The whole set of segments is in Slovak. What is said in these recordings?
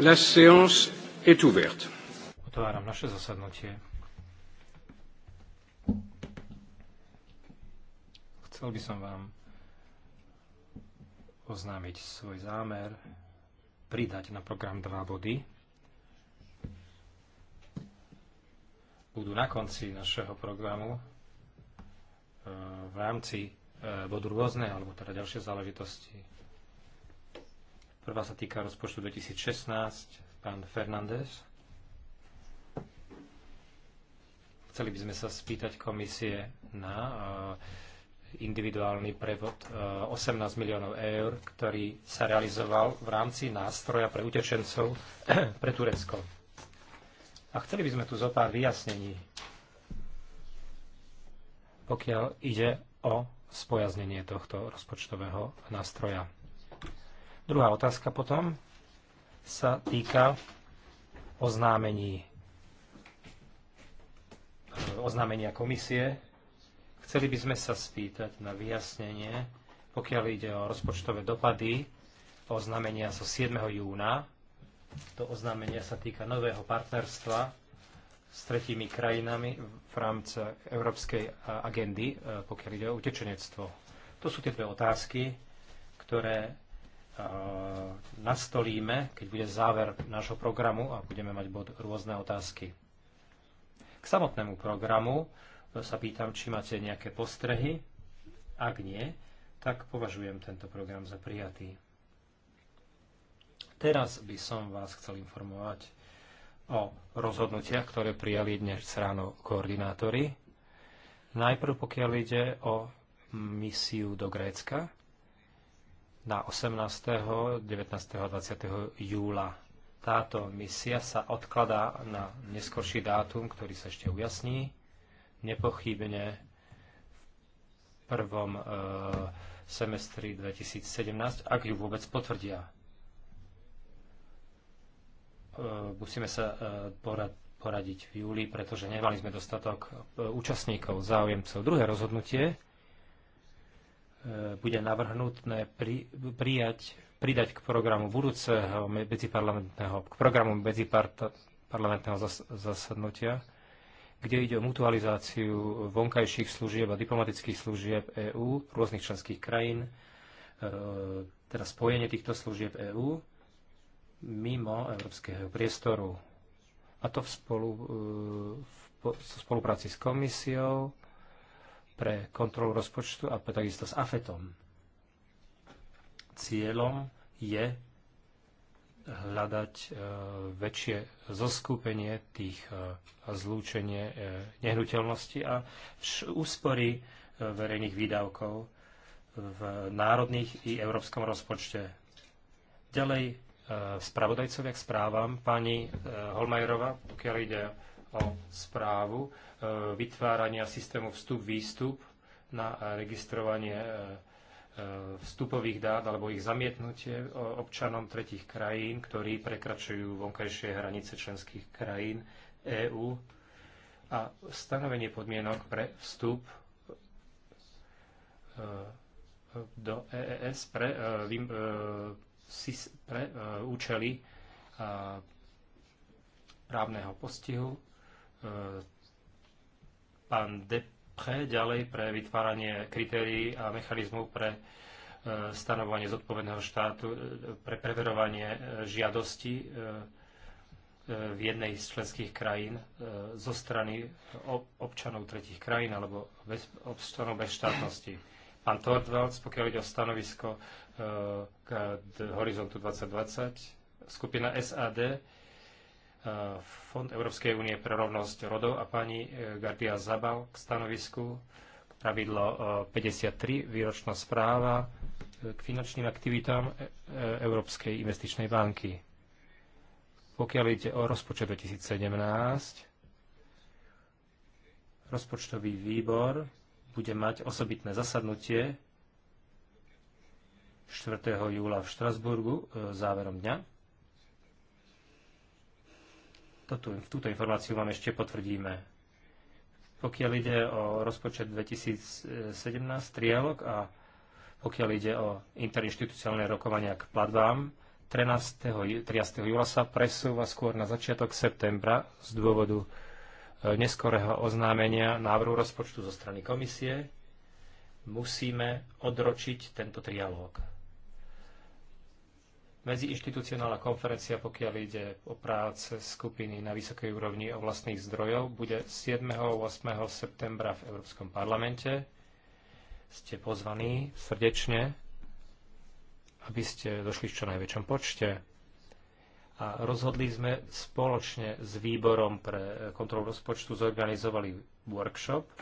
La séance est ouverte. Otváram naše zasadnutie. Chcel by som vám oznámiť svoj zámer pridať na program dva body. Budú na konci našeho programu e, v rámci e, bodu rôzne, alebo teda ďalšie záležitosti Prvá sa týka rozpočtu 2016, pán Fernández. Chceli by sme sa spýtať komisie na e, individuálny prevod 18 e, miliónov eur, ktorý sa realizoval v rámci nástroja pre utečencov pre Turecko. A chceli by sme tu zo pár vyjasnení, pokiaľ ide o spojaznenie tohto rozpočtového nástroja. Druhá otázka potom sa týka oznámení e, oznámenia komisie. Chceli by sme sa spýtať na vyjasnenie, pokiaľ ide o rozpočtové dopady oznámenia zo so 7. júna. To oznámenie sa týka nového partnerstva s tretími krajinami v rámci európskej agendy, e, pokiaľ ide o utečenectvo. To sú tie dve otázky, ktoré E, nastolíme, keď bude záver nášho programu a budeme mať bod rôzne otázky. K samotnému programu sa pýtam, či máte nejaké postrehy. Ak nie, tak považujem tento program za prijatý. Teraz by som vás chcel informovať o rozhodnutiach, ktoré prijali dnes ráno koordinátori. Najprv pokiaľ ide o misiu do Grécka, na 18., 19. 20. júla. Táto misia sa odkladá na neskorší dátum, ktorý sa ešte ujasní. Nepochybne v prvom e, semestri 2017, ak ju vôbec potvrdia. E, musíme sa e, porad, poradiť v júli, pretože nemali sme dostatok e, účastníkov, záujemcov. Druhé rozhodnutie E, bude navrhnutné pri, prijať, pridať k programu budúceho medziparlamentného, k programu medziparlamentného zas, zasadnutia, kde ide o mutualizáciu vonkajších služieb a diplomatických služieb EÚ rôznych členských krajín, e, teda spojenie týchto služieb EÚ mimo európskeho priestoru. A to v, spolu, e, v spolupráci s komisiou, pre kontrolu rozpočtu a takisto s AFETom. Cieľom je hľadať e, väčšie zoskúpenie tých e, zlúčenie e, nehnuteľností a úspory verejných výdavkov v národných i európskom rozpočte. Ďalej spravodajcovia k správam. Pani Holmajerova, pokiaľ ide o správu, E, vytvárania systému vstup-výstup na e, registrovanie e, vstupových dát alebo ich zamietnutie občanom tretich krajín, ktorí prekračujú vonkajšie hranice členských krajín EÚ a stanovenie podmienok pre vstup do EES pre, pre účely právneho postihu pán Depre ďalej pre vytváranie kritérií a mechanizmov pre e, stanovanie zodpovedného štátu, e, pre preverovanie e, žiadosti v jednej z členských krajín zo strany občanov tretich krajín alebo bez, občanov bez štátnosti. Pán Tordvalds, pokiaľ ide o stanovisko k Horizontu 2020, skupina SAD E, Fond Európskej únie pre rovnosť rodov a pani e, Gardia Zabal k stanovisku k pravidlo 53, e, výročná správa k finančným aktivitám Európskej investičnej banky. Pokiaľ ide o rozpočet 2017, rozpočtový výbor bude mať osobitné zasadnutie 4. júla v Štrasburgu záverom dňa toto, túto informáciu vám ešte potvrdíme. Pokiaľ ide o rozpočet 2017, trialog a pokiaľ ide o interinstitucionálne rokovania k platbám, 13. 13. júla sa presúva skôr na začiatok septembra z dôvodu e, neskorého oznámenia návrhu rozpočtu zo strany komisie. Musíme odročiť tento trialóg. Medziinštitucionálna konferencia, pokiaľ ide o práce skupiny na vysokej úrovni o vlastných zdrojov, bude 7. a 8. septembra v Európskom parlamente. Ste pozvaní srdečne, aby ste došli v čo najväčšom počte. A rozhodli sme spoločne s výborom pre kontrolu rozpočtu zorganizovali workshop e,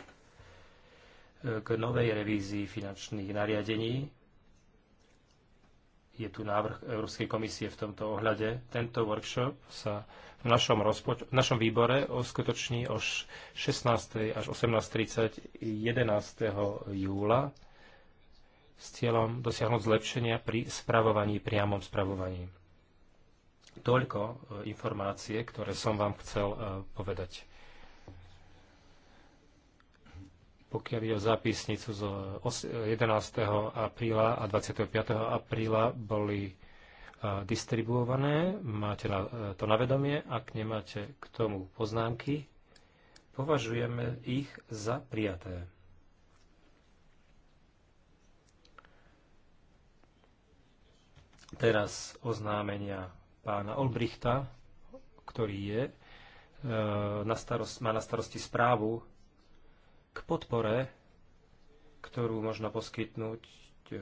k novej revízii finančných nariadení je tu návrh Európskej komisie v tomto ohľade. Tento workshop sa v našom, rozpoč- v našom výbore oskutoční o 16. až 18.30 11. júla s cieľom dosiahnuť zlepšenia pri spravovaní, priamom spravovaní. Toľko e, informácie, ktoré som vám chcel e, povedať. pokiaľ ide o zápisnicu z 11. apríla a 25. apríla boli e, distribuované. Máte e, to na vedomie. Ak nemáte k tomu poznámky, považujeme ich za prijaté. Teraz oznámenia pána Olbrichta, ktorý je, e, na starost, má na starosti správu k podpore, ktorú možno poskytnúť e,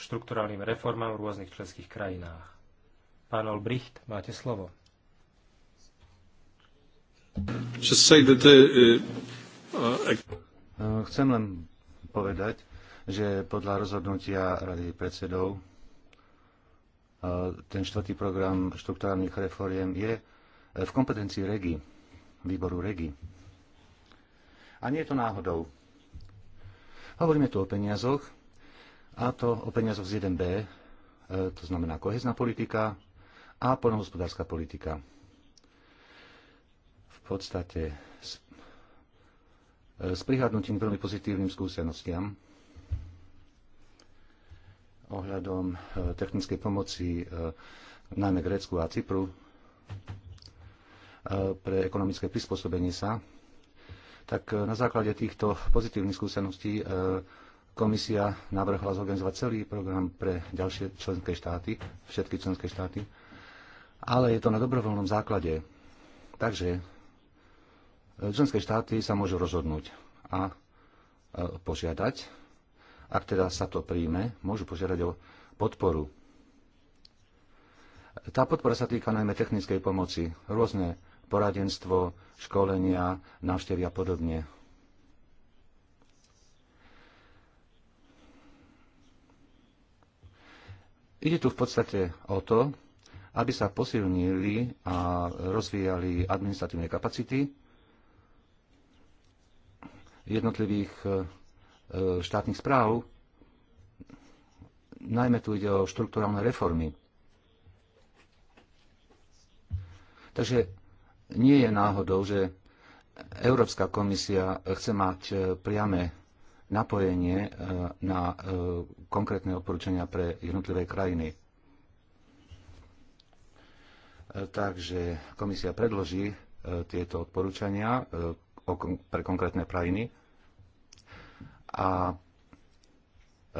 štrukturálnym reformám v rôznych členských krajinách. Pán Olbricht, máte slovo. Uh, uh, e, chcem len povedať, že podľa rozhodnutia Rady predsedov e, ten štvrtý program štrukturálnych reforiem je v kompetencii REGI, výboru REGI. A nie je to náhodou. Hovoríme tu o peniazoch, a to o peniazoch z 1B, e, to znamená kohezná politika a poľnohospodárska politika. V podstate s, e, s prihľadnutím k veľmi pozitívnym skúsenostiam ohľadom e, technickej pomoci najmä Grécku a Cypru pre ekonomické prispôsobenie sa tak e, na základe týchto pozitívnych skúseností e, komisia navrhla zorganizovať celý program pre ďalšie členské štáty, všetky členské štáty, ale je to na dobrovoľnom základe. Takže e, členské štáty sa môžu rozhodnúť a požiadať, ak teda sa to príjme, môžu požiadať o podporu. Tá podpora sa týka najmä technickej pomoci, rôzne poradenstvo, školenia, návštevy a podobne. Ide tu v podstate o to, aby sa posilnili a rozvíjali administratívne kapacity jednotlivých e, štátnych správ. Najmä tu ide o štruktúralne reformy. Takže nie je náhodou, že Európska komisia chce mať e, priame napojenie e, na e, konkrétne odporúčania pre jednotlivé krajiny. Takže komisia predloží tieto odporúčania pre konkrétne krajiny a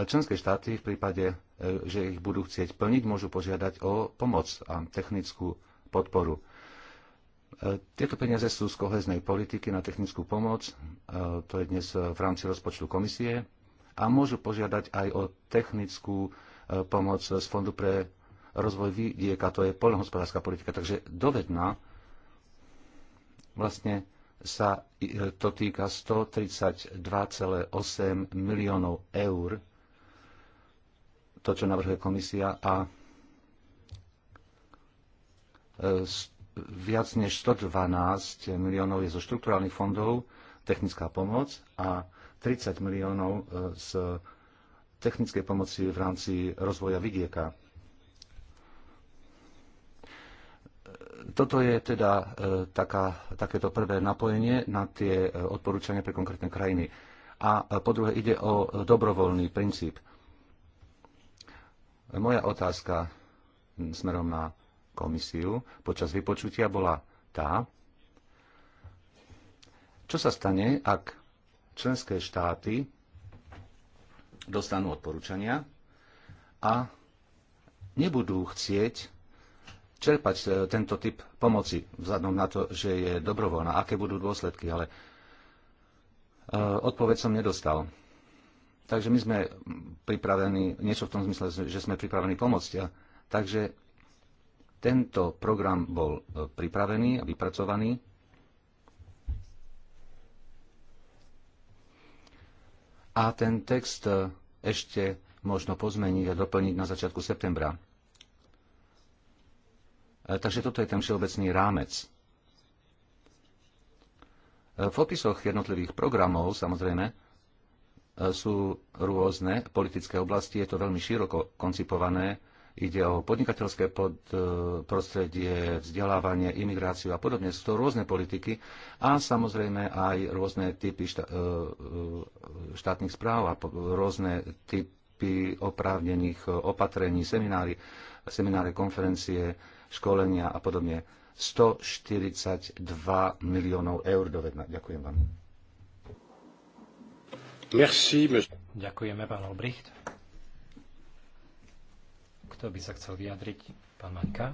členské štáty v prípade, že ich budú chcieť plniť, môžu požiadať o pomoc a technickú podporu. E, tieto peniaze sú z koheznej politiky na technickú pomoc, e, to je dnes v rámci rozpočtu komisie, a môžu požiadať aj o technickú e, pomoc z Fondu pre rozvoj vidieka, to je poľnohospodárska politika. Takže dovedná vlastne sa to týka 132,8 miliónov eur, to, čo navrhuje komisia, a 100 viac než 112 miliónov je zo štrukturálnych fondov technická pomoc a 30 miliónov e, z technickej pomoci v rámci rozvoja vidieka. Toto je teda e, taká, takéto prvé napojenie na tie e, odporúčania pre konkrétne krajiny. A po druhé ide o dobrovoľný princíp. Moja otázka smerom na komisiu počas vypočutia bola tá, čo sa stane, ak členské štáty dostanú odporúčania a nebudú chcieť čerpať e, tento typ pomoci, vzhľadom na to, že je dobrovoľná, aké budú dôsledky, ale e, odpoveď som nedostal. Takže my sme pripravení, niečo v tom zmysle, že sme pripravení pomôcť. Takže tento program bol e, pripravený a vypracovaný. A ten text e, ešte možno pozmeniť a doplniť na začiatku septembra. E, takže toto je ten všeobecný rámec. V opisoch jednotlivých programov, samozrejme, sú rôzne politické oblasti, je to veľmi široko koncipované Ide o podnikateľské pod, e, prostredie, vzdelávanie, imigráciu a podobne. Sú to rôzne politiky a samozrejme aj rôzne typy šta, e, e, štátnych správ a rôzne typy oprávnených opatrení, seminári, semináre, konferencie, školenia a podobne. 142 miliónov eur dovedna. Ďakujem vám. Merci, Ďakujeme, pán Albrecht. Kto by sa chcel vyjadriť? Pán Maňka.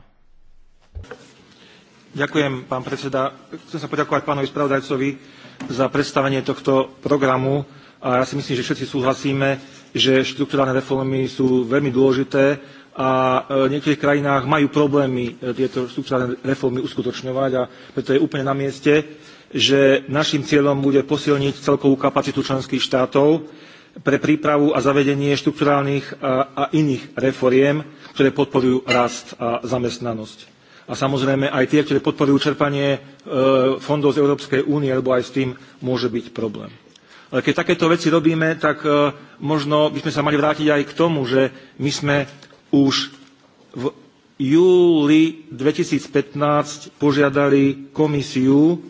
Ďakujem, pán predseda. Chcem sa poďakovať pánovi spravodajcovi za predstavenie tohto programu. A ja si myslím, že všetci súhlasíme, že štrukturálne reformy sú veľmi dôležité a e, v niektorých krajinách majú problémy e, tieto štrukturálne reformy uskutočňovať a preto je úplne na mieste, že našim cieľom bude posilniť celkovú kapacitu členských štátov pre prípravu a zavedenie štrukturálnych e, a iných reforiem, ktoré podporujú rast a zamestnanosť. A samozrejme aj tie, ktoré podporujú čerpanie e, fondov z Európskej únie, lebo aj s tým môže byť problém. Ale keď takéto veci robíme, tak e, možno by sme sa mali vrátiť aj k tomu, že my sme už v júli 2015 požiadali komisiu,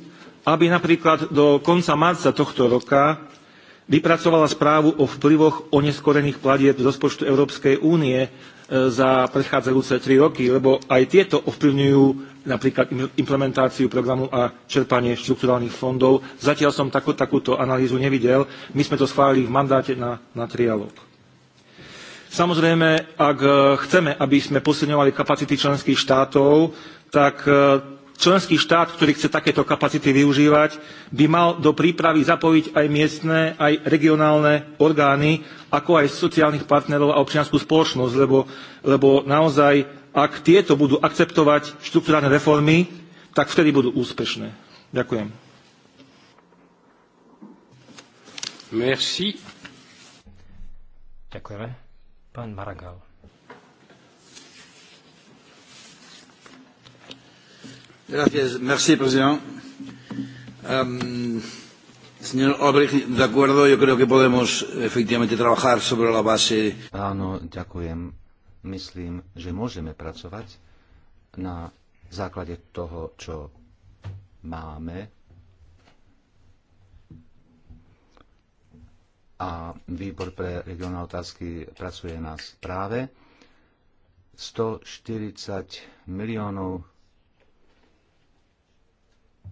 aby napríklad do konca marca tohto roka vypracovala správu o vplyvoch oneskorených platieb z rozpočtu Európskej únie e, za predchádzajúce tri roky, lebo aj tieto ovplyvňujú napríklad implementáciu programu a čerpanie štrukturálnych fondov. Zatiaľ som takú, takúto analýzu nevidel. My sme to schválili v mandáte na, na trialog. Samozrejme, ak e, chceme, aby sme posilňovali kapacity členských štátov, tak e, Členský štát, ktorý chce takéto kapacity využívať, by mal do prípravy zapojiť aj miestne, aj regionálne orgány, ako aj sociálnych partnerov a občianskú spoločnosť, lebo, lebo naozaj, ak tieto budú akceptovať štruktúrálne reformy, tak vtedy budú úspešné. Ďakujem. Merci. Ďakujeme. Pán Maragal. merci, presidente. Um, señor de acuerdo, yo creo que podemos efectivamente trabajar sobre la base. Áno, ďakujem. Myslím, že môžeme pracovať na základe toho, čo máme a výbor pre regionálne otázky pracuje na správe. 140 miliónov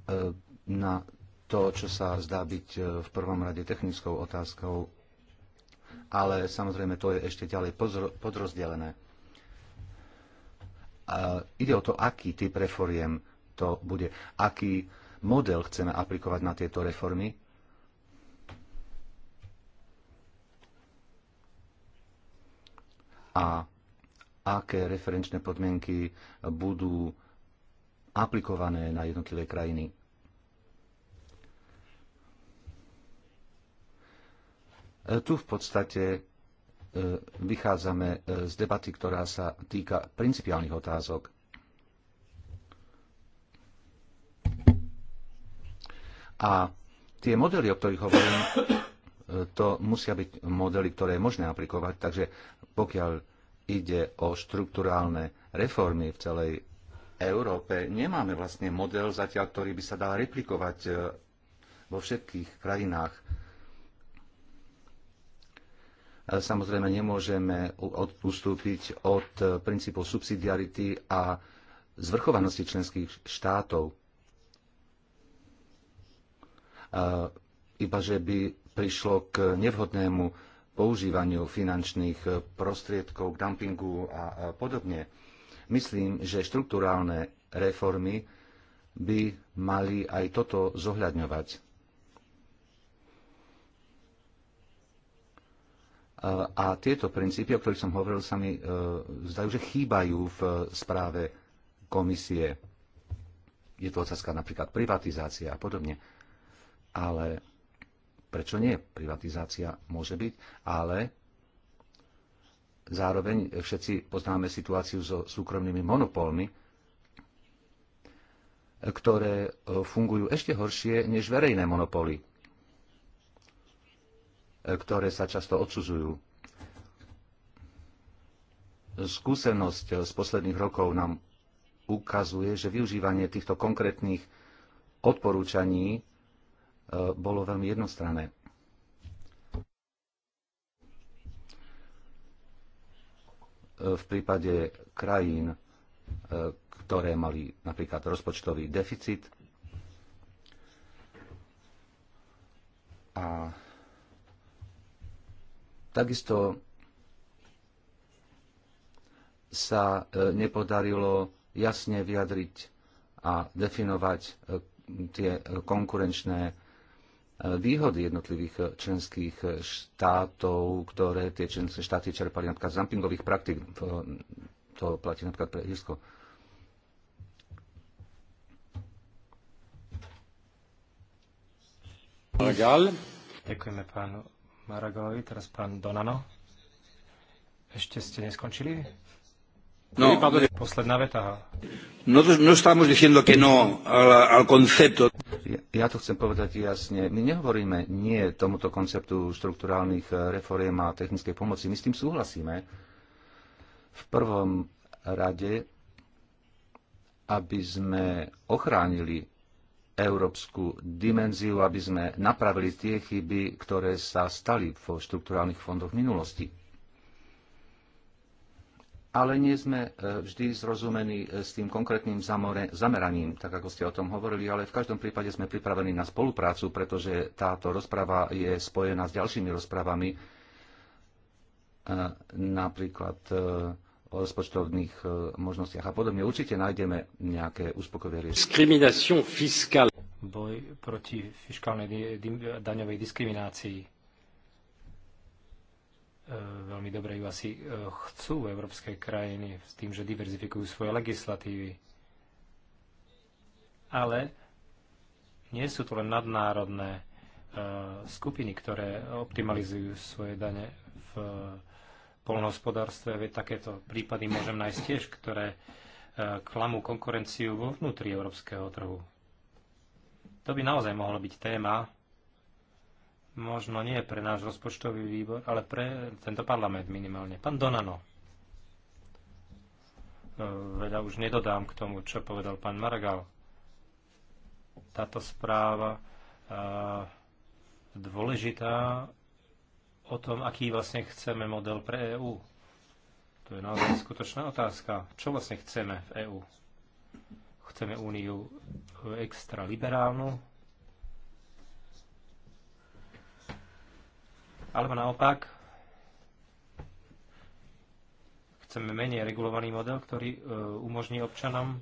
E, na to, čo sa zdá byť e, v prvom rade technickou otázkou, ale samozrejme to je ešte ďalej podrozdelené. Ide o to, aký typ reforiem to bude, aký model chceme aplikovať na tieto reformy. A aké referenčné podmienky budú aplikované na jednotlivé krajiny. E, tu v podstate e, vychádzame e, z debaty, ktorá sa týka principiálnych otázok. A tie modely, o ktorých hovorím, to musia byť modely, ktoré je možné aplikovať. Takže pokiaľ ide o štruktúrálne reformy v celej Európe nemáme vlastne model zatiaľ, ktorý by sa dal replikovať e, vo všetkých krajinách. E, samozrejme, nemôžeme ustúpiť od e, princípov subsidiarity a zvrchovanosti členských štátov. Iba že by prišlo k nevhodnému používaniu finančných prostriedkov, k dumpingu a podobne Myslím, že štruktúrálne reformy by mali aj toto zohľadňovať. A tieto princípy, o ktorých som hovoril, sa mi e, zdajú, že chýbajú v správe komisie. Je to otázka napríklad privatizácia a podobne. Ale prečo nie? Privatizácia môže byť, ale Zároveň všetci poznáme situáciu so súkromnými monopolmi, ktoré e, fungujú ešte horšie než verejné monopoly, e, ktoré sa často odsudzujú. Skúsenosť z posledných rokov nám ukazuje, že využívanie týchto konkrétnych odporúčaní e, bolo veľmi jednostranné. E, v prípade krajín, e, ktoré mali napríklad rozpočtový deficit. A takisto sa e, nepodarilo jasne vyjadriť a definovať tie konkurenčné výhody jednotlivých eh, členských eh, štátov, ktoré tie členské štáty čerpali napríklad z dumpingových praktik. Eh, to platí napríklad pre Irsko. Maragal. Ďakujeme pánu Maragalovi, teraz pán Donano. Ešte ste neskončili? No, Posledná veta. No, no, no estamos diciendo que no al, al concepto ja to chcem povedať jasne. My nehovoríme nie tomuto konceptu štruktúrálnych eh, reforiem a technickej pomoci. My s tým súhlasíme. V prvom rade, aby sme ochránili európsku dimenziu, aby sme napravili tie chyby, ktoré sa stali vo štruktúrálnych fondoch v minulosti ale nie sme e, vždy zrozumení e, s tým konkrétnym zameraním, tak ako ste o tom hovorili, ale v každom prípade sme pripravení na spoluprácu, pretože táto rozprava je spojená s ďalšími rozprávami, e, napríklad o rozpočtovných možnostiach a podobne. Určite nájdeme nejaké uspokojivé riešenie. Boj proti fiskálnej daňovej diskriminácii E, veľmi dobre ju asi e, chcú európske krajiny s tým, že diverzifikujú svoje legislatívy. Ale nie sú to len nadnárodné e, skupiny, ktoré optimalizujú svoje dane v polnohospodárstve. Veď takéto prípady môžem nájsť tiež, ktoré klamú konkurenciu vo vnútri európskeho trhu. To by naozaj mohlo byť téma, možno nie pre náš rozpočtový výbor, ale pre tento parlament minimálne. Pán Donano. No, veľa už nedodám k tomu, čo povedal pán Maragal. Táto správa dôležitá o tom, aký vlastne chceme model pre EÚ. To je naozaj skutočná otázka. Čo vlastne chceme v EÚ? Chceme úniu extra liberálnu, Alebo naopak, chceme menej regulovaný model, ktorý e, umožní občanom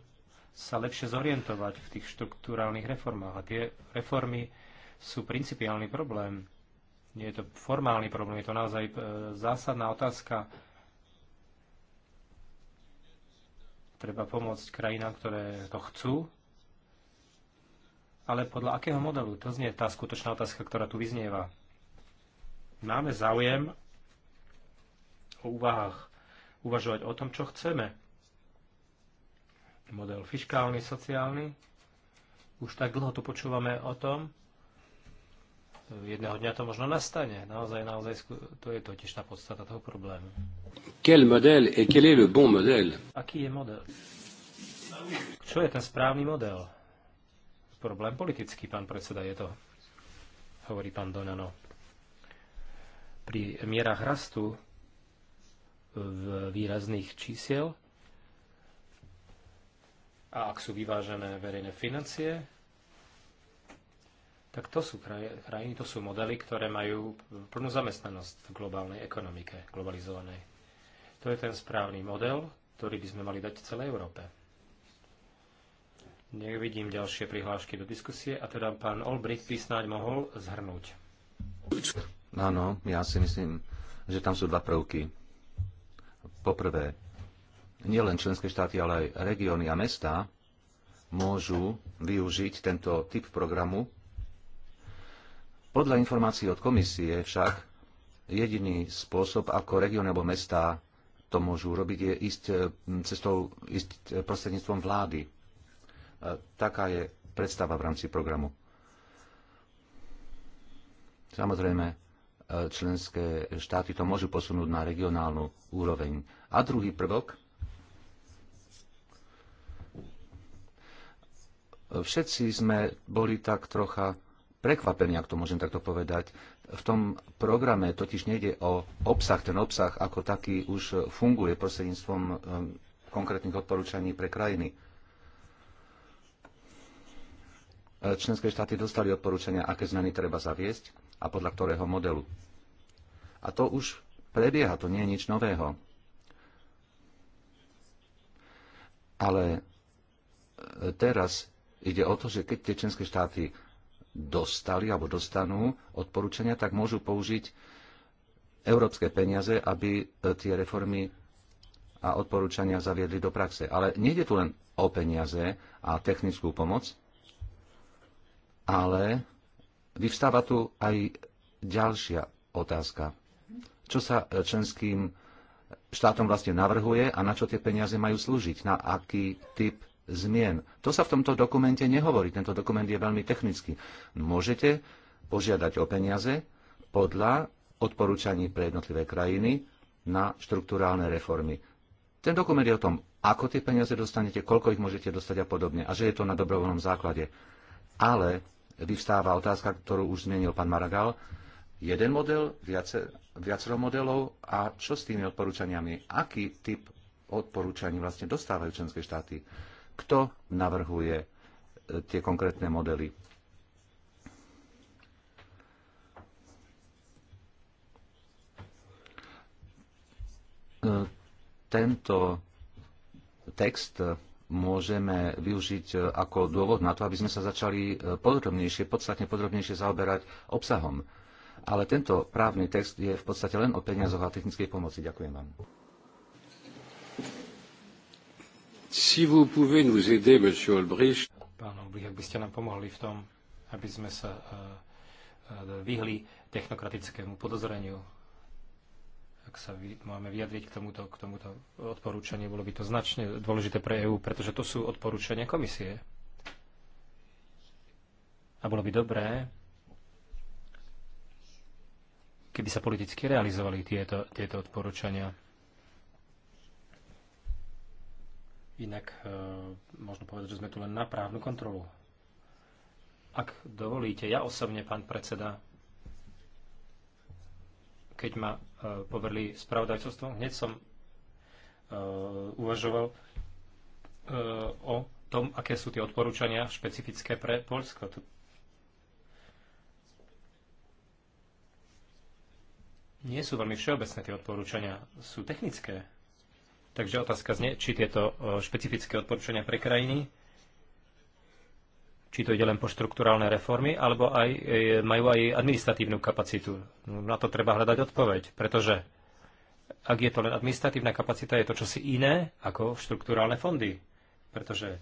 sa lepšie zorientovať v tých štruktúrálnych reformách. A tie reformy sú principiálny problém. Nie je to formálny problém, je to naozaj e, zásadná otázka. Treba pomôcť krajinám, ktoré to chcú, ale podľa akého modelu? To znie tá skutočná otázka, ktorá tu vyznieva máme záujem o úvahách uvažovať o tom, čo chceme. Model fiskálny, sociálny. Už tak dlho tu počúvame o tom. Jedného dňa to možno nastane. Naozaj, naozaj, to je totiž tá podstata toho problému. Quel model et quel est le bon model? Aký je model? Čo je ten správny model? Problém politický, pán predseda, je to, hovorí pán Donano pri mierach rastu v výrazných čísiel a ak sú vyvážené verejné financie, tak to sú krajiny, to sú modely, ktoré majú plnú zamestnanosť v globálnej ekonomike, globalizovanej. To je ten správny model, ktorý by sme mali dať celej Európe. Nevidím ďalšie prihlášky do diskusie a teda pán Olbrich by snáď mohol zhrnúť. Áno, ja si myslím, že tam sú dva prvky. Poprvé, nielen členské štáty, ale aj regióny a mesta môžu využiť tento typ programu. Podľa informácií od komisie však jediný spôsob, ako regióny alebo mesta to môžu robiť, je ísť eh, cestou, ísť eh, prostredníctvom vlády. Eh, taká je predstava v rámci programu. Samozrejme, E, členské štáty to môžu posunúť na regionálnu úroveň. A druhý prvok. Všetci sme boli tak trocha prekvapení, ak to môžem takto povedať. V tom programe totiž nejde o obsah. Ten obsah ako taký už funguje prostredníctvom e, konkrétnych odporúčaní pre krajiny. E, členské štáty dostali odporúčania, aké zmeny treba zaviesť a podľa ktorého modelu. A to už prebieha, to nie je nič nového. Ale e, teraz ide o to, že keď tie členské štáty dostali alebo dostanú odporúčania, tak môžu použiť európske peniaze, aby e, tie reformy a odporúčania zaviedli do praxe. Ale nejde tu len o peniaze a technickú pomoc, ale vyvstáva tu aj ďalšia otázka. Čo sa e, členským štátom vlastne navrhuje a na čo tie peniaze majú slúžiť? Na aký typ zmien? To sa v tomto dokumente nehovorí. Tento dokument je veľmi technický. Môžete požiadať o peniaze podľa odporúčaní pre jednotlivé krajiny na štruktúrálne reformy. Ten dokument je o tom, ako tie peniaze dostanete, koľko ich môžete dostať a podobne. A že je to na dobrovoľnom základe. Ale vyvstáva otázka, ktorú už zmienil pán Maragal. Jeden model, viace, viacero modelov a čo s tými odporúčaniami? Aký typ odporúčaní vlastne dostávajú členské štáty? Kto navrhuje e, tie konkrétne modely? E, tento text môžeme využiť e, ako dôvod na to, aby sme sa začali e, podrobnejšie, podstatne podrobnejšie zaoberať obsahom. Ale tento právny text je v podstate len o peniazoch a technickej pomoci. Ďakujem vám. Si vous pouvez nous aider, monsieur Olbrich. Pán Olbrich, ak by ste nám pomohli v tom, aby sme sa e, vyhli technokratickému podozreniu ak sa vy, máme vyjadriť k tomuto, k tomuto odporúčaniu, bolo by to značne dôležité pre EÚ, pretože to sú odporúčania komisie. A bolo by dobré, keby sa politicky realizovali tieto, tieto odporúčania. Inak e, možno povedať, že sme tu len na právnu kontrolu. Ak dovolíte, ja osobne, pán predseda, keď ma e, poverili spravodajcovstvom, hneď som e, uvažoval e, o tom, aké sú tie odporúčania špecifické pre Polsko. Nie sú veľmi všeobecné tie odporúčania, sú technické. Takže otázka znie, či tieto špecifické odporúčania pre krajiny či to ide len po štrukturálne reformy, alebo aj, e, majú aj administratívnu kapacitu. Na to treba hľadať odpoveď, pretože ak je to len administratívna kapacita, je to čosi iné ako štrukturálne fondy. Pretože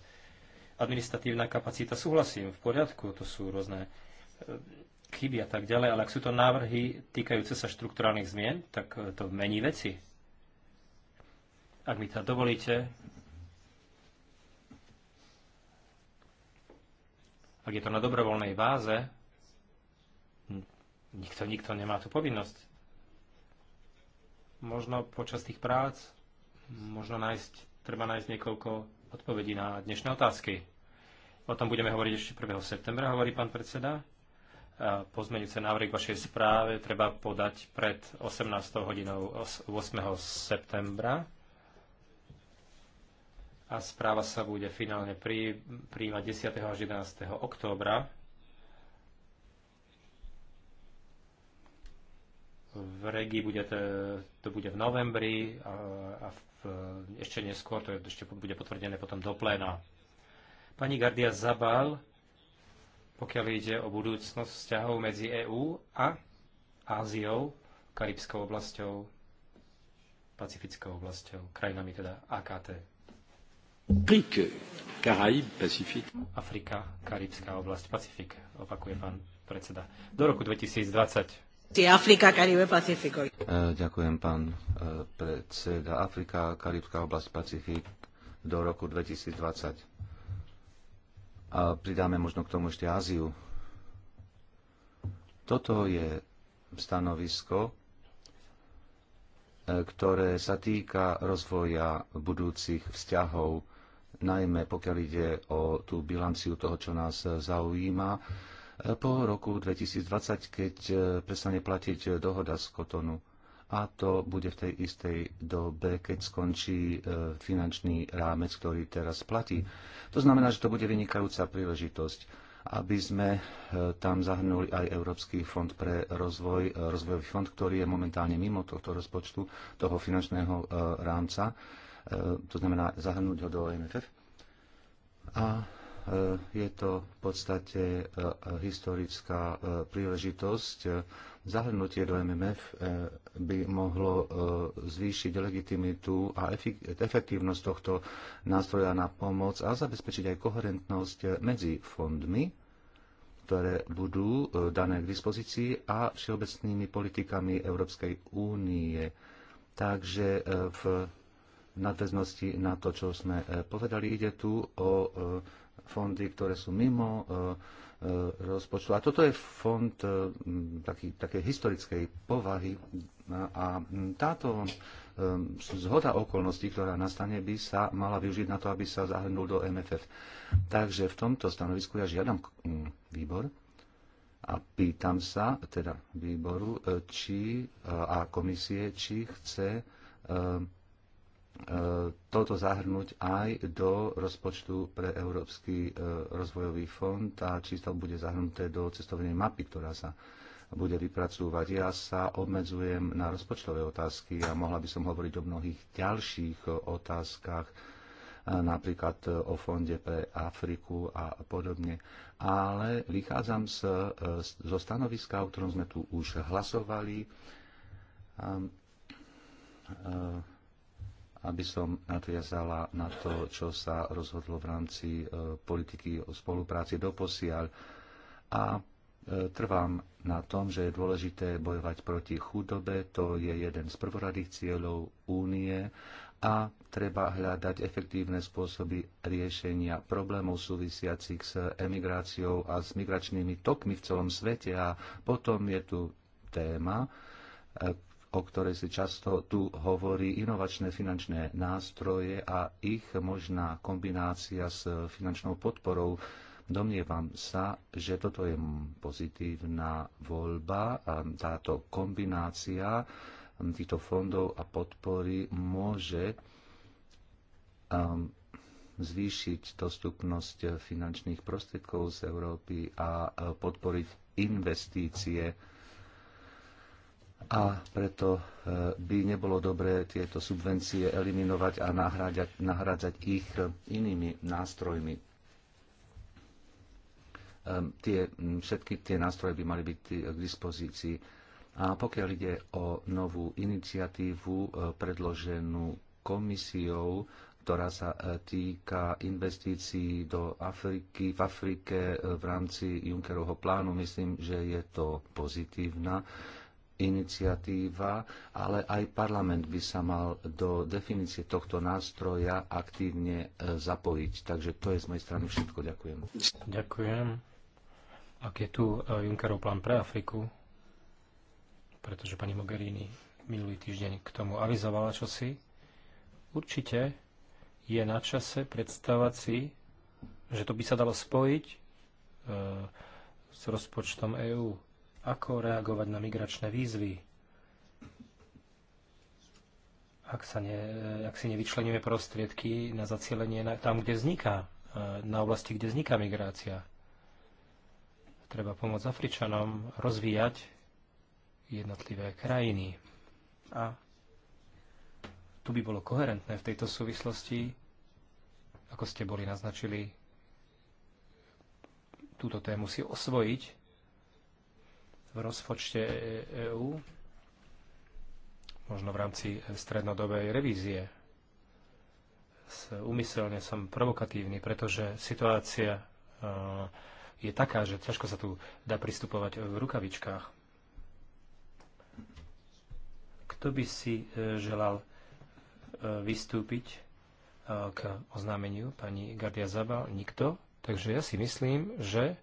administratívna kapacita, súhlasím, v poriadku, to sú rôzne e, chyby a tak ďalej, ale ak sú to návrhy týkajúce sa štrukturálnych zmien, tak e, to mení veci. Ak mi to teda dovolíte, Ak je to na dobrovoľnej báze, nikto, nikto nemá tú povinnosť. Možno počas tých prác, možno nájsť, treba nájsť niekoľko odpovedí na dnešné otázky. O tom budeme hovoriť ešte 1. septembra, hovorí pán predseda. Pozmeňujúce návrhy k vašej správe treba podať pred 18. hodinou 8. septembra a správa sa bude finálne príjmať 10. až 11. októbra. V regii bude to, to bude v novembri a, a v, ešte neskôr to je, ešte bude potvrdené potom do pléna. Pani Gardia Zabal, pokiaľ ide o budúcnosť vzťahov medzi EÚ a Áziou, Karibskou oblasťou, Pacifickou oblasťou, krajinami teda AKT. Afrika, Karibská oblasť, Pacifik, opakuje pán predseda. Do roku 2020 Afrika, Karibe, Pacifik. Eh, ďakujem, pán eh, predseda. Afrika, Karibská oblasť, Pacifik do roku 2020. A pridáme možno k tomu ešte Áziu. Toto je stanovisko, eh, ktoré sa týka rozvoja budúcich vzťahov najmä pokiaľ ide o tú bilanciu toho, čo nás zaujíma. Po roku 2020, keď prestane platiť dohoda z Kotonu, a to bude v tej istej dobe, keď skončí e, finančný rámec, ktorý teraz platí. To znamená, že to bude vynikajúca príležitosť aby sme e, tam zahrnuli aj Európsky fond pre rozvoj, e, rozvojový fond, ktorý je momentálne mimo tohto rozpočtu, toho finančného rámca. E, to znamená zahrnúť ho do MFF. A e, je to v podstate e, historická príležitosť. Zahrnutie do MMF by mohlo zvýšiť legitimitu a efektívnosť tohto nástroja na pomoc a zabezpečiť aj koherentnosť medzi fondmi, ktoré budú dané k dispozícii a všeobecnými politikami Európskej únie. Takže v v nadväznosti na to, čo sme e, povedali. Ide tu o e, fondy, ktoré sú mimo e, rozpočtu. A toto je fond taký, takej historickej povahy a táto zhoda okolností, ktorá nastane, by sa mala využiť na to, aby sa zahrnul do MFF. Takže v tomto stanovisku ja žiadam výbor a pýtam sa teda výboru či, a komisie, či chce toto zahrnúť aj do rozpočtu pre Európsky e, rozvojový fond a či to bude zahrnuté do cestovnej mapy, ktorá sa bude vypracúvať. Ja sa obmedzujem na rozpočtové otázky a mohla by som hovoriť o mnohých ďalších otázkach, e, napríklad o Fonde pre Afriku a podobne. Ale vychádzam z, e, zo stanoviska, o ktorom sme tu už hlasovali aby som nadviazala na to, čo sa rozhodlo v rámci e, politiky o spolupráci doposiaľ. A e, trvám na tom, že je dôležité bojovať proti chudobe, to je jeden z prvoradých cieľov únie a treba hľadať efektívne spôsoby riešenia problémov súvisiacich s emigráciou a s migračnými tokmi v celom svete. A potom je tu téma, e, o ktorej si často tu hovorí, inovačné finančné nástroje a ich možná kombinácia s finančnou podporou. Domnievam sa, že toto je pozitívna voľba a táto kombinácia týchto fondov a podpory môže um, zvýšiť dostupnosť finančných prostriedkov z Európy a podporiť investície a preto e, by nebolo dobré tieto subvencie eliminovať a nahrádzať, nahrádzať ich e, inými nástrojmi. E, tie, všetky tie nástroje by mali byť k dispozícii. A pokiaľ ide o novú iniciatívu predloženú komisiou, ktorá sa týka investícií do Afriky, v Afrike v rámci Junckerovho plánu. Myslím, že je to pozitívna iniciatíva, ale aj parlament by sa mal do definície tohto nástroja aktívne e, zapojiť. Takže to je z mojej strany všetko. Ďakujem. Ďakujem. Ak je tu e, Junckerov plán pre Afriku, pretože pani Mogherini minulý týždeň k tomu avizovala čosi, určite je na čase predstavať si, že to by sa dalo spojiť e, s rozpočtom EÚ ako reagovať na migračné výzvy? Ak, sa ne, ak si nevyčleníme prostriedky na zacielenie na, tam, kde vzniká, e, na oblasti, kde vzniká migrácia. Treba pomôcť Afričanom rozvíjať jednotlivé krajiny. A tu by bolo koherentné v tejto súvislosti, ako ste boli naznačili, túto tému si osvojiť v rozpočte EÚ, e- e možno v rámci strednodobej revízie. Umyselne som provokatívny, pretože situácia e, je taká, že ťažko sa tu dá pristupovať v rukavičkách. Kto by si želal vystúpiť k oznámeniu pani Gardia Zabal? Nikto. Takže ja si myslím, že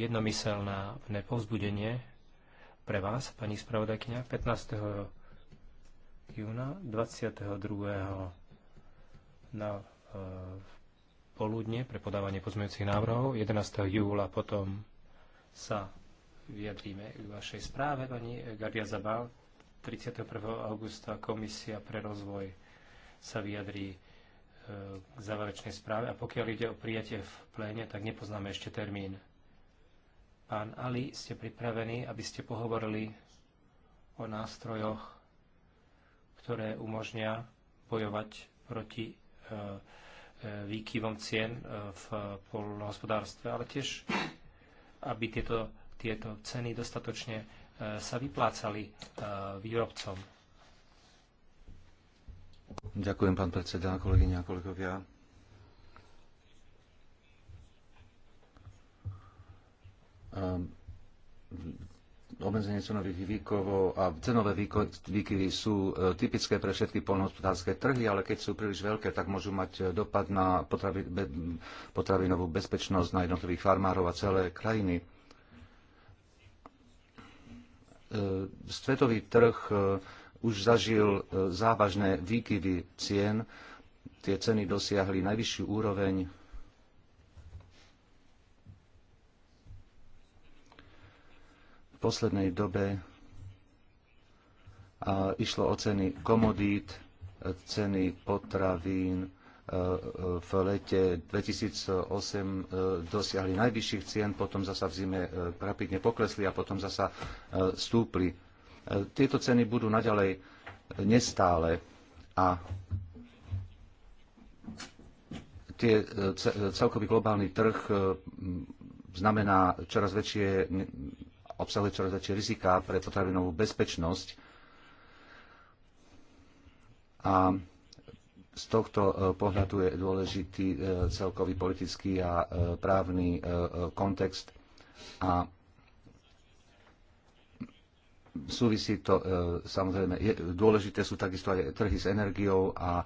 jednomyselná nepovzbudenie pre vás, pani spravodajkyňa, 15. júna, 22. na e, poludne pre podávanie pozmeňujúcich návrhov, 11. júla potom sa vyjadríme k vašej správe, pani Gardia Zabal. 31. augusta Komisia pre rozvoj sa vyjadrí e, k záverečnej správe a pokiaľ ide o prijatie v pléne, tak nepoznáme ešte termín. Pán Ali, ste pripravení, aby ste pohovorili o nástrojoch, ktoré umožnia bojovať proti e, e, výkyvom cien e, v polnohospodárstve, ale tiež, aby tieto, tieto ceny dostatočne sa vyplácali výrobcom. Ďakujem, pán predseda, kolegyňa a kolegovia. Ehm, obmedzenie cenových výkovov a cenové výkyvy sú e, typické pre všetky polnohospodárske trhy, ale keď sú príliš veľké, tak môžu mať e, dopad na potravi, be, potravinovú bezpečnosť na jednotlivých farmárov a celé krajiny. E, Svetový trh už zažil závažné výkyvy cien. Tie ceny dosiahli najvyššiu úroveň poslednej dobe išlo o ceny komodít, ceny potravín, e, e, v lete 2008 e, dosiahli najvyšších cien, potom zasa v zime rapidne poklesli a potom zasa stúpli. Tieto ceny budú naďalej nestále a tie, celkový globálny trh znamená čoraz väčšie obsahuje čoraz väčšie riziká pre potravinovú bezpečnosť. A z tohto e, pohľadu je dôležitý e, celkový politický a e, právny kontext a súvisí to samozrejme. Je, dôležité sú takisto aj trhy s energiou a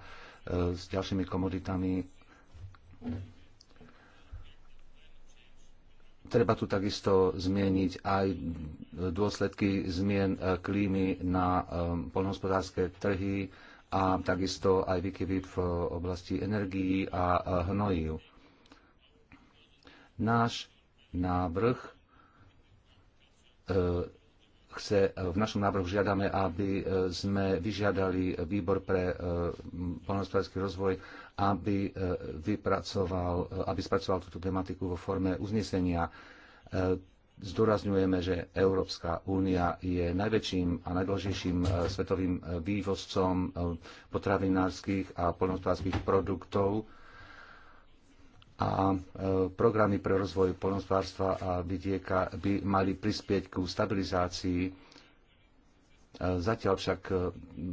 s ďalšími komoditami. Treba tu takisto zmieniť aj dôsledky zmien e, klímy na e, poľnohospodárske trhy a takisto aj výkyvy v oblasti energií a e, hnojív. Náš návrh chce, eh, v našom návrhu žiadame, aby eh, sme vyžiadali výbor pre eh, poľnohospodársky rozvoj, aby vypracoval, aby spracoval túto tematiku vo forme uznesenia. Zdôrazňujeme, že Európska únia je najväčším a najdôležitejším svetovým vývozcom potravinárskych a poľnohospodárskych produktov a e, programy pre rozvoj poľnohospodárstva a vidieka by mali prispieť ku stabilizácii. E, zatiaľ však e,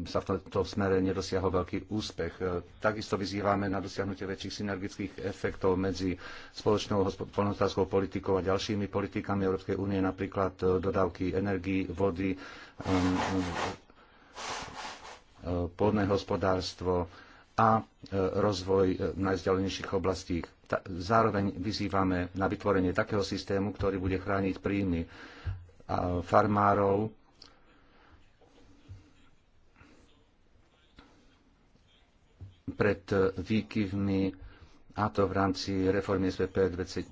sa v tomto smere nedosiahol veľký úspech. Takisto vyzývame na dosiahnutie väčších synergických efektov medzi spoločnou poľnohospodárskou politikou a ďalšími politikami Európskej únie, napríklad dodávky energii, vody, pôdne hospodárstvo a rozvoj najzdialenejších oblastí zároveň vyzývame na vytvorenie takého systému, ktorý bude chrániť príjmy farmárov pred e, výkyvmi a to v rámci reformy SVP 2014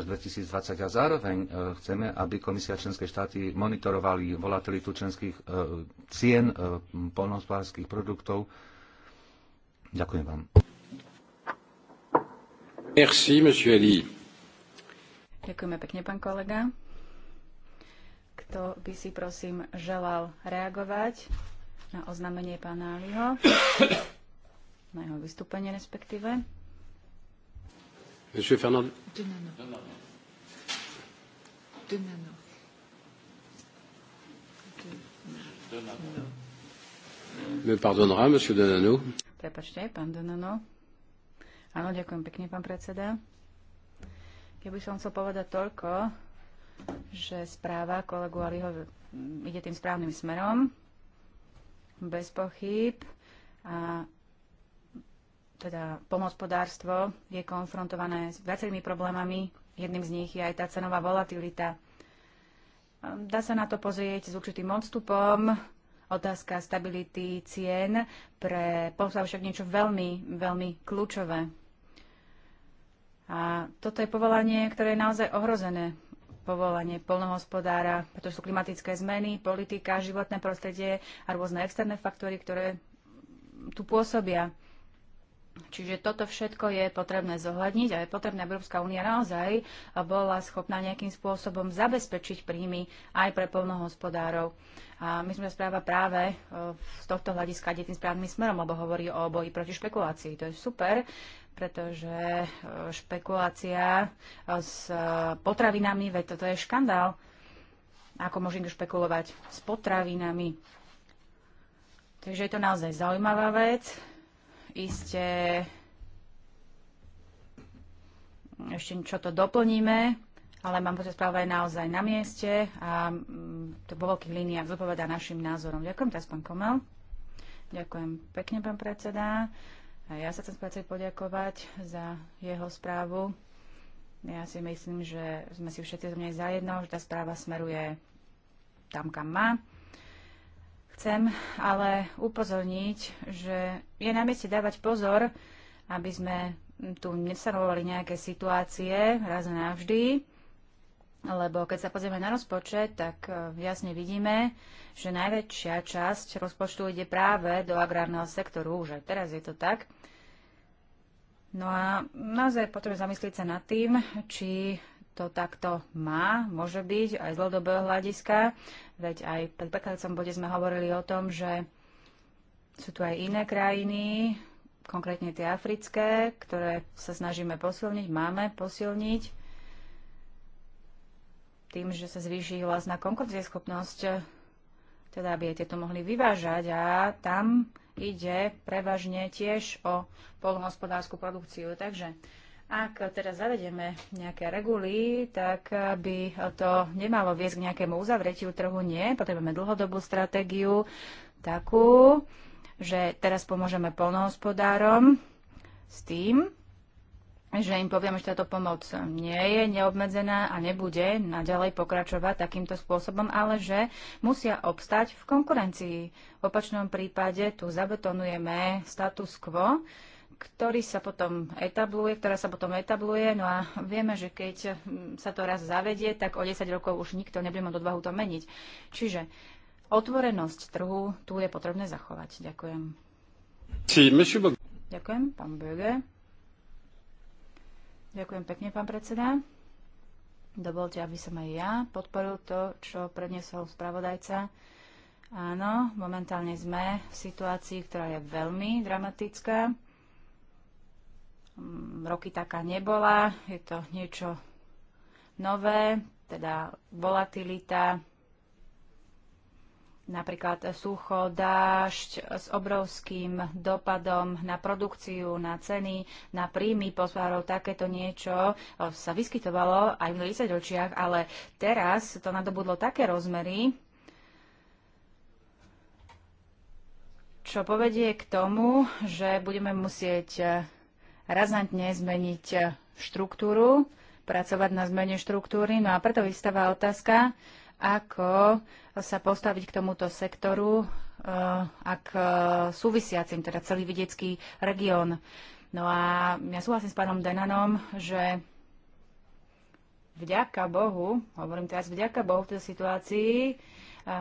až 2020 a zároveň e, chceme, aby komisia členské štáty monitorovali volatilitu členských e, cien polnohospodárských produktov. Ďakujem vám. Merci, monsieur Ali. Ďakujeme pekne, pán kolega. Kto by si prosím želal reagovať na oznámenie pána Aliho, na jeho vystúpenie respektíve? Monsieur Fernand... Denano. Denano. Denano. Me pardonnera, monsieur Denano. Prepačte, pán Denano. Áno, ďakujem pekne, pán predseda. Keby som chcel povedať toľko, že správa kolegu Aliho ide tým správnym smerom, bez pochyb. A teda pomospodárstvo je konfrontované s viacerými problémami. Jedným z nich je aj tá cenová volatilita. Dá sa na to pozrieť s určitým odstupom, otázka stability cien pre však niečo veľmi, veľmi kľúčové. A toto je povolanie, ktoré je naozaj ohrozené povolanie polnohospodára, pretože sú klimatické zmeny, politika, životné prostredie a rôzne externé faktory, ktoré tu pôsobia. Čiže toto všetko je potrebné zohľadniť a je potrebné, Európska únia naozaj bola schopná nejakým spôsobom zabezpečiť príjmy aj pre plnohospodárov. A my sme správa práve e, z tohto hľadiska ide tým správnym smerom, lebo hovorí o boji proti špekulácii. To je super, pretože e, špekulácia e, s potravinami, veď toto je škandál. Ako môžem špekulovať s potravinami? Takže je to naozaj zaujímavá vec iste ešte čo to doplníme, ale mám pocit, správa je naozaj na mieste a mm, to vo veľkých líniách zodpoveda našim názorom. Ďakujem teraz, pán Komel. Ďakujem pekne, pán predseda. A ja sa chcem spraceť poďakovať za jeho správu. Ja si myslím, že sme si všetci z mňa zajedno, že tá správa smeruje tam, kam má. Chcem ale upozorniť, že je na mieste dávať pozor, aby sme tu nestanovovali nejaké situácie raz navždy, lebo keď sa pozrieme na rozpočet, tak e, jasne vidíme, že najväčšia časť rozpočtu ide práve do agrárneho sektoru, už aj teraz je to tak. No a naozaj potrebujeme zamyslieť sa nad tým, či to takto má, môže byť, aj z dlhodobého hľadiska. Veď aj v prekladacom bode sme hovorili o tom, že sú tu aj iné krajiny, konkrétne tie africké, ktoré sa snažíme posilniť, máme posilniť tým, že sa zvýši vlastná konkurencieschopnosť, teda aby tieto mohli vyvážať a tam ide prevažne tiež o polnohospodárskú produkciu. Takže ak teraz zavedeme nejaké reguly, tak by to nemalo viesť k nejakému uzavretiu trhu. Nie, potrebujeme dlhodobú stratégiu takú, že teraz pomôžeme polnohospodárom s tým, že im povieme, že táto pomoc nie je neobmedzená a nebude naďalej pokračovať takýmto spôsobom, ale že musia obstať v konkurencii. V opačnom prípade tu zabetonujeme status quo, ktorý sa potom etabluje, ktorá sa potom etabluje. No a vieme, že keď sa to raz zavedie, tak o 10 rokov už nikto nebude mať odvahu to meniť. Čiže otvorenosť trhu tu je potrebné zachovať. Ďakujem. Sí, Ďakujem, pán Böge. Ďakujem pekne, pán predseda. Dovolte, aby som aj ja podporil to, čo predniesol spravodajca. Áno, momentálne sme v situácii, ktorá je veľmi dramatická. Mm, roky taká nebola. Je to niečo nové, teda volatilita, napríklad sucho, dážď s obrovským dopadom na produkciu, na ceny, na príjmy pozvárov, takéto niečo sa vyskytovalo aj v 10 ročiach, ale teraz to nadobudlo také rozmery, čo povedie k tomu, že budeme musieť razantne zmeniť štruktúru, pracovať na zmene štruktúry. No a preto vystáva otázka, ako sa postaviť k tomuto sektoru, e, ak e, súvisiacim, teda celý vidiecký región. No a ja súhlasím s pánom Denanom, že vďaka Bohu, hovorím teraz vďaka Bohu v tej situácii,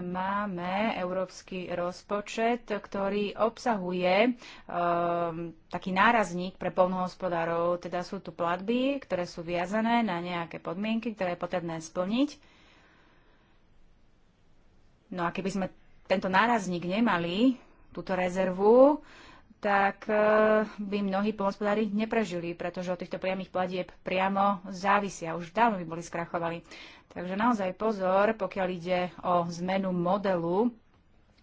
máme európsky rozpočet, ktorý obsahuje um, taký nárazník pre polnohospodárov. Teda sú tu platby, ktoré sú viazané na nejaké podmienky, ktoré je potrebné splniť. No a keby sme tento nárazník nemali, túto rezervu, tak eh, by mnohí polnospodári neprežili, pretože od týchto priamých platieb priamo závisia. Už dávno by boli skrachovali. Takže naozaj pozor, pokiaľ ide o zmenu modelu,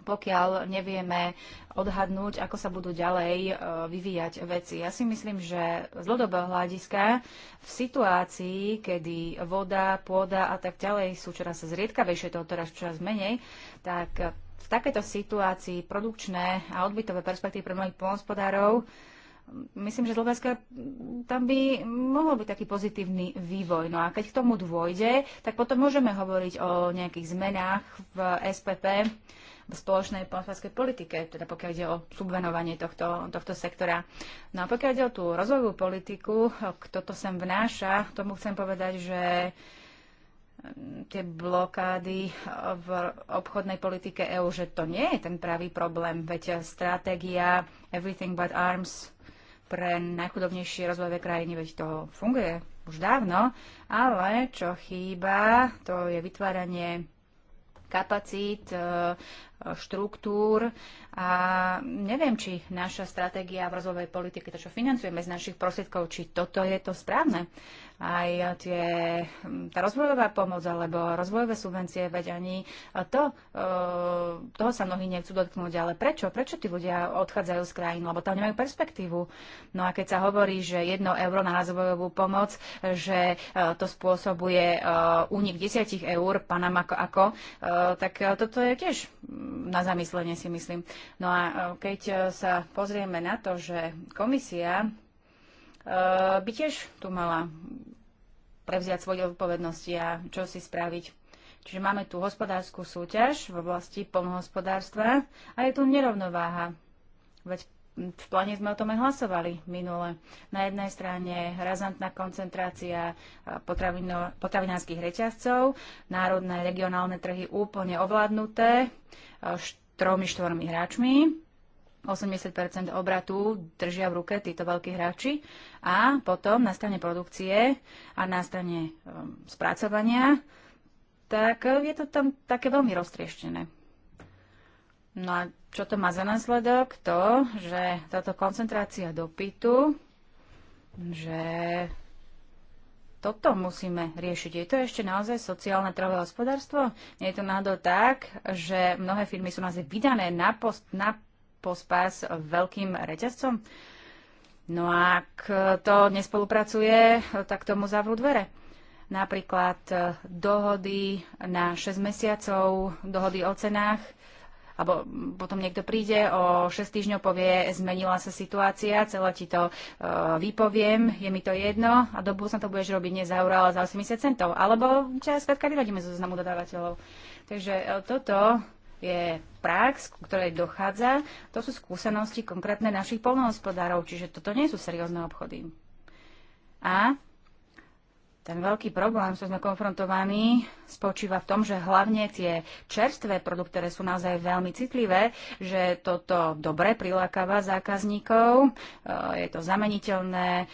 pokiaľ nevieme odhadnúť, ako sa budú ďalej e, vyvíjať veci. Ja si myslím, že z dlhodobého hľadiska v situácii, kedy voda, pôda a tak ďalej sú čoraz zriedkavejšie, toho teraz čoraz menej, tak v takejto situácii produkčné a odbytové perspektívy pre mnohých polnospodárov Myslím, že Slovenska tam by mohol byť taký pozitívny vývoj. No a keď k tomu dôjde, tak potom môžeme hovoriť o nejakých zmenách v SPP, v spoločnej poľnohospodárskej politike, teda pokiaľ ide o subvenovanie tohto, tohto sektora. No a pokiaľ ide o tú rozvojovú politiku, kto to sem vnáša, tomu chcem povedať, že mm, tie blokády v obchodnej politike EÚ, že to nie je ten pravý problém, veď stratégia Everything but Arms pre najchudobnejšie rozvojové krajiny, veď to funguje už dávno, ale čo chýba, to je vytváranie kapacít eh, štruktúr a neviem, či naša stratégia v rozvojovej politike, to, čo financujeme z našich prostriedkov, či toto je to správne. Aj tie, tá rozvojová pomoc alebo rozvojové subvencie, veď ani e, to, e, toho sa mnohí nechcú dotknúť. Ale prečo? Prečo tí ľudia odchádzajú z krajín? Lebo tam nemajú perspektívu. No a keď sa hovorí, že jedno euro na rozvojovú pomoc, že e, to spôsobuje únik desiatich eur, Panama ako, ako tak toto je tiež na zamyslenie si myslím. No a e, keď e, sa pozrieme na to, že komisia e, by tiež tu mala prevziať svoje odpovednosti a čo si spraviť. Čiže máme tu hospodárskú súťaž v oblasti polnohospodárstva a je tu nerovnováha. Veď v pláne sme o tom aj hlasovali minule. Na jednej strane razantná koncentrácia potravinárskych reťazcov, národné, regionálne trhy úplne ovládnuté tromi, štvormi hráčmi. 80 obratu držia v ruke títo veľkí hráči a potom na strane produkcie a na strane um, spracovania, tak je to tam také veľmi roztrieštené. No a čo to má za následok? To, že táto koncentrácia dopytu, že toto musíme riešiť. Je to ešte naozaj sociálne trhové hospodárstvo? Nie je to náhodou tak, že mnohé firmy sú naozaj vydané na, post, na pospas veľkým reťazcom? No a ak to nespolupracuje, tak tomu zavrú dvere. Napríklad eh, dohody na 6 mesiacov, dohody o cenách, alebo potom niekto príde, o 6 týždňov povie, zmenila sa situácia, celé ti to e, vypoviem, je mi to jedno a do budúcna to budeš robiť nie za euro, ale za 80 centov. Alebo ťa spätka vyradíme zo znamu dodávateľov. Takže e, toto je prax, k ktorej dochádza. To sú skúsenosti konkrétne našich polnohospodárov, čiže toto nie sú seriózne obchody. A ten veľký problém, čo sme konfrontovaní, spočíva v tom, že hlavne tie čerstvé produkty, ktoré sú naozaj veľmi citlivé, že toto dobre prilákava zákazníkov, e, je to zameniteľné, e,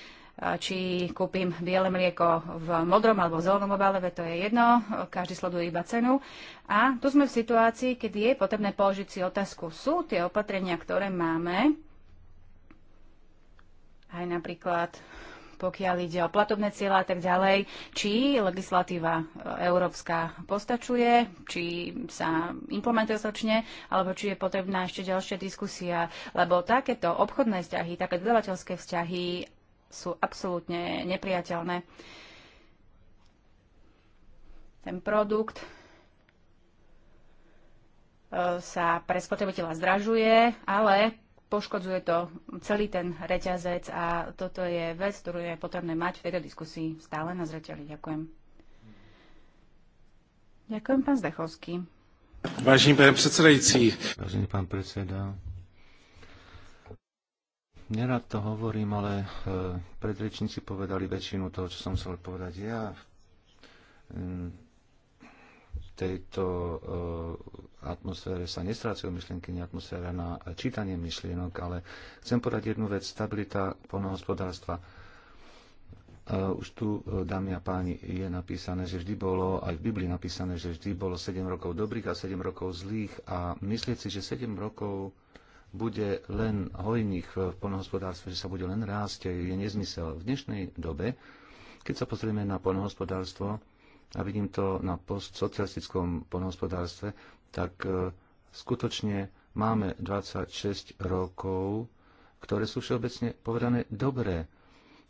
či kúpim biele mlieko v modrom alebo v zelenom obale, to je jedno, každý sleduje iba cenu. A tu sme v situácii, kedy je potrebné položiť si otázku, sú tie opatrenia, ktoré máme, aj napríklad pokiaľ ide o platobné cieľa a tak ďalej, či legislatíva e, európska postačuje, či sa implementuje sočne, alebo či je potrebná ešte ďalšia diskusia, lebo takéto obchodné vzťahy, také dodavateľské vzťahy sú absolútne nepriateľné. Ten produkt e, sa pre spotrebiteľa zdražuje, ale poškodzuje to celý ten reťazec a toto je vec, ktorú je potrebné mať v tejto diskusii stále na zreteli. Ďakujem. Ďakujem, pán Zdechovský. Vážený pán predsedajúci. Vážený pán predseda. Nerad to hovorím, ale e, predrečníci povedali väčšinu toho, čo som chcel povedať. Ja mm, tejto eh, atmosfére sa nestrácajú myšlienky, nie atmosféra na čítanie myšlienok, ale chcem podať jednu vec. Stabilita polnohospodárstva. Eh, už tu, eh, dámy a páni, je napísané, že vždy bolo, aj v Biblii napísané, že vždy bolo 7 rokov dobrých a 7 rokov zlých a myslieť si, že 7 rokov bude len hojných v polnohospodárstve, že sa bude len rásť, je nezmysel. V dnešnej dobe, keď sa pozrieme na polnohospodárstvo, a vidím to na postsocialistickom poľnohospodárstve, tak e, skutočne máme 26 rokov, ktoré sú všeobecne povedané dobré.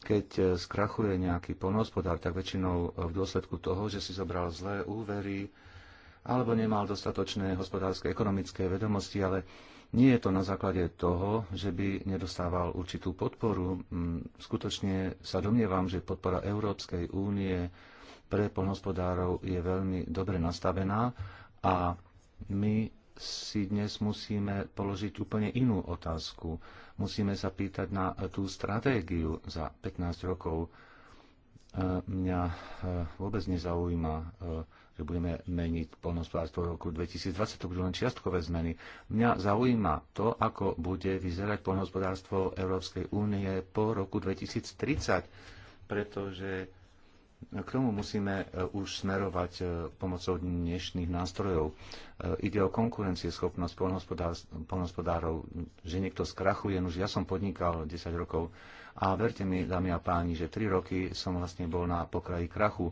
Keď e, skrachuje nejaký poľnohospodár, tak väčšinou e, v dôsledku toho, že si zobral zlé úvery alebo nemal dostatočné hospodárske, ekonomické vedomosti, ale nie je to na základe toho, že by nedostával určitú podporu. Mm, skutočne sa domnievam, že podpora Európskej únie pre polnohospodárov je veľmi dobre nastavená a my si dnes musíme položiť úplne inú otázku. Musíme sa pýtať na tú stratégiu za 15 rokov. E, mňa e, vôbec nezaujíma, e, že budeme meniť polnospodárstvo v roku 2020, to budú len čiastkové zmeny. Mňa zaujíma to, ako bude vyzerať polnospodárstvo Európskej únie po roku 2030, pretože k tomu musíme e, už smerovať e, pomocou dnešných nástrojov. E, ide o konkurencieschopnosť polnospodárov, že niekto skrachuje. Už ja som podnikal 10 rokov a verte mi, dámy a páni, že 3 roky som vlastne bol na pokraji krachu.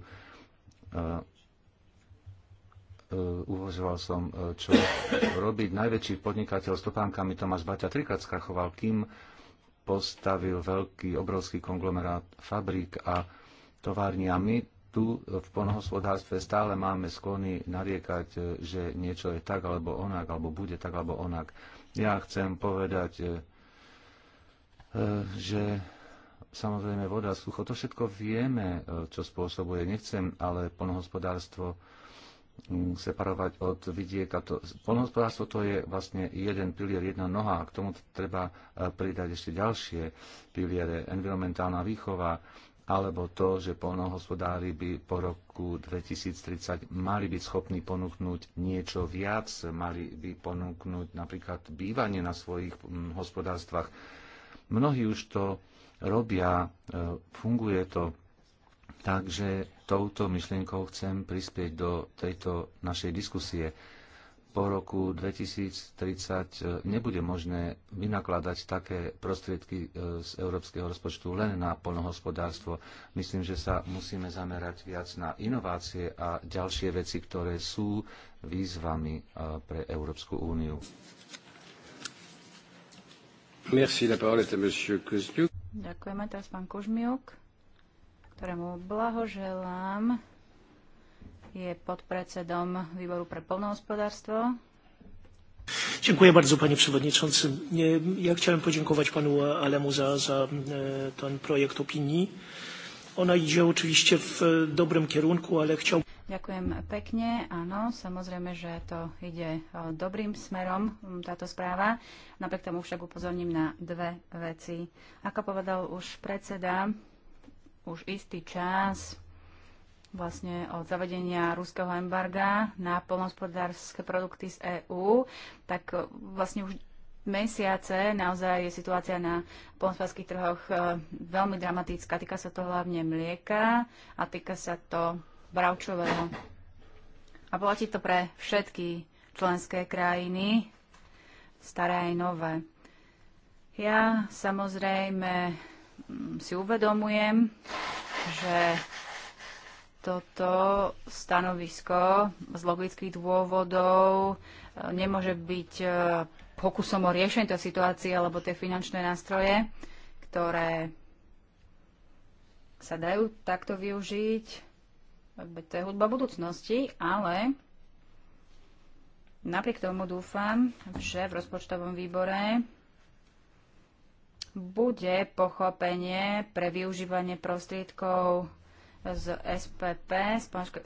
Uvažoval som, čo robiť. Najväčší podnikateľ s topánkami Tomáš Baťa trikrát skrachoval, kým postavil veľký, obrovský konglomerát fabrík a továrniami. Tu v poľnohospodárstve stále máme sklony nariekať, e, že niečo je tak alebo onak, alebo bude tak alebo onak. Ja chcem povedať, e, e, že samozrejme voda, sucho, to všetko vieme, čo spôsobuje. Nechcem ale poľnohospodárstvo mm, separovať od vidieka. To, polnohospodárstvo to je vlastne jeden pilier, jedna noha. K tomu treba pridať ešte ďalšie piliere. Environmentálna výchova, alebo to, že polnohospodári by po roku 2030 mali byť schopní ponúknuť niečo viac, mali by ponúknuť napríklad bývanie na svojich hospodárstvach. Mnohí už to robia, e, funguje to. Takže touto myšlienkou chcem prispieť do tejto našej diskusie po roku 2030 e, nebude možné vynakladať také prostriedky e, z európskeho rozpočtu len na polnohospodárstvo. Myslím, že sa musíme zamerať viac na inovácie a ďalšie veci, ktoré sú výzvami e, pre Európsku úniu. Merci, la parole est à monsieur Kozmiuk. Ďakujeme teraz pán Kožmiuk, ktorému blahoželám je podpredsedom výboru pre polnohospodárstvo. Dziękuję bardzo panie przewodniczący. Ja chciałem podziękować panu Alemu za, za e, ten projekt opinii. Ona idzie oczywiście w e, dobrym kierunku, ale chciałbym... Ďakujem pekne. Áno, samozrejme, že to ide e, dobrým smerom, táto správa. Napriek tomu však upozorním na dve veci. Ako povedal už predseda, už istý čas vlastne od zavedenia ruského embarga na polnospodárske produkty z EÚ, tak e, vlastne už mesiace naozaj je situácia na polnospodárských trhoch e, veľmi dramatická. Týka sa to hlavne mlieka a týka sa to bravčového. A platí to pre všetky členské krajiny, staré aj nové. Ja samozrejme mm, si uvedomujem, že toto stanovisko z logických dôvodov e, nemôže byť e, pokusom o riešenie tej situácie alebo tie finančné nástroje, ktoré sa dajú takto využiť. To je hudba budúcnosti, ale napriek tomu dúfam, že v rozpočtovom výbore bude pochopenie pre využívanie prostriedkov z SPP,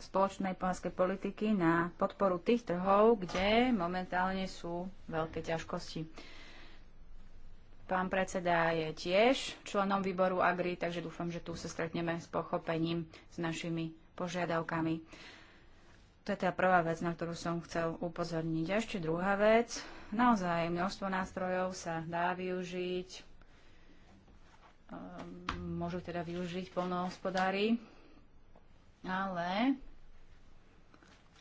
spoločnej poľskej politiky, na podporu tých trhov, kde momentálne sú veľké ťažkosti. Pán predseda je tiež členom výboru Agri, takže dúfam, že tu sa stretneme s pochopením s našimi požiadavkami. To je tá prvá vec, na ktorú som chcel upozorniť. A ešte druhá vec. Naozaj množstvo nástrojov sa dá využiť. Ehm, môžu teda využiť polnohospodári ale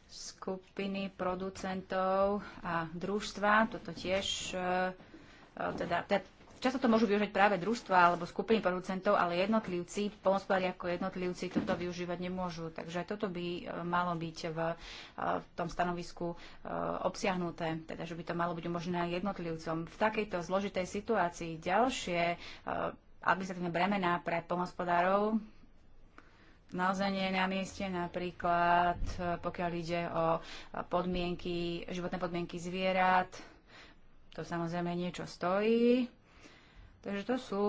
skupiny producentov a družstva, toto tiež, e, e, teda, teda často to môžu využiť práve družstva alebo skupiny producentov, ale jednotlivci, pomospodári ako jednotlivci toto využívať nemôžu. Takže toto by e, malo byť v, v tom stanovisku obsiahnuté, teda že by to malo byť umožnené jednotlivcom. V takejto zložitej situácii ďalšie administratívne bremená pre pomospodárov naozaj nie je na mieste, napríklad e, pokiaľ ide o podmienky, životné podmienky zvierat, to samozrejme niečo stojí. Takže to sú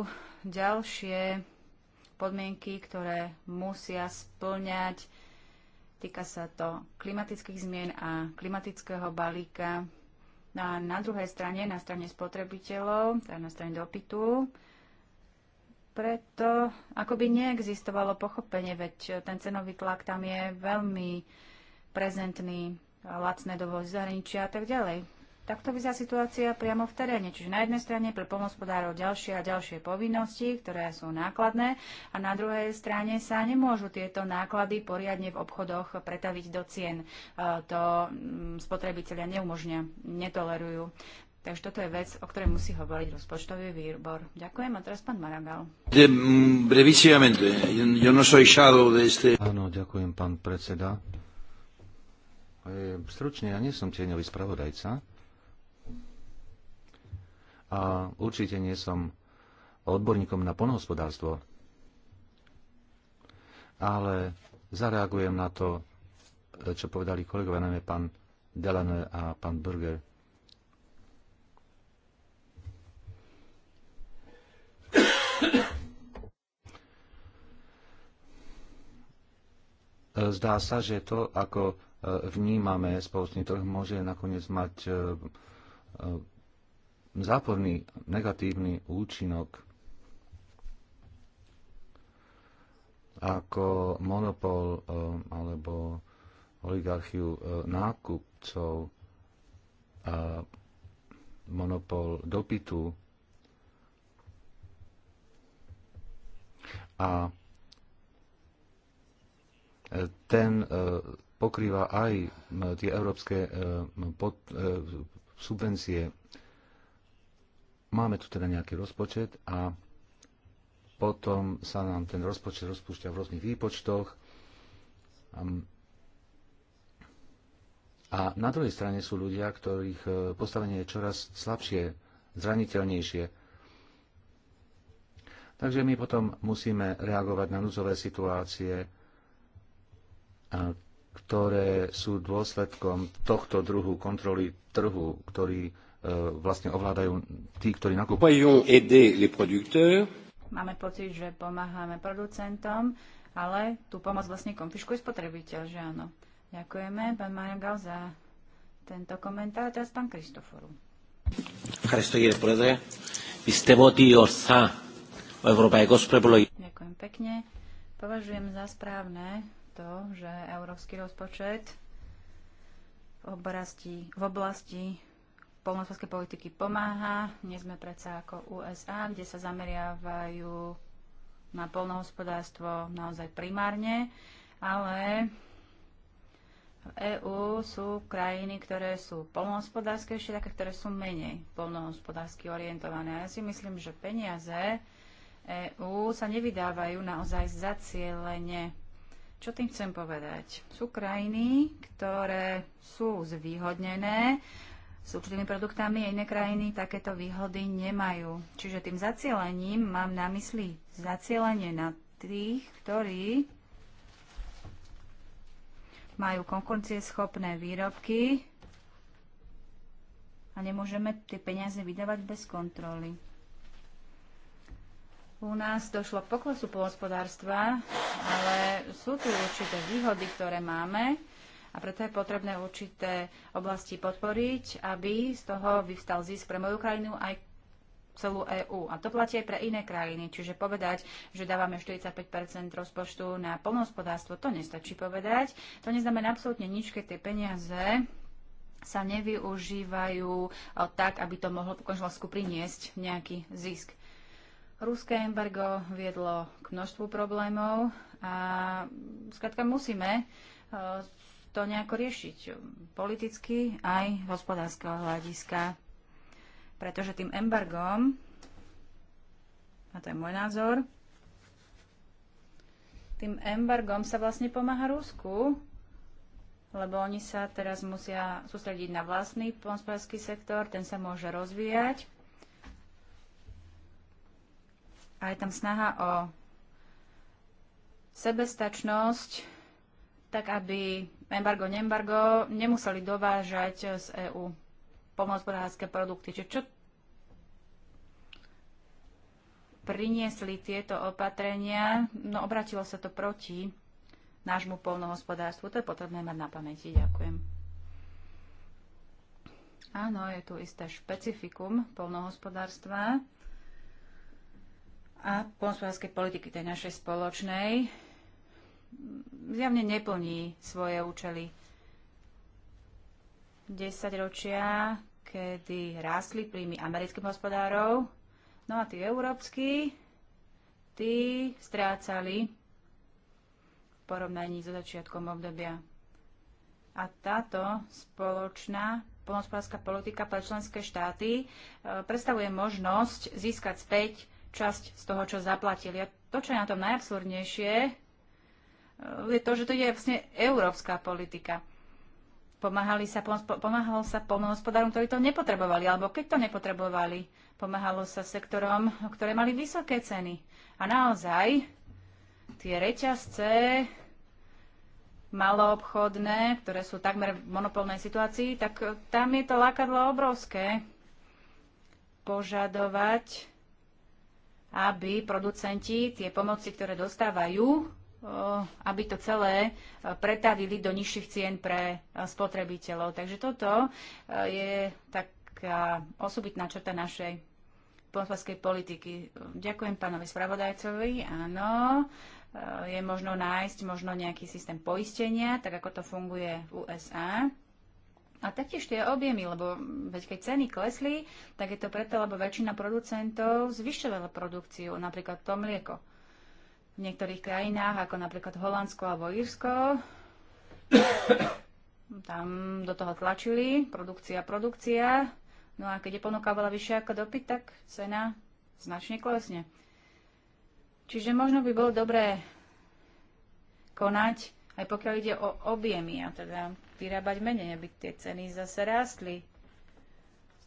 ďalšie podmienky, ktoré musia splňať. Týka sa to klimatických zmien a klimatického balíka. No a na druhej strane, na strane spotrebiteľov, teda na strane dopytu, preto akoby neexistovalo pochopenie, veď ten cenový tlak tam je veľmi prezentný, lacné dovoz zahraničia a tak ďalej. Takto vyzerá situácia priamo v teréne. Čiže na jednej strane pre pomospodárov ďalšie a ďalšie povinnosti, ktoré sú nákladné, a na druhej strane sa nemôžu tieto náklady poriadne v obchodoch pretaviť do cien. E, to mm, spotrebitelia neumožňa, netolerujú. Takže toto je vec, o ktorej musí hovoriť rozpočtový výbor. Ďakujem a teraz pán Maragal. Mm, no Áno, ďakujem pán predseda. E, stručne, ja nie som tieňový spravodajca a určite nie som odborníkom na ponohospodárstvo. Ale zareagujem na to, čo povedali kolegovia, najmä pán Delane a pán Burger Zdá sa, že to, ako e, vnímame spoločný trh, môže nakoniec mať e, e, záporný negatívny účinok ako monopol alebo oligarchiu nákupcov, monopol dopytu a ten e, pokrýva aj tie európske e, pod, e, subvencie. Máme tu teda nejaký rozpočet a potom sa nám ten rozpočet rozpúšťa v rôznych výpočtoch. A na druhej strane sú ľudia, ktorých postavenie je čoraz slabšie, zraniteľnejšie. Takže my potom musíme reagovať na núzové situácie, ktoré sú dôsledkom tohto druhu kontroly trhu, ktorý e, vlastne ovládajú tí, ktorí nakupujú. Máme pocit, že pomáhame producentom, ale tú pomoc vlastne konfiškuje spotrebiteľ, že áno. Ďakujeme, pán Marengal, za tento komentár. Teraz pán Kristoforu. Ďakujem pekne. Považujem za správne, to, že európsky rozpočet v oblasti, v oblasti polnospodárskej politiky pomáha. Nie sme predsa ako USA, kde sa zameriavajú na polnohospodárstvo naozaj primárne, ale v EÚ sú krajiny, ktoré sú polnohospodárske, ešte také, ktoré sú menej polnohospodársky orientované. Ja si myslím, že peniaze EÚ sa nevydávajú naozaj zacielene čo tým chcem povedať? Sú krajiny, ktoré sú zvýhodnené s určitými produktami a iné krajiny takéto výhody nemajú. Čiže tým zacielením mám na mysli zacielenie na tých, ktorí majú konkurencieschopné výrobky a nemôžeme tie peniaze vydávať bez kontroly. U nás došlo k poklesu polospodárstva, ale sú tu určité výhody, ktoré máme a preto je potrebné určité oblasti podporiť, aby z toho vyvstal zisk pre moju krajinu aj celú EÚ. A to platí aj pre iné krajiny. Čiže povedať, že dávame 45 rozpočtu na polnohospodárstvo, to nestačí povedať. To neznamená absolútne nič, keď tie peniaze sa nevyužívajú eh, tak, aby to mohlo konžlasku priniesť nejaký zisk. Ruské embargo viedlo k množstvu problémov a skladka musíme e, to nejako riešiť politicky aj hospodárskeho hľadiska. Pretože tým embargom, a to je môj názor, tým embargom sa vlastne pomáha Rusku, lebo oni sa teraz musia sústrediť na vlastný hospodársky sektor, ten sa môže rozvíjať a je tam snaha o sebestačnosť, tak aby embargo, neembargo, nemuseli dovážať z EÚ pomospodárske produkty. Čiže čo priniesli tieto opatrenia? No obratilo sa to proti nášmu polnohospodárstvu. To je potrebné mať na pamäti. Ďakujem. Áno, je tu isté špecifikum polnohospodárstva a poľnospodárskej politiky, tej našej spoločnej, zjavne neplní svoje účely. 10 ročia, kedy rástli príjmy amerických hospodárov, no a tí európsky, tí strácali v porovnaní so začiatkom obdobia. A táto spoločná poľnospodárska politika pre členské štáty e, predstavuje možnosť získať späť časť z toho, čo zaplatili. A to, čo je na tom najabsurdnejšie, e, je to, že to je vlastne európska politika. Pomáhali sa, pomáhalo sa polnohospodárom, ktorí to nepotrebovali, alebo keď to nepotrebovali. Pomáhalo sa sektorom, ktoré mali vysoké ceny. A naozaj tie reťazce maloobchodné, ktoré sú takmer v monopolnej situácii, tak e, tam je to lákadlo obrovské požadovať aby producenti tie pomoci, ktoré dostávajú, eh, aby to celé eh, pretavili do nižších cien pre eh, spotrebiteľov. Takže toto je taká osobitná črta našej podpaskej politiky. Ďakujem pánovi spravodajcovi. Áno, je možno nájsť možno nejaký systém poistenia, tak ako to funguje v USA. A taktiež tie objemy, lebo veď keď ceny klesli, tak je to preto, lebo väčšina producentov zvyšovala produkciu, napríklad to mlieko. V niektorých krajinách, ako napríklad Holandsko alebo Írsko, tam do toho tlačili, produkcia, produkcia. No a keď je ponuka veľa vyššia ako dopyt, tak cena značne klesne. Čiže možno by bolo dobré konať, aj pokiaľ ide o objemy, a teda vyrábať menej, aby tie ceny zase rástli.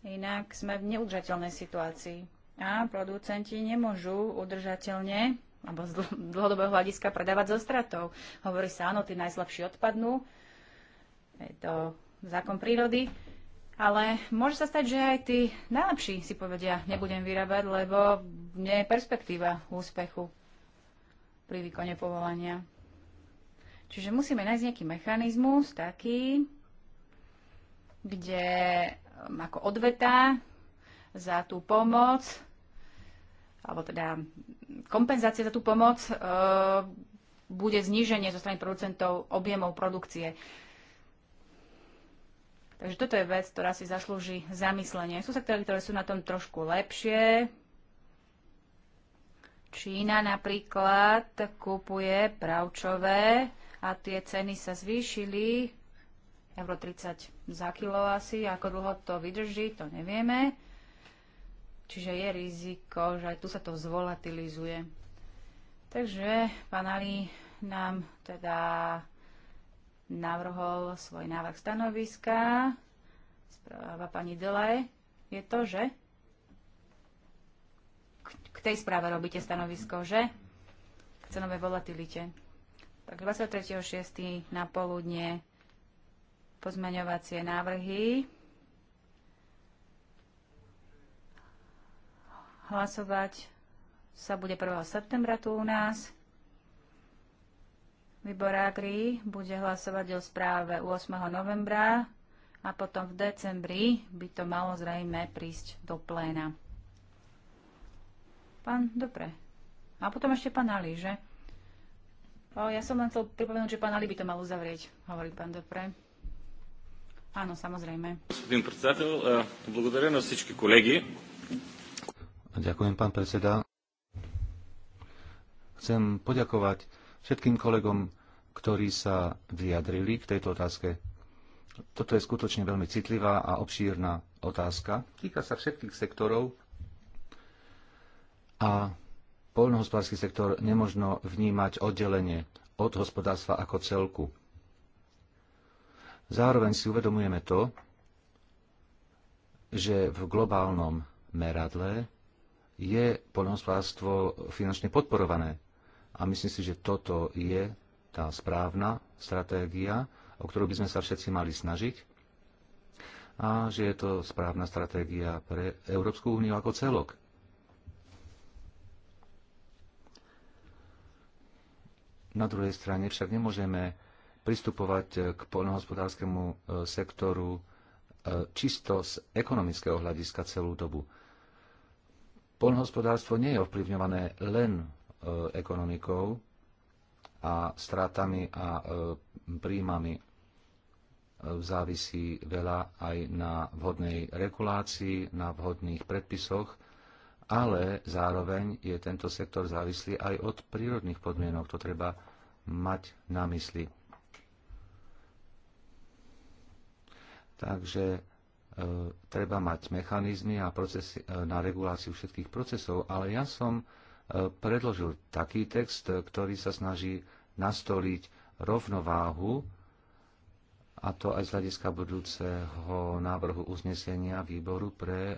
Inak sme v neudržateľnej situácii. A producenti nemôžu udržateľne alebo z dlhodobého hľadiska predávať zo stratou. Hovorí sa, áno, tí najslabší odpadnú, je to zákon prírody, ale môže sa stať, že aj tí najlepší si povedia, nebudem vyrábať, lebo nie je perspektíva úspechu pri výkone povolania. Čiže musíme nájsť nejaký mechanizmus taký, kde um, ako odveta za tú pomoc, alebo teda kompenzácia za tú pomoc, e, bude zníženie zo strany producentov objemov produkcie. Takže toto je vec, ktorá si zaslúži zamyslenie. Sú sektory, ktoré sú na tom trošku lepšie. Čína napríklad kupuje pravčové a tie ceny sa zvýšili, euro 30 za kilo asi, ako dlho to vydrží, to nevieme. Čiže je riziko, že aj tu sa to zvolatilizuje. Takže pán Ali nám teda navrhol svoj návrh stanoviska. Správa pani Dele je to, že? K, k tej správe robíte stanovisko, že? K cenovej volatilite. Tak 23.6. na poludne pozmeňovacie návrhy. Hlasovať sa bude 1. septembra tu u nás. Výbor Agri bude hlasovať o správe 8. novembra a potom v decembri by to malo zrejme prísť do pléna. Pán, dobre. A potom ešte pán Ali, že? O, ja som len chcel pripomenúť, že pán Ali by to mal uzavrieť, hovorí pán Dopre. Áno, samozrejme. Господин predsedateľ. Blagodarujem na všetky kolegy. Ďakujem, pán predseda. Chcem poďakovať všetkým kolegom, ktorí sa vyjadrili k tejto otázke. Toto je skutočne veľmi citlivá a obšírna otázka. Týka sa všetkých sektorov a Poľnohospodársky sektor nemožno vnímať oddelenie od hospodárstva ako celku. Zároveň si uvedomujeme to, že v globálnom meradle je poľnohospodárstvo finančne podporované. A myslím si, že toto je tá správna stratégia, o ktorú by sme sa všetci mali snažiť a že je to správna stratégia pre Európsku úniu ako celok. Na druhej strane však nemôžeme pristupovať e, k poľnohospodárskému e, sektoru e, čisto z ekonomického hľadiska celú dobu. Poľnohospodárstvo nie je ovplyvňované len ekonomikou a strátami a príjmami. Závisí veľa aj na vhodnej regulácii, na vhodných predpisoch ale zároveň je tento sektor závislý aj od prírodných podmienok. To treba mať na mysli. Takže e, treba mať mechanizmy a procesy e, na reguláciu všetkých procesov, ale ja som e, predložil taký text, ktorý sa snaží nastoliť rovnováhu, a to aj z hľadiska budúceho návrhu uznesenia výboru pre e,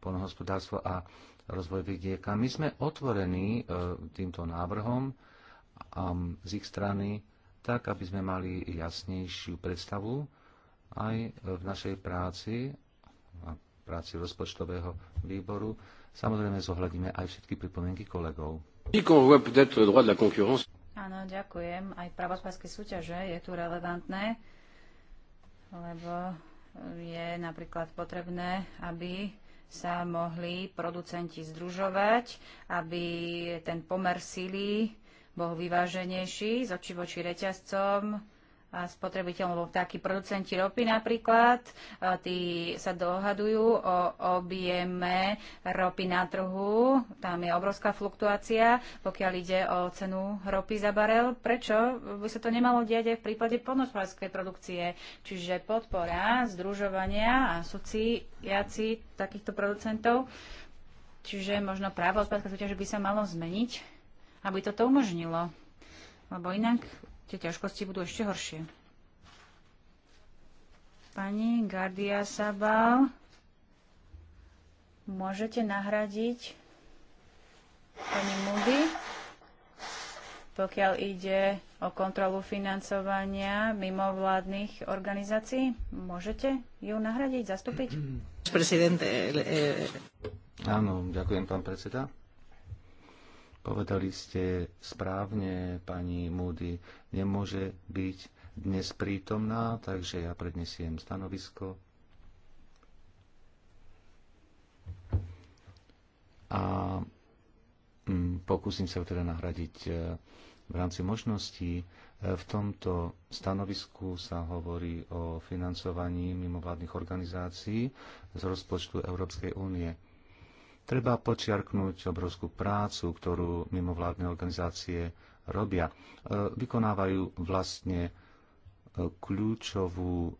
polnohospodárstvo a rozvoj vidieka. My sme otvorení e, týmto návrhom z ich strany, tak aby sme mali jasnejšiu predstavu aj v našej práci, práci rozpočtového výboru. Samozrejme zohľadíme aj všetky pripomienky kolegov. Áno, ďakujem. Aj pravospáske súťaže je tu relevantné, lebo je napríklad potrebné, aby sa mohli producenti združovať, aby ten pomer sily bol vyváženejší z očivoči reťazcom, spotrebiteľom, lebo takí producenti ropy napríklad, tí sa dohadujú o objeme ropy na trhu, tam je obrovská fluktuácia, pokiaľ ide o cenu ropy za barel. Prečo by sa to nemalo diať aj v prípade podnospodárskej produkcie? Čiže podpora, združovania a asociácií takýchto producentov, čiže možno právo hospodárska súťaže by sa malo zmeniť, aby toto umožnilo. Lebo inak tie ťažkosti budú ešte horšie. Pani Gardia Sabal, môžete nahradiť pani Moody, pokiaľ ide o kontrolu financovania mimovládnych organizácií? Môžete ju nahradiť, zastúpiť? Eh, eh. Áno, ďakujem, pán predseda. Povedali ste správne, pani Múdy, nemôže byť dnes prítomná, takže ja prednesiem stanovisko. A mm, pokúsim sa ho teda nahradiť e, v rámci možností. E, v tomto stanovisku sa hovorí o financovaní mimovládnych organizácií z rozpočtu Európskej únie. Treba počiarknúť obrovskú prácu, ktorú mimovládne organizácie robia. E, vykonávajú vlastne kľúčovú e,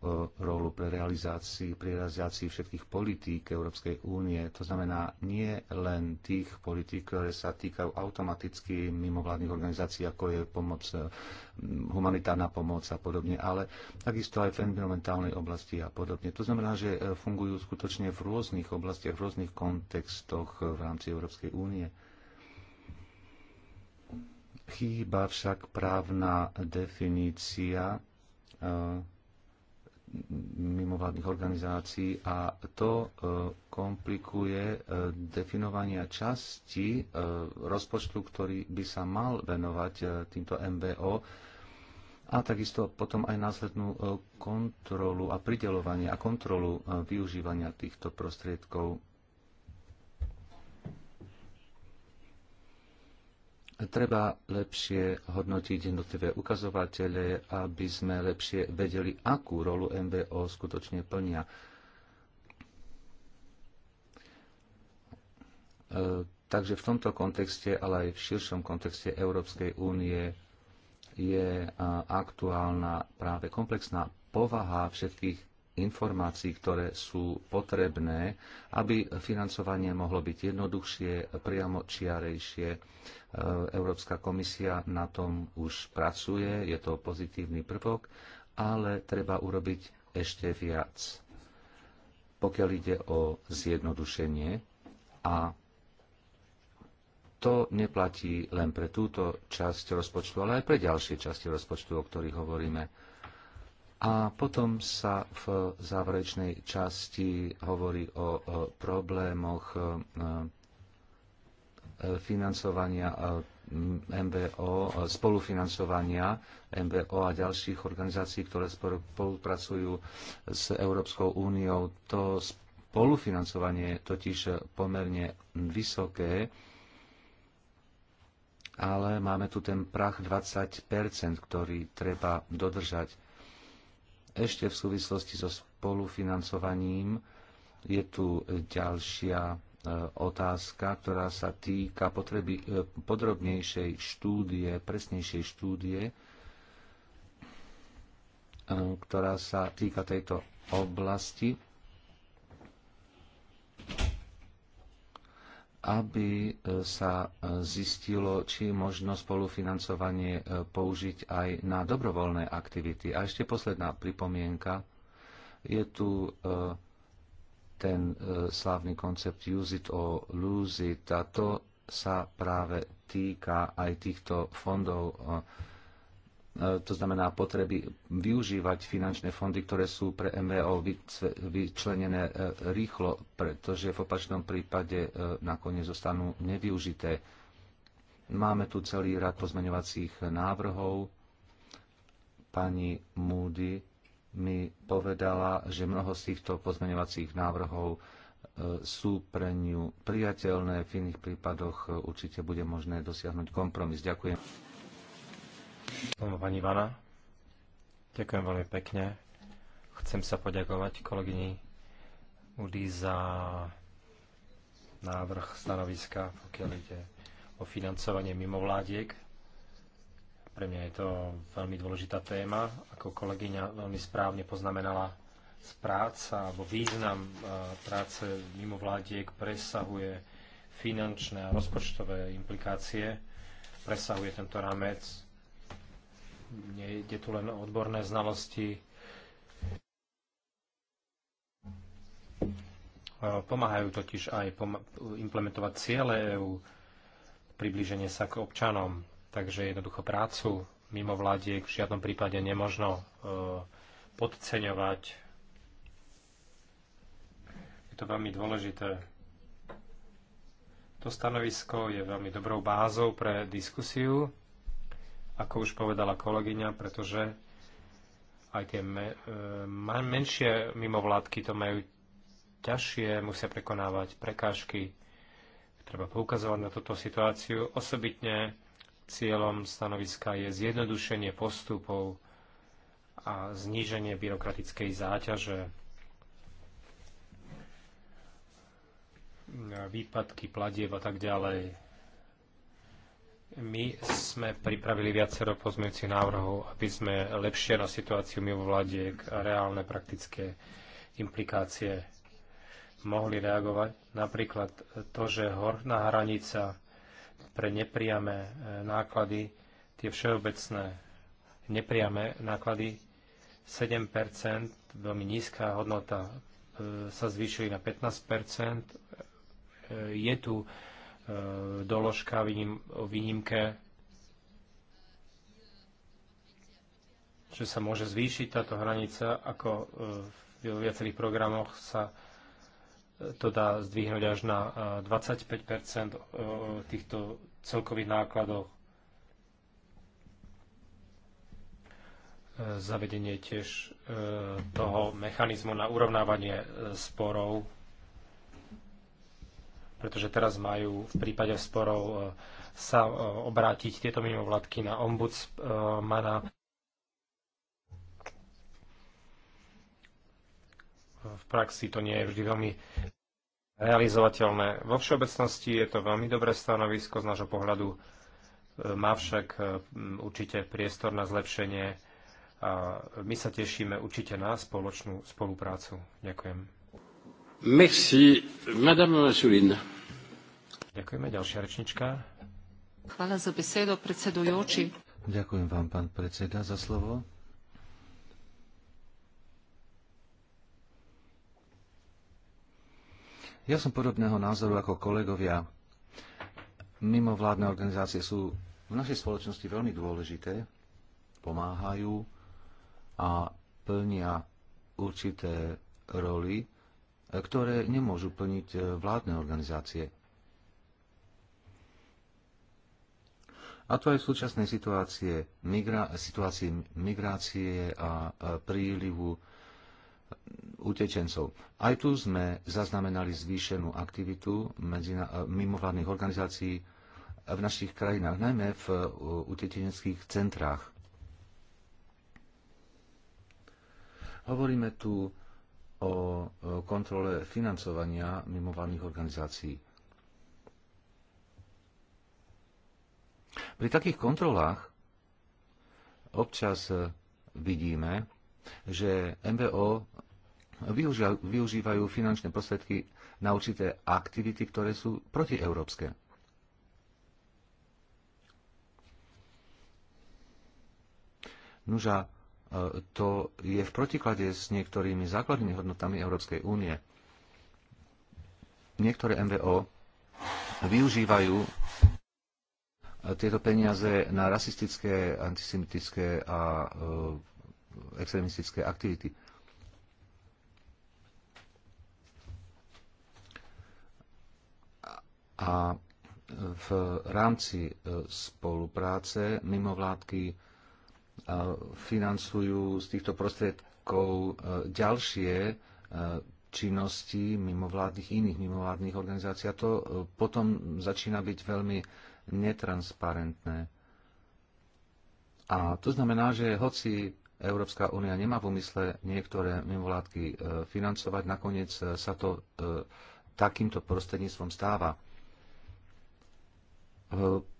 rolu pre realizácii, pri realizácii všetkých politík Európskej únie. To znamená nie len tých politík, ktoré sa týkajú automaticky mimovládnych organizácií, ako je pomoc, e, humanitárna pomoc a podobne, ale takisto aj v environmentálnej oblasti a podobne. To znamená, že e, fungujú skutočne v rôznych oblastiach, v rôznych kontextoch v rámci Európskej únie. Chýba však právna definícia Eh, mimovládnych organizácií a to eh, komplikuje eh, definovania časti rozpočtu, ktorý by sa mal venovať týmto MBO a takisto potom aj následnú kontrolu a pridelovanie a kontrolu využívania týchto prostriedkov. treba lepšie hodnotiť jednotlivé ukazovatele, aby sme lepšie vedeli, akú rolu MBO skutočne plnia. E, takže v tomto kontexte, ale aj v širšom kontexte Európskej únie je e, aktuálna práve komplexná povaha všetkých informácií, ktoré sú potrebné, aby financovanie mohlo byť jednoduchšie, čiarejšie. E, Európska komisia na tom už pracuje, je to pozitívny prvok, ale treba urobiť ešte viac. Pokiaľ ide o zjednodušenie a to neplatí len pre túto časť rozpočtu, ale aj pre ďalšie časti rozpočtu, o ktorých hovoríme a potom sa v záverečnej časti hovorí o problémoch e, e, financovania e, MBO, spolufinancovania MBO a ďalších organizácií, ktoré spolupracujú s Európskou úniou. To spolufinancovanie je totiž pomerne vysoké, ale máme tu ten prach 20%, ktorý treba dodržať ešte v súvislosti so spolufinancovaním je tu ďalšia e, otázka, ktorá sa týka potreby e, podrobnejšej štúdie, presnejšej štúdie, e, ktorá sa týka tejto oblasti. aby e, sa e, zistilo, či možno spolufinancovanie e, použiť aj na dobrovoľné aktivity. A ešte posledná pripomienka. Je tu ten slávny koncept use it or lose it a to sa práve týka aj týchto fondov E, to znamená potreby využívať finančné fondy, ktoré sú pre MVO vyčlenené e, rýchlo, pretože v opačnom prípade e, nakoniec zostanú nevyužité. Máme tu celý rad pozmeňovacích návrhov. Pani Moody mi povedala, že mnoho z týchto pozmeňovacích návrhov sú pre ňu priateľné. V iných prípadoch určite bude možné dosiahnuť kompromis. Ďakujem. Pani Vana, ďakujem veľmi pekne. Chcem sa poďakovať kolegyni Udy za návrh stanoviska, pokiaľ ide o financovanie mimovládiek. Pre mňa je to veľmi dôležitá téma. Ako kolegyňa veľmi správne poznamenala, práca alebo význam práce mimovládiek presahuje finančné a rozpočtové implikácie, presahuje tento rámec Nejde tu len o odborné znalosti. Pomáhajú totiž aj implementovať cieľe EÚ, priblíženie sa k občanom. Takže jednoducho prácu mimo vládiek v žiadnom prípade nemožno e, podceňovať. Je to veľmi dôležité. To stanovisko je veľmi dobrou bázou pre diskusiu ako už povedala kolegyňa, pretože aj tie me, e, menšie mimovládky to majú ťažšie, musia prekonávať prekážky. Treba poukazovať na túto situáciu. Osobitne cieľom stanoviska je zjednodušenie postupov a zníženie byrokratickej záťaže. výpadky platieb a tak ďalej my sme pripravili viacero pozmeňujúcich návrhov, aby sme lepšie na situáciu mimovládiek a reálne praktické implikácie mohli reagovať. Napríklad to, že horná hranica pre nepriame e, náklady, tie všeobecné nepriame náklady, 7 veľmi nízka hodnota, e, sa zvýšili na 15 e, Je tu E, doložka o výnimke, že sa môže zvýšiť táto hranica, ako e, v viacerých programoch sa e, to dá zdvihnúť až na 25 týchto celkových nákladov. Zavedenie tiež toho mechanizmu na urovnávanie sporov pretože teraz majú v prípade sporov e, sa e, obrátiť tieto mimovládky na ombudsmana. V praxi to nie je vždy veľmi realizovateľné. Vo všeobecnosti je to veľmi dobré stanovisko z nášho pohľadu. E, má však určite priestor na zlepšenie a my sa tešíme určite na spoločnú spoluprácu. Ďakujem. Merci. Madame Suline. Ďakujeme. Ďalšia rečnička. Hvala za besedo, predsedujúci. Ďakujem vám, pán predseda, za slovo. Ja som podobného názoru ako kolegovia. Mimovládne organizácie sú v našej spoločnosti veľmi dôležité, pomáhajú a plnia určité roli ktoré nemôžu plniť e, vládne organizácie. A to aj v súčasnej situácie, migra, situácii migrácie a e, prílivu e, utečencov. Aj tu sme zaznamenali zvýšenú aktivitu medzi, mimovládnych organizácií v našich krajinách, najmä v utečeneckých centrách. Hovoríme tu o kontrole financovania mimovládnych organizácií. Pri takých kontrolách občas vidíme, že MBO využívajú finančné prostriedky na určité aktivity, ktoré sú protieurópske. Nuža, to je v protiklade s niektorými základnými hodnotami Európskej únie. Niektoré MVO využívajú tieto peniaze na rasistické, antisemitické a e, extremistické aktivity. A v rámci e, spolupráce mimovládky financujú z týchto prostriedkov e, ďalšie e, činnosti mimovládnych iných mimovládnych organizácií. A to e, potom začína byť veľmi netransparentné. A to znamená, že hoci Európska únia nemá v úmysle niektoré mimovládky financovať, nakoniec sa to takýmto prostredníctvom stáva.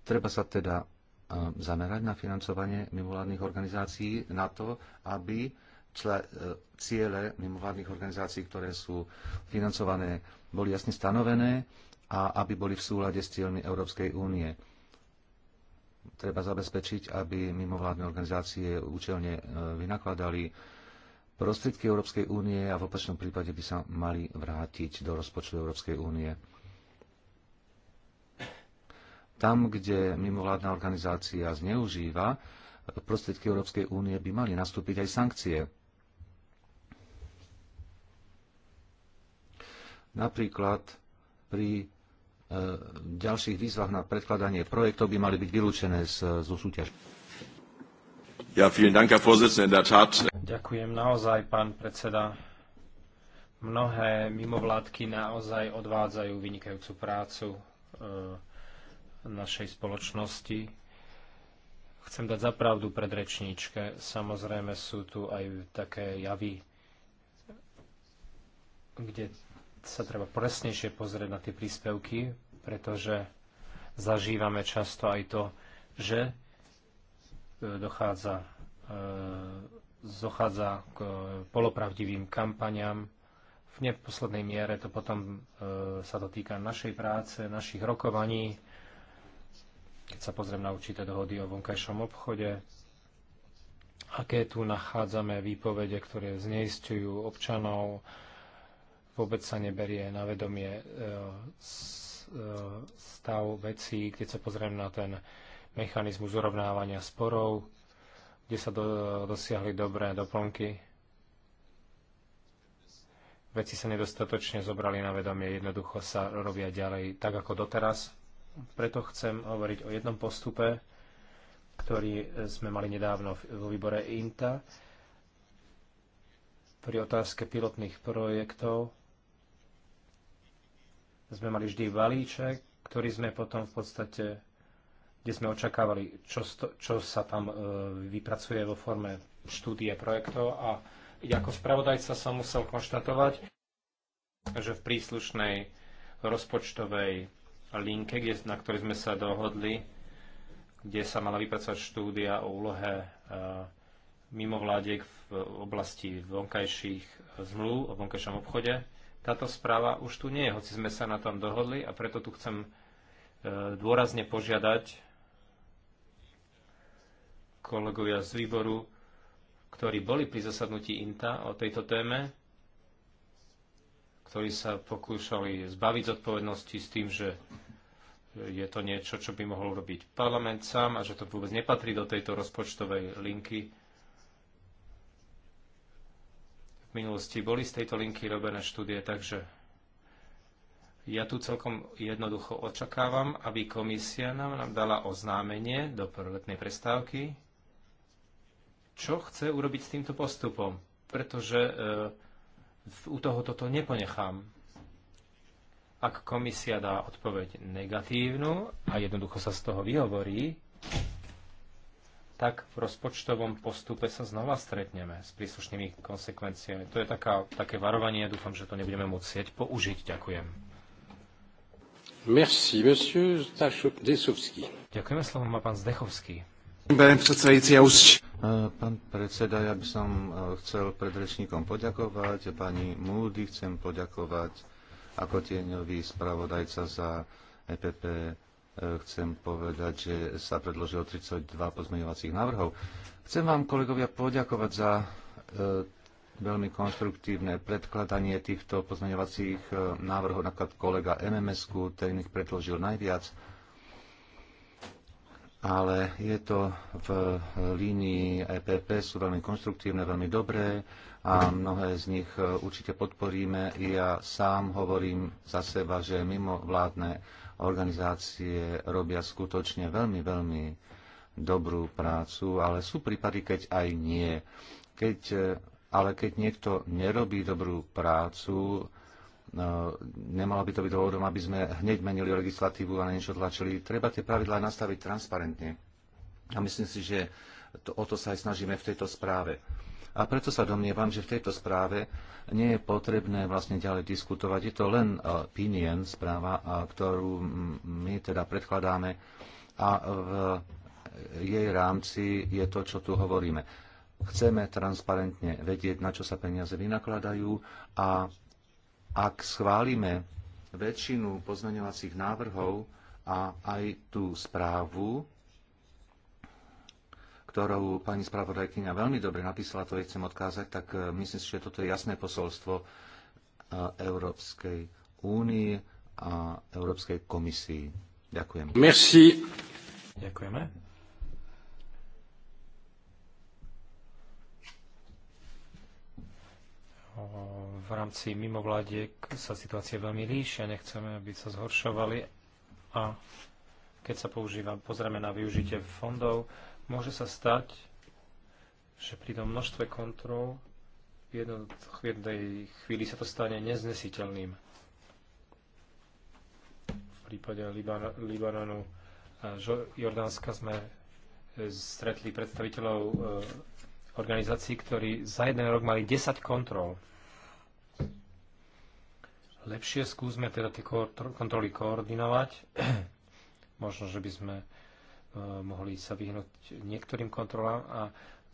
Treba sa teda Eh, zamerať na financovanie mimovládnych organizácií na to, aby eh, ciele mimovládnych organizácií, ktoré sú financované, boli jasne stanovené a aby boli v súlade s cieľmi Európskej únie. Treba zabezpečiť, aby mimovládne organizácie účelne eh, vynakladali prostriedky Európskej únie a v opačnom prípade by sa mali vrátiť do rozpočtu Európskej únie. Tam, kde mimovládna organizácia zneužíva prostriedky Európskej únie, by mali nastúpiť aj sankcie. Napríklad pri e, ďalších výzvach na predkladanie projektov by mali byť vylúčené z, zo súťaž. Ja, Dank, Ďakujem naozaj, pán predseda. Mnohé mimovládky naozaj odvádzajú vynikajúcu prácu. E našej spoločnosti. Chcem dať zapravdu pred rečníčke. Samozrejme sú tu aj také javy, kde sa treba presnejšie pozrieť na tie príspevky, pretože zažívame často aj to, že e, dochádza, dochádza e, k polopravdivým kampaniám. V neposlednej miere to potom e, sa to týka našej práce, našich rokovaní, keď sa pozriem na určité dohody o vonkajšom obchode, aké tu nachádzame výpovede, ktoré zneistujú občanov, vôbec sa neberie na vedomie e, e, stav vecí, keď sa pozriem na ten mechanizmus urovnávania sporov, kde sa do, dosiahli dobré doplnky. Veci sa nedostatočne zobrali na vedomie, jednoducho sa robia ďalej tak ako doteraz. Preto chcem hovoriť o jednom postupe, ktorý sme mali nedávno vo výbore INTA pri otázke pilotných projektov. Sme mali vždy balíček, ktorý sme potom v podstate, kde sme očakávali, čo, čo sa tam e, vypracuje vo forme štúdie projektov a ako spravodajca som musel konštatovať, že v príslušnej rozpočtovej linke, kde, na ktorej sme sa dohodli, kde sa mala vypracovať štúdia o úlohe e, mimovládiek v oblasti vonkajších zmluv o vonkajšom obchode. Táto správa už tu nie je, hoci sme sa na tom dohodli a preto tu chcem e, dôrazne požiadať kolegovia z výboru, ktorí boli pri zasadnutí INTA o tejto téme, ktorí sa pokúšali zbaviť zodpovednosti s tým, že je to niečo, čo by mohol robiť parlament sám a že to vôbec nepatrí do tejto rozpočtovej linky. V minulosti boli z tejto linky robené štúdie, takže ja tu celkom jednoducho očakávam, aby komisia nám, nám dala oznámenie do prvotnej prestávky, čo chce urobiť s týmto postupom, pretože e, u toho toto neponechám. Ak komisia dá odpoveď negatívnu a jednoducho sa z toho vyhovorí, tak v rozpočtovom postupe sa znova stretneme s príslušnými konsekvenciami. To je taká, také varovanie, dúfam, že to nebudeme môcť použiť. Ďakujem. Merci, monsieur Ďakujeme, slovo má pán Zdechovský. Pán predseda, ja by som e, chcel predrečníkom poďakovať. Pani Múdy chcem poďakovať ako tieňový spravodajca za EPP e, chcem povedať, že sa predložilo 32 pozmeňovacích návrhov. Chcem vám, kolegovia, poďakovať za e, veľmi konštruktívne predkladanie týchto pozmeňovacích návrhov. Napríklad kolega MMS-ku, ten ich predložil najviac ale je to v línii EPP, sú veľmi konstruktívne, veľmi dobré a mnohé z nich e, určite podporíme. Ja sám hovorím za seba, že mimo vládne organizácie robia skutočne veľmi, veľmi dobrú prácu, ale sú prípady, keď aj nie. Keď, e, ale keď niekto nerobí dobrú prácu, No, nemalo by to byť dôvodom, aby sme hneď menili legislatívu a na niečo tlačili. Treba tie pravidlá nastaviť transparentne. A myslím si, že to, o to sa aj snažíme v tejto správe. A preto sa domnievam, že v tejto správe nie je potrebné vlastne ďalej diskutovať. Je to len e, opinion správa, ktorú my teda predkladáme a v jej rámci je to, čo tu hovoríme. Chceme transparentne vedieť, na čo sa peniaze vynakladajú a ak schválime väčšinu pozmeňovacích návrhov a aj tú správu, ktorou pani spravodajkyňa veľmi dobre napísala, to jej chcem odkázať, tak e, myslím si, že toto je jasné posolstvo e, Európskej únie a Európskej komisii. Ďakujem. Merci. Ďakujeme. v rámci mimovládiek sa situácie veľmi líšia, nechceme, aby sa zhoršovali a keď sa používa, pozrieme na využitie fondov, môže sa stať, že pri tom množstve kontrol v jednej chvíli sa to stane neznesiteľným. V prípade Liban- Libanonu a eh, Jordánska sme eh, stretli predstaviteľov eh, organizácií, ktorí za jeden rok mali 10 kontrol. Lepšie skúsme teda tie kontroly koordinovať. Možno, že by sme e, mohli sa vyhnúť niektorým kontrolám a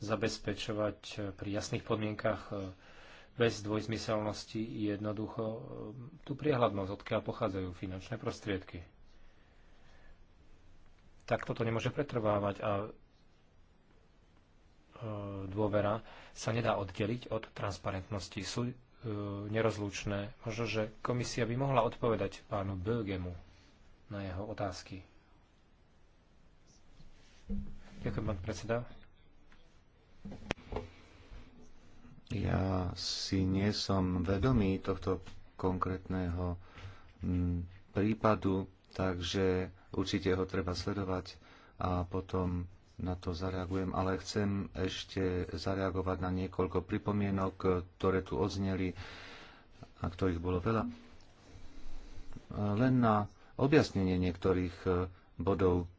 zabezpečovať e, pri jasných podmienkach e, bez dvojzmyselnosti jednoducho tú priehľadnosť, odkiaľ pochádzajú finančné prostriedky. Takto to nemôže pretrvávať a E, dôvera sa nedá oddeliť od transparentnosti. Sú e, nerozlučné. Možno, že komisia by mohla odpovedať pánu Bögemu na jeho otázky. Ďakujem, pán predseda. Ja si nie som vedomý tohto konkrétneho prípadu, takže určite ho treba sledovať a potom na to zareagujem, ale chcem ešte zareagovať na niekoľko pripomienok, ktoré tu odzneli a ktorých bolo veľa. Len na objasnenie niektorých e, bodov. E,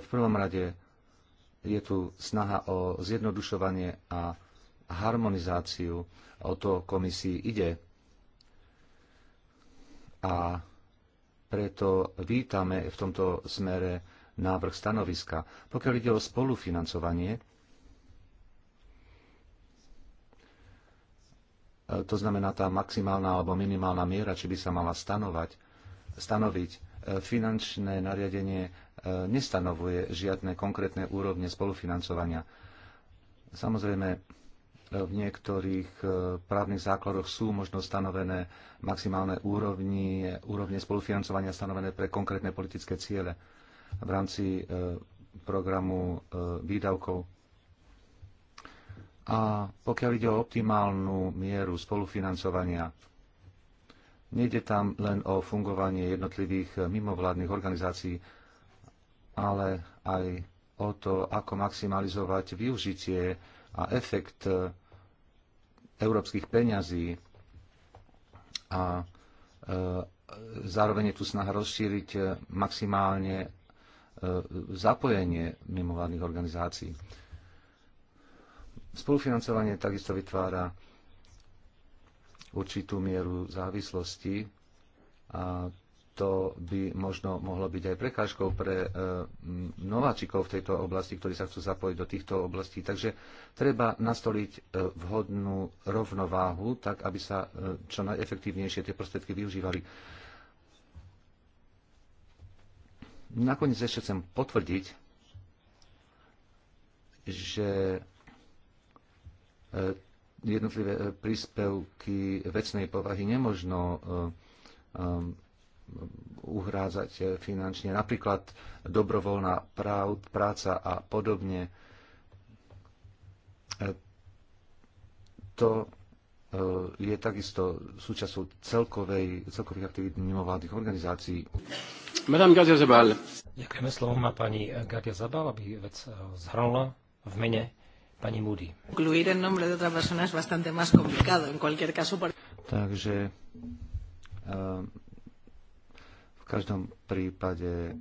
v prvom rade je tu snaha o zjednodušovanie a harmonizáciu. O to komisii ide. A preto vítame v tomto smere návrh stanoviska. Pokiaľ ide o spolufinancovanie, e, to znamená tá maximálna alebo minimálna miera, či by sa mala stanovať, stanoviť. E, finančné nariadenie e, nestanovuje žiadne konkrétne úrovne spolufinancovania. Samozrejme, v niektorých e, právnych základoch sú možno stanovené maximálne úrovni, úrovne spolufinancovania stanovené pre konkrétne politické ciele v rámci e, programu e, výdavkov. A pokiaľ ide o optimálnu mieru spolufinancovania, nejde tam len o fungovanie jednotlivých mimovládnych organizácií, ale aj o to, ako maximalizovať využitie a efekt e, európskych peňazí a e, zároveň je tu snaha rozšíriť e, maximálne zapojenie mimovládnych organizácií. Spolufinancovanie takisto vytvára určitú mieru závislosti a to by možno mohlo byť aj prekážkou pre e, nováčikov v tejto oblasti, ktorí sa chcú zapojiť do týchto oblastí. Takže treba nastoliť e, vhodnú rovnováhu, tak aby sa e, čo najefektívnejšie tie prostriedky využívali. Nakoniec ešte chcem potvrdiť, že jednotlivé príspevky vecnej povahy nemožno uhrázať eh, finančne. Napríklad dobrovoľná práca a podobne. Eh, to eh, je takisto súčasťou celkovej, celkových aktivít mimovládnych organizácií. Madame Gadia Zabal. Ďakujeme slovom má pani Gadia Zabal, aby vec zhrnula v mene pani Moody. Takže v každom prípade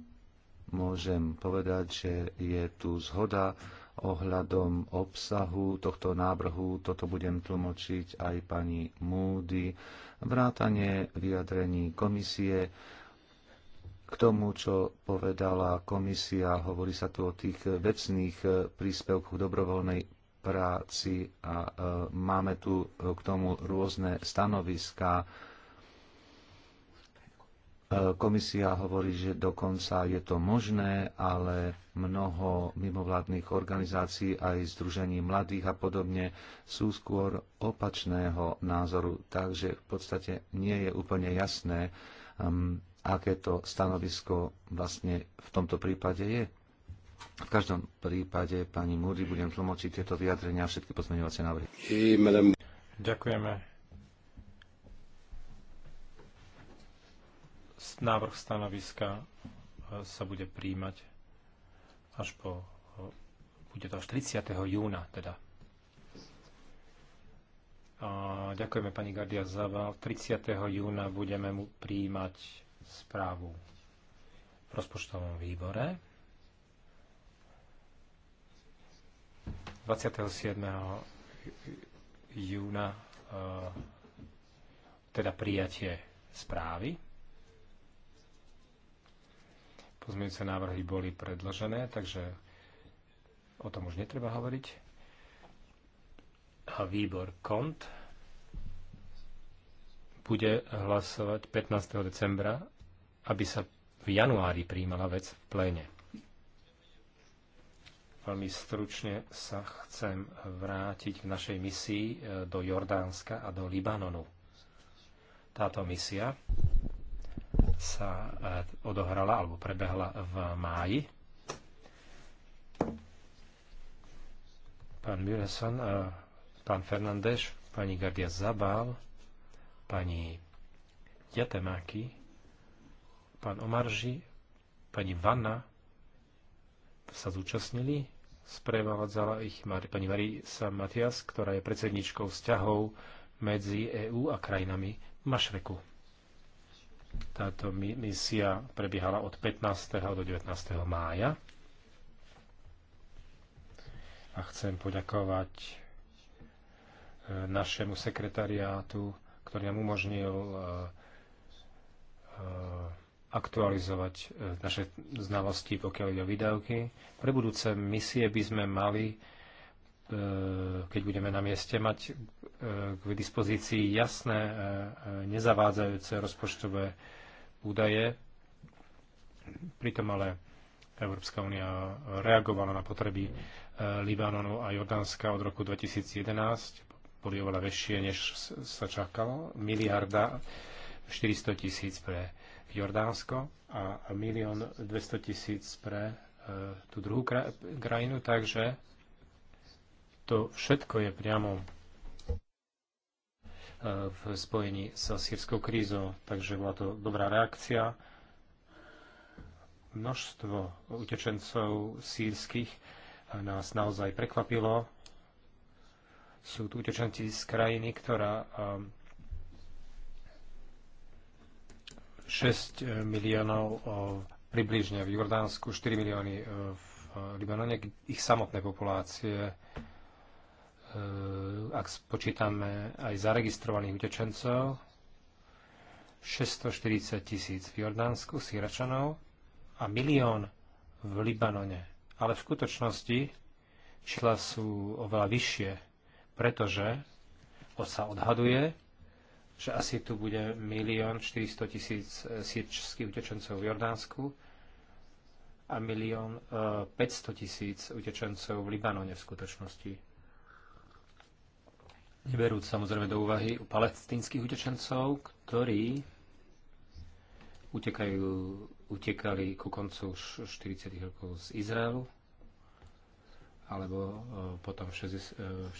môžem povedať, že je tu zhoda ohľadom obsahu tohto návrhu. Toto budem tlmočiť aj pani múdy. Vrátanie vyjadrení komisie. K tomu, čo povedala komisia, hovorí sa tu o tých vecných príspevkoch dobrovoľnej práci a e, máme tu k tomu rôzne stanoviská E, komisia hovorí, že dokonca je to možné, ale mnoho mimovládnych organizácií aj Združení mladých a podobne sú skôr opačného názoru. Takže v podstate nie je úplne jasné, um, aké to stanovisko vlastne v tomto prípade je. V každom prípade, pani Múdy, budem tlmočiť tieto vyjadrenia a všetky pozmeňovacie návrhy. Ďakujeme návrh stanoviska e, sa bude príjmať až po, e, bude to až 30. júna teda. A ďakujeme pani Gardia Zava. 30. júna budeme mu príjmať správu v rozpočtovom výbore. 27. júna e, teda prijatie správy Pozmeňujúce návrhy boli predložené, takže o tom už netreba hovoriť. A výbor KONT bude hlasovať 15. decembra, aby sa v januári príjmala vec v pléne. Veľmi stručne sa chcem vrátiť v našej misii e, do Jordánska a do Libanonu. Táto misia sa e, odohrala alebo prebehla v máji. Pán Mureson, e, pán Fernández, pani Gardia Zabal, pani Jatemáky, pán Omarži, pani Vanna sa zúčastnili. Sprevádzala ich pani Marisa Matias, ktorá je predsedničkou vzťahov medzi EÚ a krajinami Mašreku. Táto misia prebiehala od 15. do 19. mája. A chcem poďakovať e, našemu sekretariátu, ktorý nám umožnil e, e, aktualizovať naše znalosti, pokiaľ ide o výdavky. Pre budúce misie by sme mali E, keď budeme na mieste mať e, k dispozícii jasné, e, nezavádzajúce rozpočtové údaje. Pritom ale Európska únia reagovala na potreby Libanonu a Jordánska od roku 2011. Boli oveľa väčšie, než sa čakalo. Miliarda 400 tisíc pre Jordánsko a milión 200 tisíc pre tú druhú krajinu, takže to všetko je priamo e, v spojení sa sírskou krízou, takže bola to dobrá reakcia. Množstvo utečencov sírskych nás naozaj prekvapilo. Sú tu utečenci z krajiny, ktorá 6 e, miliónov e, približne v Jordánsku, 4 milióny v Libanone, ich samotné populácie Eh, ak spočítame aj zaregistrovaných utečencov, 640 tisíc v Jordánsku, Syračanov a milión v Libanone. Ale v skutočnosti čísla sú oveľa vyššie, pretože sa odhaduje, že asi tu bude milión 400 tisíc eh, sírčských utečencov v Jordánsku a milión 500 eh, tisíc utečencov v Libanone v skutočnosti neberúc samozrejme do úvahy palestínskych utečencov, ktorí utekajú, utekali ku koncu 40. rokov z Izraelu alebo e, potom v 68. E,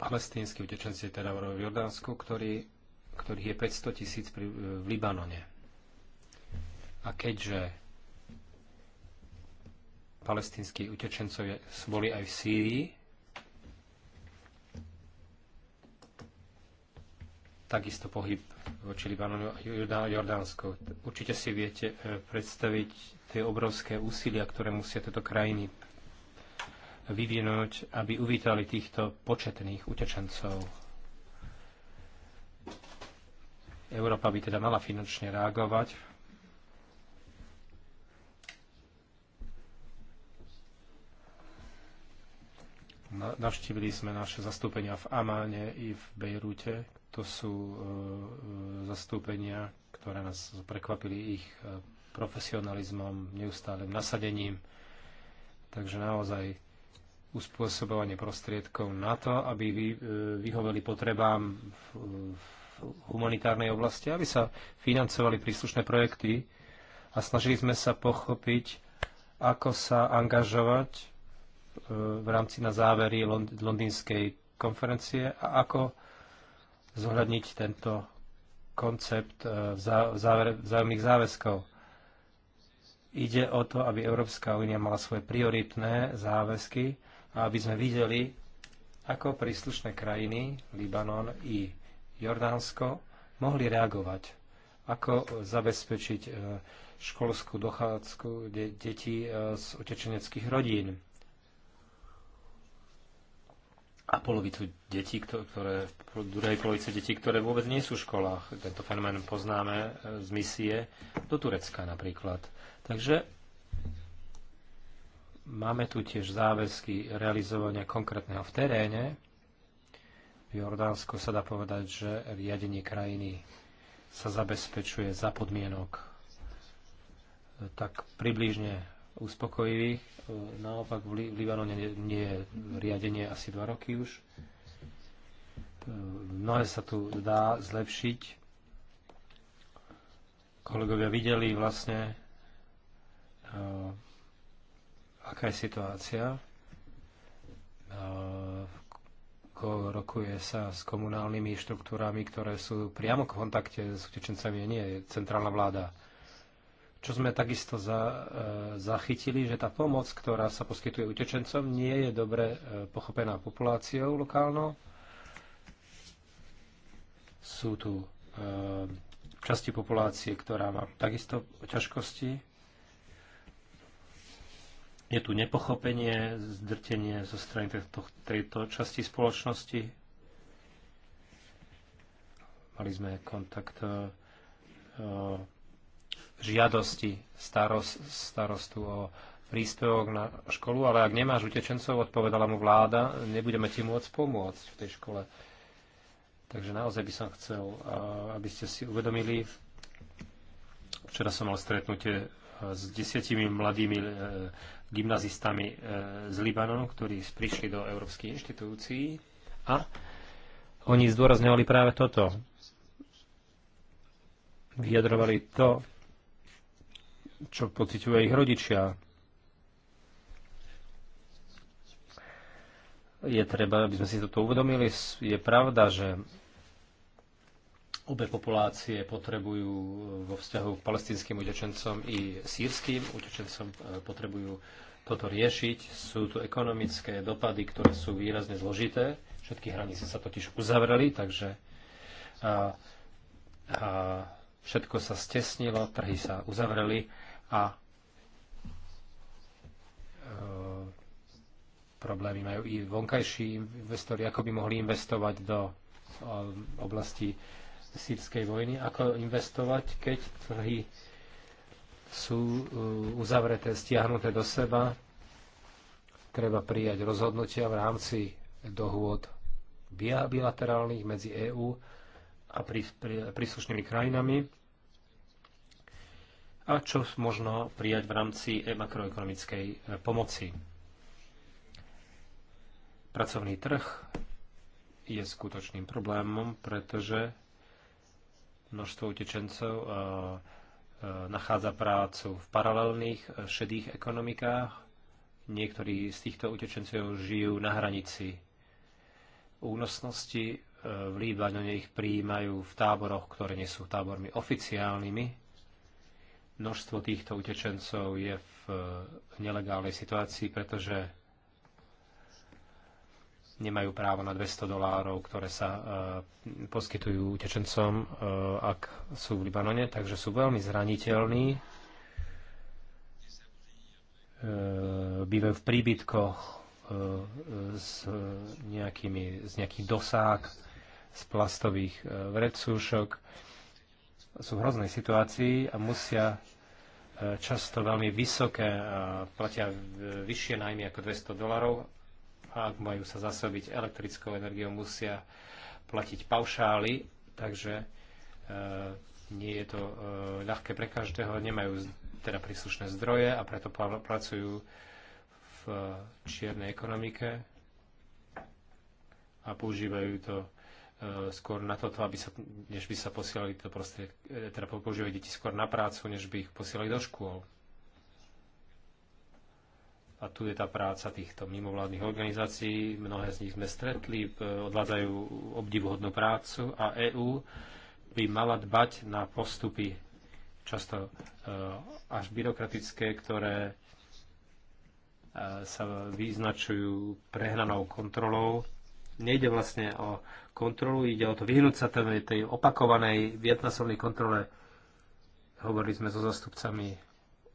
Palestínsky utečenci teda v Jordánsku, ktorý, ktorých je 500 tisíc v Libanone. A keďže palestinskí utečencov boli aj v Sýrii. Takisto pohyb voči Libanonu a Jordánsku. Určite si viete eh, predstaviť tie obrovské úsilia, ktoré musia tieto krajiny vyvinúť, aby uvítali týchto početných utečencov. Európa by teda mala finančne reagovať Navštívili sme naše zastúpenia v Amáne i v Bejrúte. To sú e, e, zastúpenia, ktoré nás prekvapili ich e, profesionalizmom, neustálym nasadením. Takže naozaj uspôsobovanie prostriedkov na to, aby vy, vyhoveli potrebám v, v humanitárnej oblasti, aby sa financovali príslušné projekty a snažili sme sa pochopiť, ako sa angažovať v rámci na závery londýnskej konferencie a ako zohľadniť tento koncept e, vzájomných záväzkov. Ide o to, aby Európska únia mala svoje prioritné záväzky a aby sme videli, ako príslušné krajiny, Libanon i Jordánsko, mohli reagovať. Ako zabezpečiť e, školskú dochádzku detí e, z utečeneckých rodín a polovicu detí, ktoré, v druhej polovice detí, ktoré vôbec nie sú v školách. Tento fenomén poznáme e, z misie do Turecka napríklad. Takže máme tu tiež záväzky realizovania konkrétneho v teréne. V Jordánsku sa dá povedať, že riadenie krajiny sa zabezpečuje za podmienok e, tak približne uspokojivých. E, naopak v Libanone nie je riadenie asi dva roky už. E, mnohé sa tu dá zlepšiť. Kolegovia videli vlastne, e, aká je situácia. Rokuje sa s komunálnymi štruktúrami, ktoré sú priamo v kontakte s utečencami, nie je centrálna vláda čo sme takisto za, e, zachytili, že tá pomoc, ktorá sa poskytuje utečencom, nie je dobre e, pochopená populáciou lokálnou. Sú tu e, časti populácie, ktorá má takisto ťažkosti. Je tu nepochopenie, zdrtenie zo strany tejto, tejto časti spoločnosti. Mali sme kontakt e, žiadosti starost, starostu o príspevok na školu, ale ak nemáš utečencov, odpovedala mu vláda, nebudeme ti môcť pomôcť v tej škole. Takže naozaj by som chcel, aby ste si uvedomili, včera som mal stretnutie s desiatimi mladými e, gymnazistami e, z Libanonu, ktorí prišli do európskych inštitúcií a oni zdôrazňovali práve toto. Vyjadrovali to, čo pociťujú ich rodičia. Je treba, aby sme si toto uvedomili. Je pravda, že obe populácie potrebujú vo vzťahu k palestinským utečencom i sírským utečencom e, potrebujú toto riešiť. Sú tu ekonomické dopady, ktoré sú výrazne zložité. Všetky hranice sa totiž uzavreli, takže a, a všetko sa stesnilo, trhy sa uzavreli a e, problémy majú i vonkajší investori, ako by mohli investovať do e, oblasti sírskej vojny, ako investovať, keď trhy sú e, uzavreté, stiahnuté do seba. Treba prijať rozhodnutia v rámci dohôd bilaterálnych medzi EÚ a príslušnými krajinami a čo možno prijať v rámci e, makroekonomickej e, pomoci. Pracovný trh je skutočným problémom, pretože množstvo utečencov e, nachádza prácu v paralelných šedých ekonomikách. Niektorí z týchto utečencov žijú na hranici únosnosti. V Líbanone ich prijímajú v táboroch, ktoré nie sú tábormi oficiálnymi. Množstvo týchto utečencov je v e, nelegálnej situácii, pretože nemajú právo na 200 dolárov, ktoré sa e, poskytujú utečencom, e, ak sú v Libanone, takže sú veľmi zraniteľní. bývajú v príbytkoch s, nejakými, z nejakých dosák, z plastových vrecúšok. Sú v hroznej situácii a musia často veľmi vysoké, platia vyššie najmy ako 200 dolarov a ak majú sa zasobiť elektrickou energiou, musia platiť paušály, takže e, nie je to e, ľahké pre každého, nemajú teda príslušné zdroje a preto pracujú v e, čiernej ekonomike a používajú to E, skôr na toto, aby sa, než by sa posielali to proste, teda používali deti skôr na prácu, než by ich posielali do škôl. A tu je tá práca týchto mimovládnych organizácií. Mnohé z nich sme stretli, e, odvádzajú obdivuhodnú prácu a EÚ by mala dbať na postupy často e, až byrokratické, ktoré sa vyznačujú prehnanou kontrolou nejde vlastne o kontrolu, ide o to vyhnúť sa tej, tej opakovanej viednasobnej kontrole. Hovorili sme so zastupcami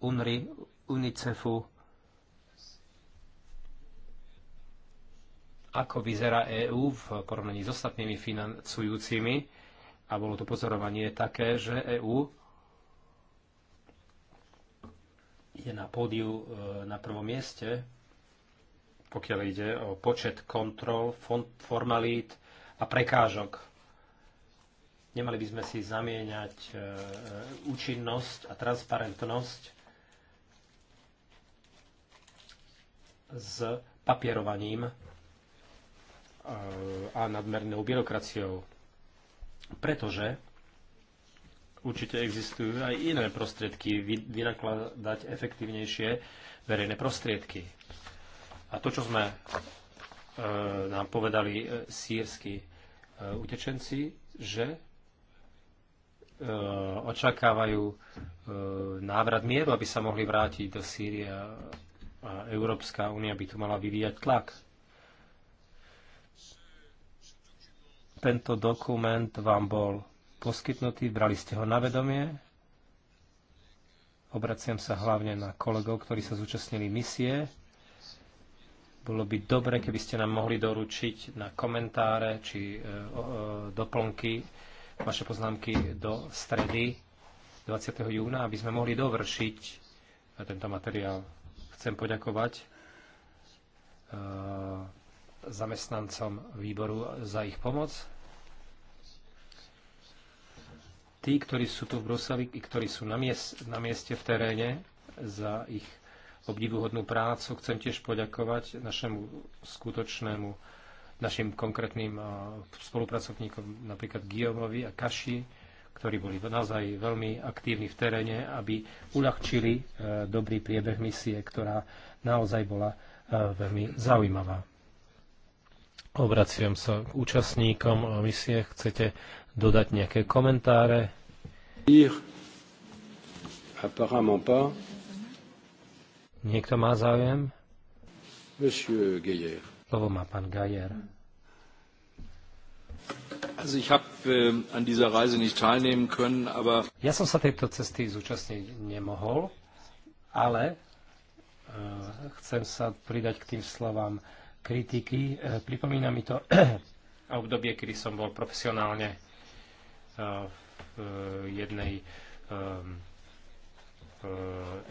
UNRI, UNICEFu, ako vyzerá EÚ v porovnaní s ostatnými financujúcimi. A bolo to pozorovanie také, že EÚ je na pódiu e, na prvom mieste pokiaľ ide o počet kontrol, formalít a prekážok. Nemali by sme si zamieňať e, e, účinnosť a transparentnosť s papierovaním e, a nadmernou byrokraciou. Pretože určite existujú aj iné prostriedky vynakladať efektívnejšie verejné prostriedky a to, čo sme e, nám povedali e, sírsky e, utečenci, že e, očakávajú e, návrat mieru, aby sa mohli vrátiť do Sýrie a, Európska únia by tu mala vyvíjať tlak. Tento dokument vám bol poskytnutý, brali ste ho na vedomie. Obraciam sa hlavne na kolegov, ktorí sa zúčastnili misie bolo by dobre, keby ste nám mohli doručiť na komentáre či e, doplnky vaše poznámky do stredy 20. júna, aby sme mohli dovršiť e, tento materiál. Chcem poďakovať e, zamestnancom výboru za ich pomoc tí, ktorí sú tu v Bruseli ktorí sú na, na mieste v teréne, za ich obdivuhodnú prácu. Chcem tiež poďakovať našemu skutočnému, našim konkrétnym spolupracovníkom, napríklad Guillaumeovi a Kaši, ktorí boli naozaj veľmi aktívni v teréne, aby uľahčili e, dobrý priebeh misie, ktorá naozaj bola e, veľmi zaujímavá. Obraciam sa k účastníkom misie. Chcete dodať nejaké komentáre? Apparemment pas. Niekto má záujem? Monsieur Geyer. Slovo má pán Gajer. Also ich habe äh, an dieser Reise nicht teilnehmen können, aber... Ja som sa tejto cesty zúčastniť nemohol, ale äh, chcem sa pridať k tým slovám kritiky. Äh, pripomína mi to obdobie, kedy som bol profesionálne v jednej ähm,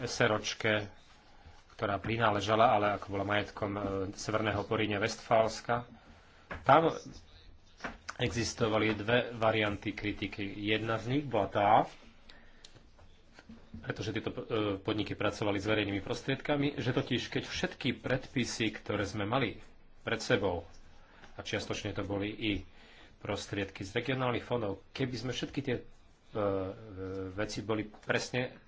SROčke ktorá prináležala, ale ako bola majetkom e, Severného Porínia Westfálska. Tam existovali dve varianty kritiky. Jedna z nich bola tá, pretože tieto e, podniky pracovali s verejnými prostriedkami, že totiž keď všetky predpisy, ktoré sme mali pred sebou, a čiastočne to boli i prostriedky z regionálnych fondov, keby sme všetky tie e, veci boli presne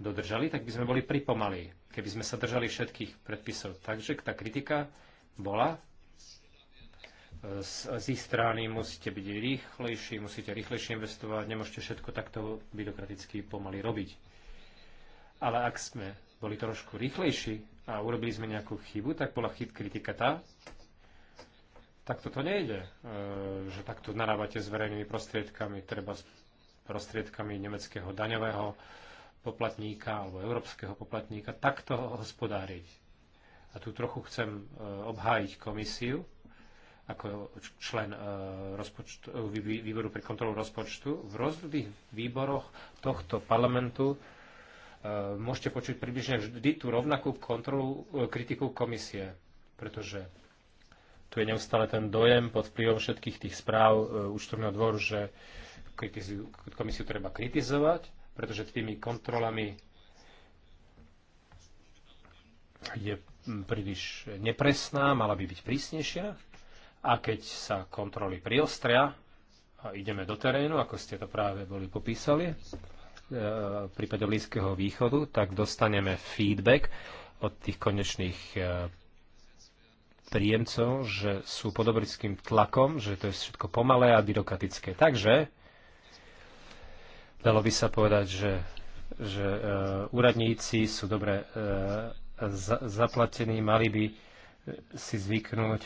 dodržali, tak by sme boli pripomalí, keby sme sa držali všetkých predpisov. Takže tá kritika bola z, z ich strany musíte byť rýchlejší, musíte rýchlejšie investovať, nemôžete všetko takto byrokraticky pomaly robiť. Ale ak sme boli trošku rýchlejší a urobili sme nejakú chybu, tak bola chyb kritika tá, tak toto nejde, e, že takto narávate s verejnými prostriedkami, treba s prostriedkami nemeckého daňového poplatníka alebo európskeho poplatníka takto hospodáriť. A tu trochu chcem e, obhájiť komisiu ako člen e, rozpočtu, e, výboru pre kontrolu rozpočtu. V rozhodných výboroch tohto parlamentu môžete počuť približne vždy tú rovnakú kontrolu, kritiku komisie, pretože tu je neustále ten dojem pod vplyvom všetkých tých správ účtovného dvoru, že komisiu treba kritizovať, pretože tými kontrolami je príliš nepresná, mala by byť prísnejšia. A keď sa kontroly priostria a ideme do terénu, ako ste to práve boli popísali, e, v prípade Blízkeho východu, tak dostaneme feedback od tých konečných e, príjemcov, že sú pod obrovským tlakom, že to je všetko pomalé a byrokratické. Takže Dalo by sa povedať, že, že uh, úradníci sú dobre uh, za, zaplatení, mali by si zvyknúť.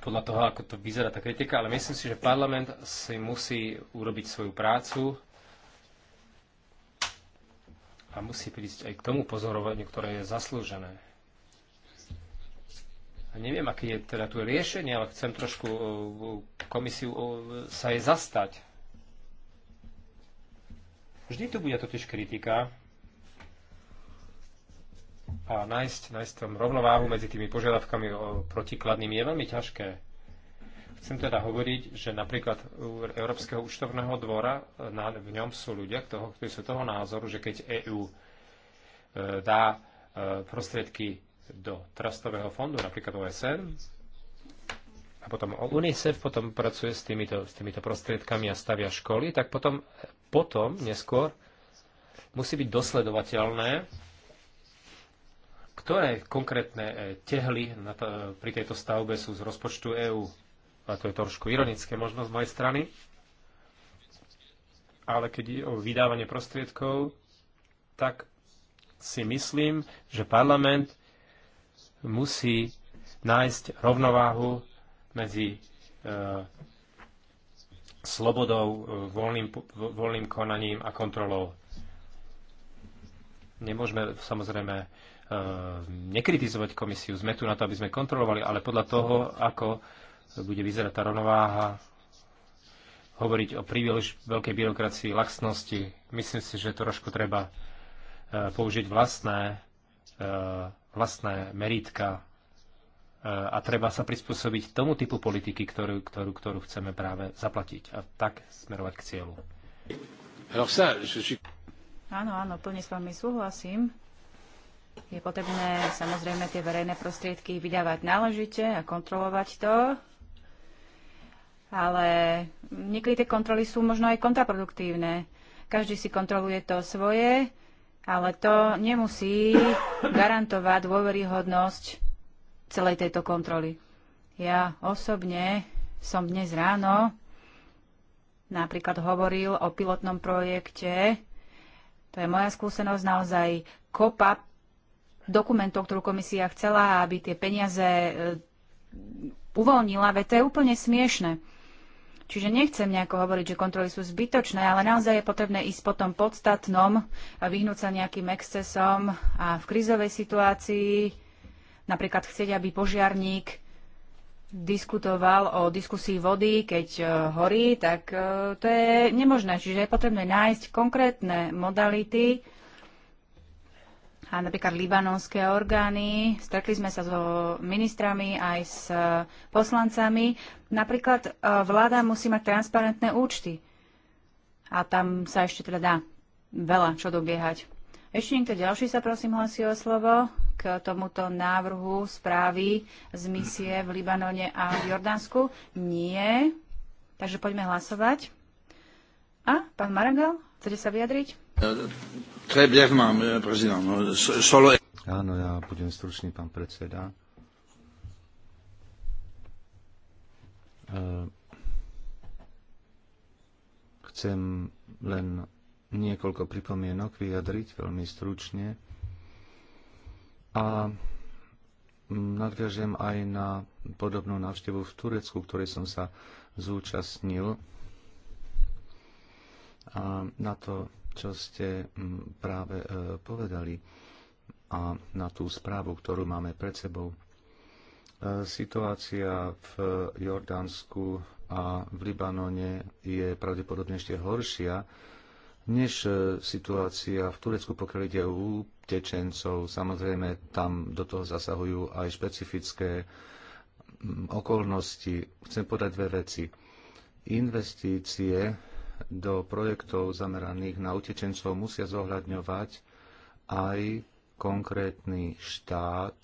Podľa toho, ako to vyzerá tá kritika, ale myslím si, že parlament si musí urobiť svoju prácu a musí prísť aj k tomu pozorovaniu, ktoré je zaslúžené. Neviem, aké je teda tu riešenie, ale chcem trošku e, e, komisiu e, sa jej zastať. Vždy tu bude totiž kritika a nájsť, nájsť tam rovnováhu medzi tými požiadavkami protikladnými je veľmi ťažké. Chcem teda hovoriť, že napríklad u Európskeho účtovného dvora na, v ňom sú ľudia, ktorí sú toho názoru, že keď EÚ dá prostriedky do trastového fondu, napríklad OSN, a potom UNICEF potom pracuje s týmito, s týmito prostriedkami a stavia školy, tak potom, potom neskôr musí byť dosledovateľné, ktoré konkrétne e, tehly na to, e, pri tejto stavbe sú z rozpočtu EÚ. A to je trošku ironické možno z mojej strany. Ale keď je o vydávanie prostriedkov, tak si myslím, že parlament musí nájsť rovnováhu medzi e, slobodou, e, voľným, voľným konaním a kontrolou. Nemôžeme samozrejme e, nekritizovať komisiu, sme tu na to, aby sme kontrolovali, ale podľa toho, ako bude vyzerať tá rovnováha, hovoriť o príliš veľkej byrokracii, laxnosti, myslím si, že trošku treba e, použiť vlastné e, vlastné meritka e, a treba sa prispôsobiť tomu typu politiky, ktorú, ktorú, ktorú chceme práve zaplatiť a tak smerovať k cieľu. Áno, áno, plne s vami súhlasím. Je potrebné samozrejme tie verejné prostriedky vydávať náležite a kontrolovať to, ale niekedy tie kontroly sú možno aj kontraproduktívne. Každý si kontroluje to svoje, ale to nemusí garantovať dôveryhodnosť celej tejto kontroly. Ja osobne som dnes ráno napríklad hovoril o pilotnom projekte. To je moja skúsenosť naozaj kopa dokumentov, ktorú komisia chcela, aby tie peniaze e, uvoľnila, veď to je úplne smiešne. Čiže nechcem nejako hovoriť, že kontroly sú zbytočné, ale naozaj je potrebné ísť po tom podstatnom, vyhnúť sa nejakým excesom a v krizovej situácii napríklad chcieť, aby požiarník diskutoval o diskusii vody, keď e, horí, tak e, to je nemožné. Čiže je potrebné nájsť konkrétne modality, a napríklad libanonské orgány. Stretli sme sa so ministrami aj s e, poslancami. Napríklad e, vláda musí mať transparentné účty. A tam sa ešte teda dá veľa čo dobiehať. Ešte niekto ďalší sa prosím hlasí o slovo k tomuto návrhu správy z misie v Libanone a v Jordánsku? Nie. Takže poďme hlasovať. A, pán Maragal, chcete sa vyjadriť? Áno, ja budem stručný, pán predseda. Eh, chcem len niekoľko pripomienok vyjadriť veľmi stručne a nadviažem aj na podobnú návštevu v Turecku, ktorej som sa zúčastnil. A na to čo ste mm, práve e, povedali a na tú správu, ktorú máme pred sebou. E, situácia v Jordánsku a v Libanone je pravdepodobne ešte horšia než e, situácia v Turecku, pokiaľ ide u tečencov. Samozrejme, tam do toho zasahujú aj špecifické mm, okolnosti. Chcem podať dve veci. Investície do projektov zameraných na utečencov musia zohľadňovať aj konkrétny štát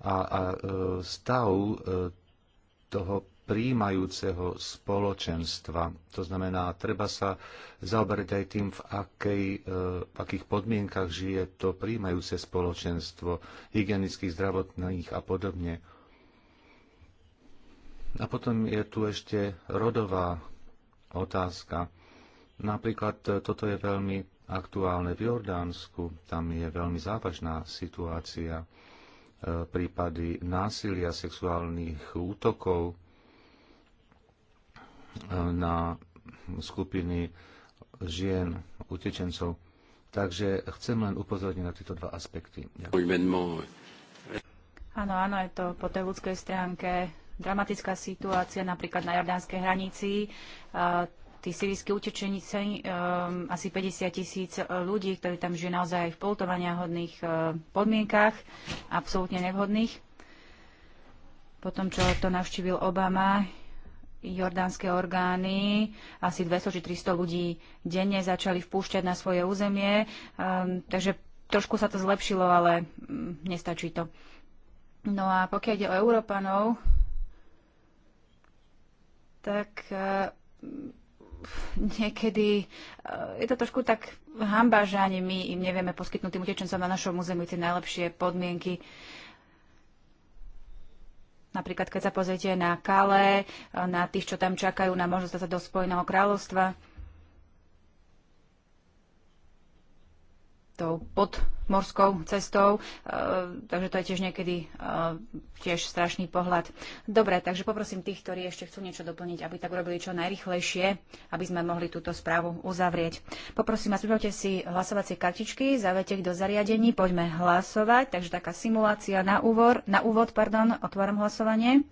a, a e, stav e, toho príjmajúceho spoločenstva. To znamená, treba sa zaoberať aj tým, v, akej, e, v akých podmienkach žije to príjmajúce spoločenstvo, hygienických, zdravotných a podobne. A potom je tu ešte rodová otázka. Napríklad e, toto je veľmi aktuálne v Jordánsku. Tam je veľmi závažná situácia. E, prípady násilia, sexuálnych útokov e, na skupiny žien, utečencov. Takže chcem len upozorniť na tieto dva aspekty. Ďakujem. Áno, áno, je to po tej ľudskej stránke dramatická situácia napríklad na jordánskej hranici. Tí sírijskí utečenice, um, asi 50 tisíc ľudí, ktorí tam žijú naozaj v poltovania hodných uh, podmienkách, absolútne nevhodných. Potom, čo to navštívil Obama, jordánske orgány, asi 200 či 300 ľudí denne začali vpúšťať na svoje územie, um, takže trošku sa to zlepšilo, ale mm, nestačí to. No a pokiaľ ide o Európanov, tak eh, niekedy eh, je to trošku tak hamba, že ani my im nevieme poskytnúť tým utečencom na našom území tie najlepšie podmienky. Napríklad, keď sa pozriete na Kale, eh, na tých, čo tam čakajú na možnosť sa do Spojeného kráľovstva, tou podmorskou cestou, e, takže to je tiež niekedy e, tiež strašný pohľad. Dobre, takže poprosím tých, ktorí ešte chcú niečo doplniť, aby tak urobili čo najrychlejšie, aby sme mohli túto správu uzavrieť. Poprosím vás, pripravte si hlasovacie kartičky, zavete ich do zariadení, poďme hlasovať. Takže taká simulácia na, úvod, na úvod, pardon, otváram hlasovanie.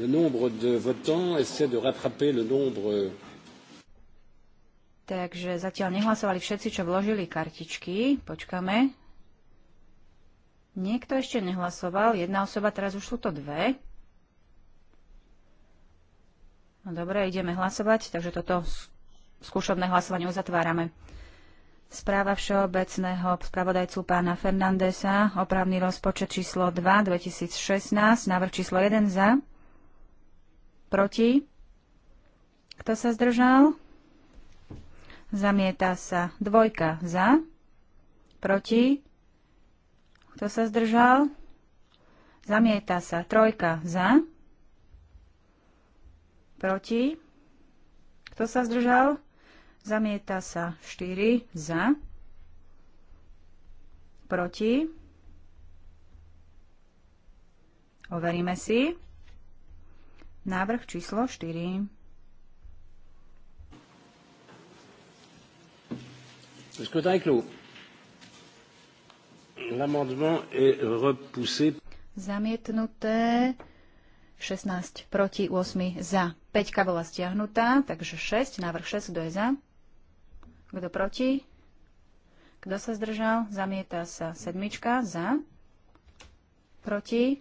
le nombre de votants essaie de rattraper le nombre. Euh, takže zatiaľ nehlasovali všetci, čo vložili kartičky. Počkame. Niekto ešte nehlasoval. Jedna osoba, teraz už sú to dve. No dobre, ideme hlasovať, takže toto skúšobné hlasovanie uzatvárame. Správa všeobecného spravodajcu pána Fernandesa, opravný rozpočet číslo 2 2016, návrh číslo 1 za, Proti? Kto sa zdržal? Zamieta sa. Dvojka za. Proti? Kto sa zdržal? Zamieta sa. Trojka za. Proti? Kto sa zdržal? Zamieta sa. štyri za. Proti? Overíme si. Návrh číslo 4. Le scrutin est clos. L'amendement est repoussé. Zamietnuté. 16 proti 8 za. 5 bola stiahnutá, takže 6. Návrh 6. Kto je za? Kto proti? Kto sa zdržal? Zamieta sa sedmička za. Proti?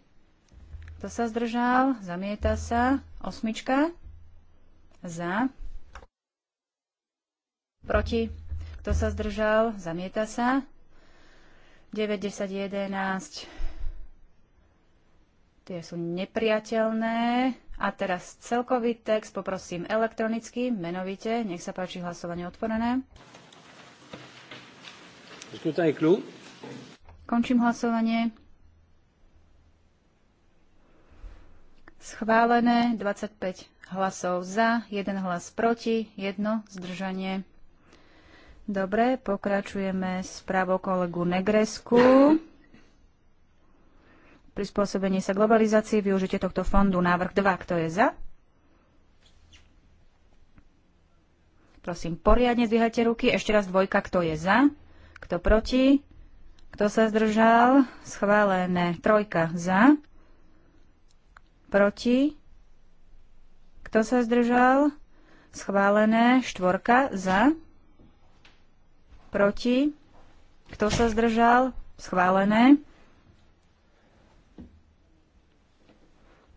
Kto sa zdržal? Zamieta sa. Osmička. Za. Proti. Kto sa zdržal? Zamieta sa. 9, 10, 11. Tie sú nepriateľné. A teraz celkový text poprosím elektronicky, menovite. Nech sa páči hlasovanie otvorené. Končím hlasovanie. Schválené 25 hlasov za, 1 hlas proti, 1 zdržanie. Dobre, pokračujeme s právou kolegu Negresku. Prispôsobenie sa globalizácii, využite tohto fondu. Návrh 2, kto je za? Prosím, poriadne zdvíhajte ruky. Ešte raz dvojka, kto je za? Kto proti? Kto sa zdržal? Schválené. Trojka za proti, kto sa zdržal, schválené, štvorka, za, proti, kto sa zdržal, schválené,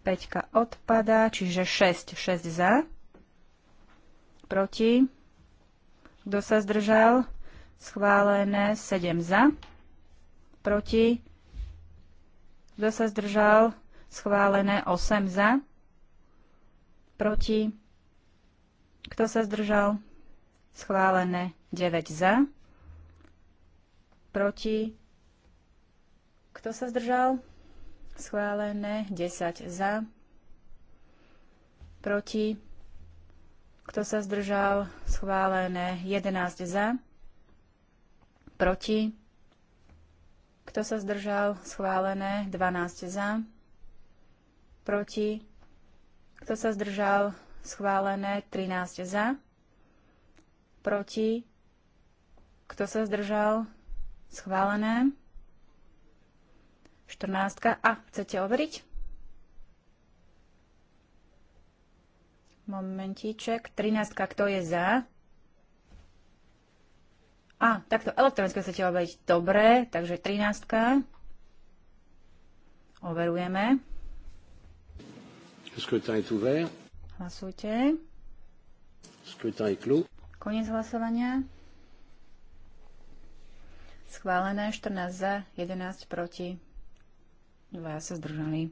Peťka odpadá, čiže 6, 6 za, proti, kto sa zdržal, schválené 7 za, proti, kto sa zdržal, schválené 8 za, proti, kto sa zdržal, schválené 9 za, proti, kto sa zdržal, schválené 10 za, proti, kto sa zdržal, schválené 11 za, proti, kto sa zdržal, schválené 12 za, proti, kto sa zdržal, schválené 13 za, proti, kto sa zdržal, schválené 14. A chcete overiť? Momentíček. 13. Kto je za? A, takto elektronické chcete overiť. Dobre, takže 13. Overujeme. Le scrutin est ouvert. Hlasujte. Scrutin est clos. Koniec hlasovania. Schválené 14 za, 11 proti. Dvaja sa zdržali.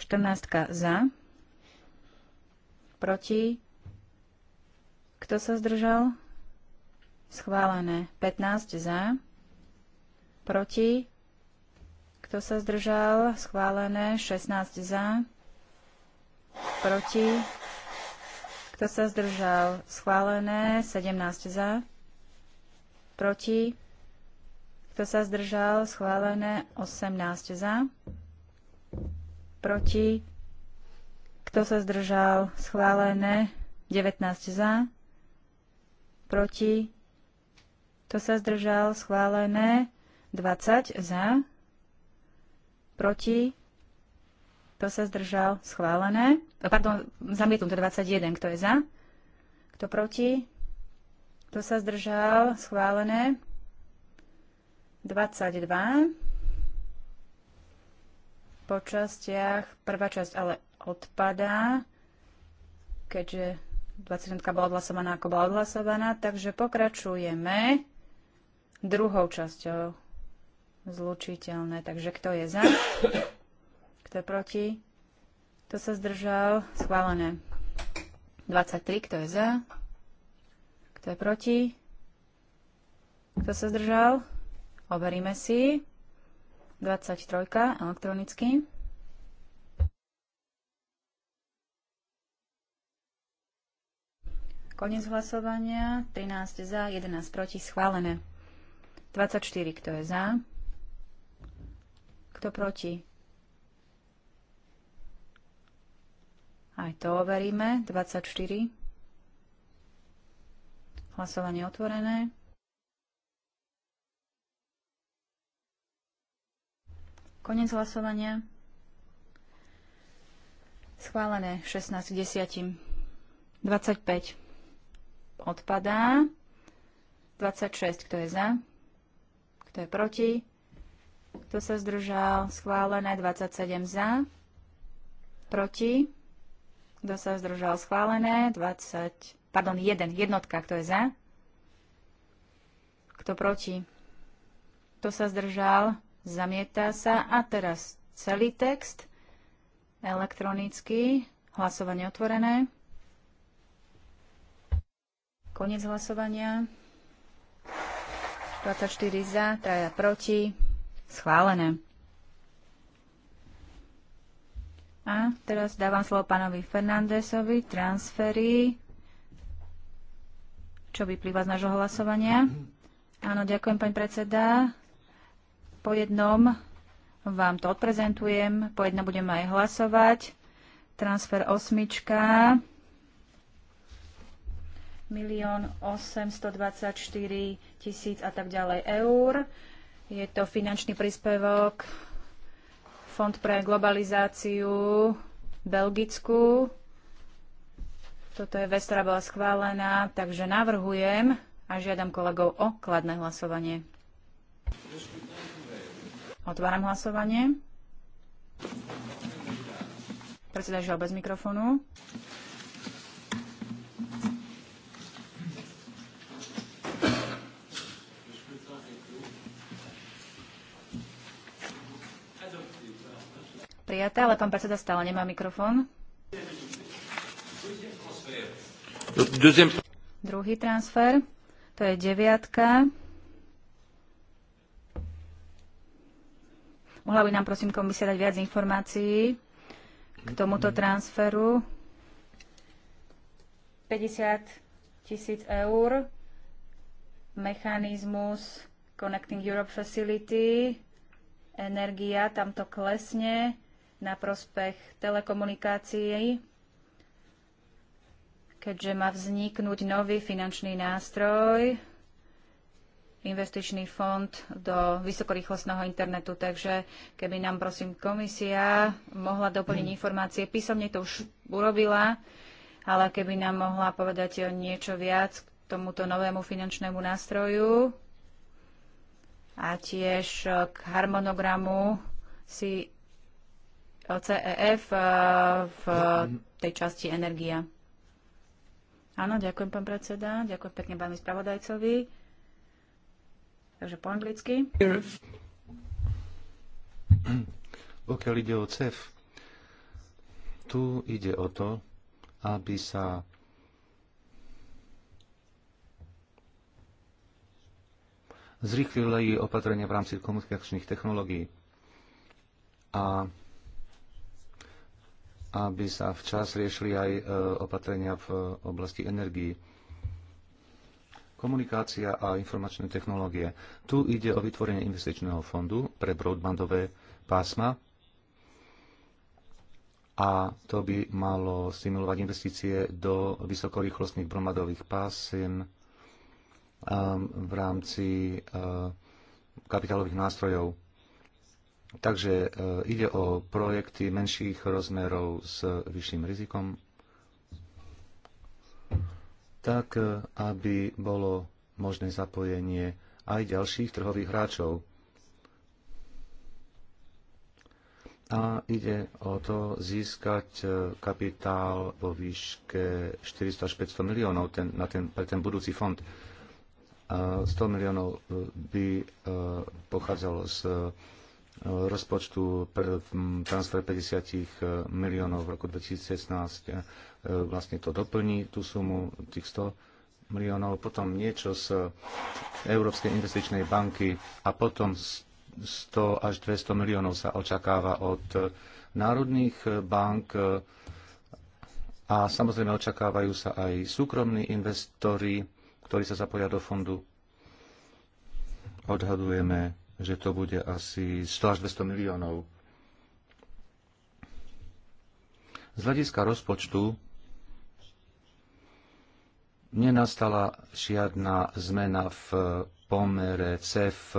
14 za. Proti. Kto sa zdržal? Schválené. 15 za. Proti. Kto sa zdržal? Schválené. 16 za. Proti. Kto sa zdržal? Schválené. 17 za. Proti. Kto sa zdržal? Schválené. 18 za. Proti. Kto sa zdržal? Schválené. 19 za. Proti. Kto sa zdržal? Schválené. 20 za proti, kto sa zdržal, schválené. Pardon, to 21, kto je za, kto proti, kto sa zdržal, schválené. 22 po častiach, prvá časť ale odpadá, keďže 20 bola odhlasovaná ako bola odhlasovaná, takže pokračujeme druhou časťou zlučiteľné. Takže kto je za? Kto je proti? Kto sa zdržal? Schválené. 23, kto je za? Kto je proti? Kto sa zdržal? Overíme si. 23 elektronicky. Koniec hlasovania. 13 za, 11 proti. Schválené. 24, kto je za? Kto proti? Aj to overíme. 24. Hlasovanie otvorené. Konec hlasovania. Schválené 16 k 10. 25 odpadá. 26, kto je za? Kto je proti? Kto sa zdržal? Schválené 27 za. Proti. Kto sa zdržal? Schválené 20. Pardon, 1. Jednotka. Kto je za? Kto proti? Kto sa zdržal? Zamieta sa. A teraz celý text elektronicky. Hlasovanie otvorené. Konec hlasovania. 24 za, 3 proti. Schválené. A teraz dávam slovo pánovi Fernandesovi. Transfery. Čo vyplýva z nášho hlasovania? Áno, ďakujem, pán predseda. Po jednom vám to odprezentujem, po jednom budem aj hlasovať. Transfer osmička. 1 824 000 a tak ďalej eur. Je to finančný príspevok Fond pre globalizáciu Belgickú. Toto je vec, ktorá bola schválená, takže navrhujem a žiadam kolegov o kladné hlasovanie. Otváram hlasovanie. Predseda žiaľ bez mikrofónu. prijaté, ale pán predseda stále nemá mikrofón. Druhý transfer, to je deviatka. Mohla by nám prosím komisia dať viac informácií k tomuto transferu. 50 tisíc eur, mechanizmus Connecting Europe Facility, energia, tam to klesne, na prospech telekomunikácií, keďže má vzniknúť nový finančný nástroj, investičný fond do vysokorýchlostného internetu. Takže keby nám, prosím, komisia mohla doplniť hmm. informácie, písomne to už urobila, ale keby nám mohla povedať o niečo viac k tomuto novému finančnému nástroju a tiež k harmonogramu si CEF eh, v tej časti energia. Áno, ďakujem, pán predseda. Ďakujem pekne pánovi spravodajcovi. Takže po anglicky. Pokiaľ ide o CEF, tu ide o to, aby sa zrýchlili opatrenia v rámci komunikačných technológií. A aby sa včas riešili aj e, opatrenia v e, oblasti energií. Komunikácia a informačné technológie. Tu ide o vytvorenie investičného fondu pre broadbandové pásma a to by malo stimulovať investície do vysokorýchlostných bromadových pásiem e, v rámci kapitálových nástrojov Takže e, ide o projekty menších rozmerov s vyšším rizikom, tak e, aby bolo možné zapojenie aj ďalších trhových hráčov. A ide o to získať e, kapitál vo výške 400 až 500 miliónov ten, na ten, pre ten budúci fond. 100 miliónov by pochádzalo z rozpočtu transfer 50 e, miliónov v roku 2016 e, vlastne to doplní tú sumu tých 100 miliónov, potom niečo z Európskej investičnej banky a potom 100 až 200 miliónov sa očakáva od e, národných bank a samozrejme očakávajú sa aj súkromní investori, ktorí sa zapoja do fondu. Odhadujeme že to bude asi 100 až 200 miliónov. Z hľadiska rozpočtu nenastala žiadna zmena v pomere CEF,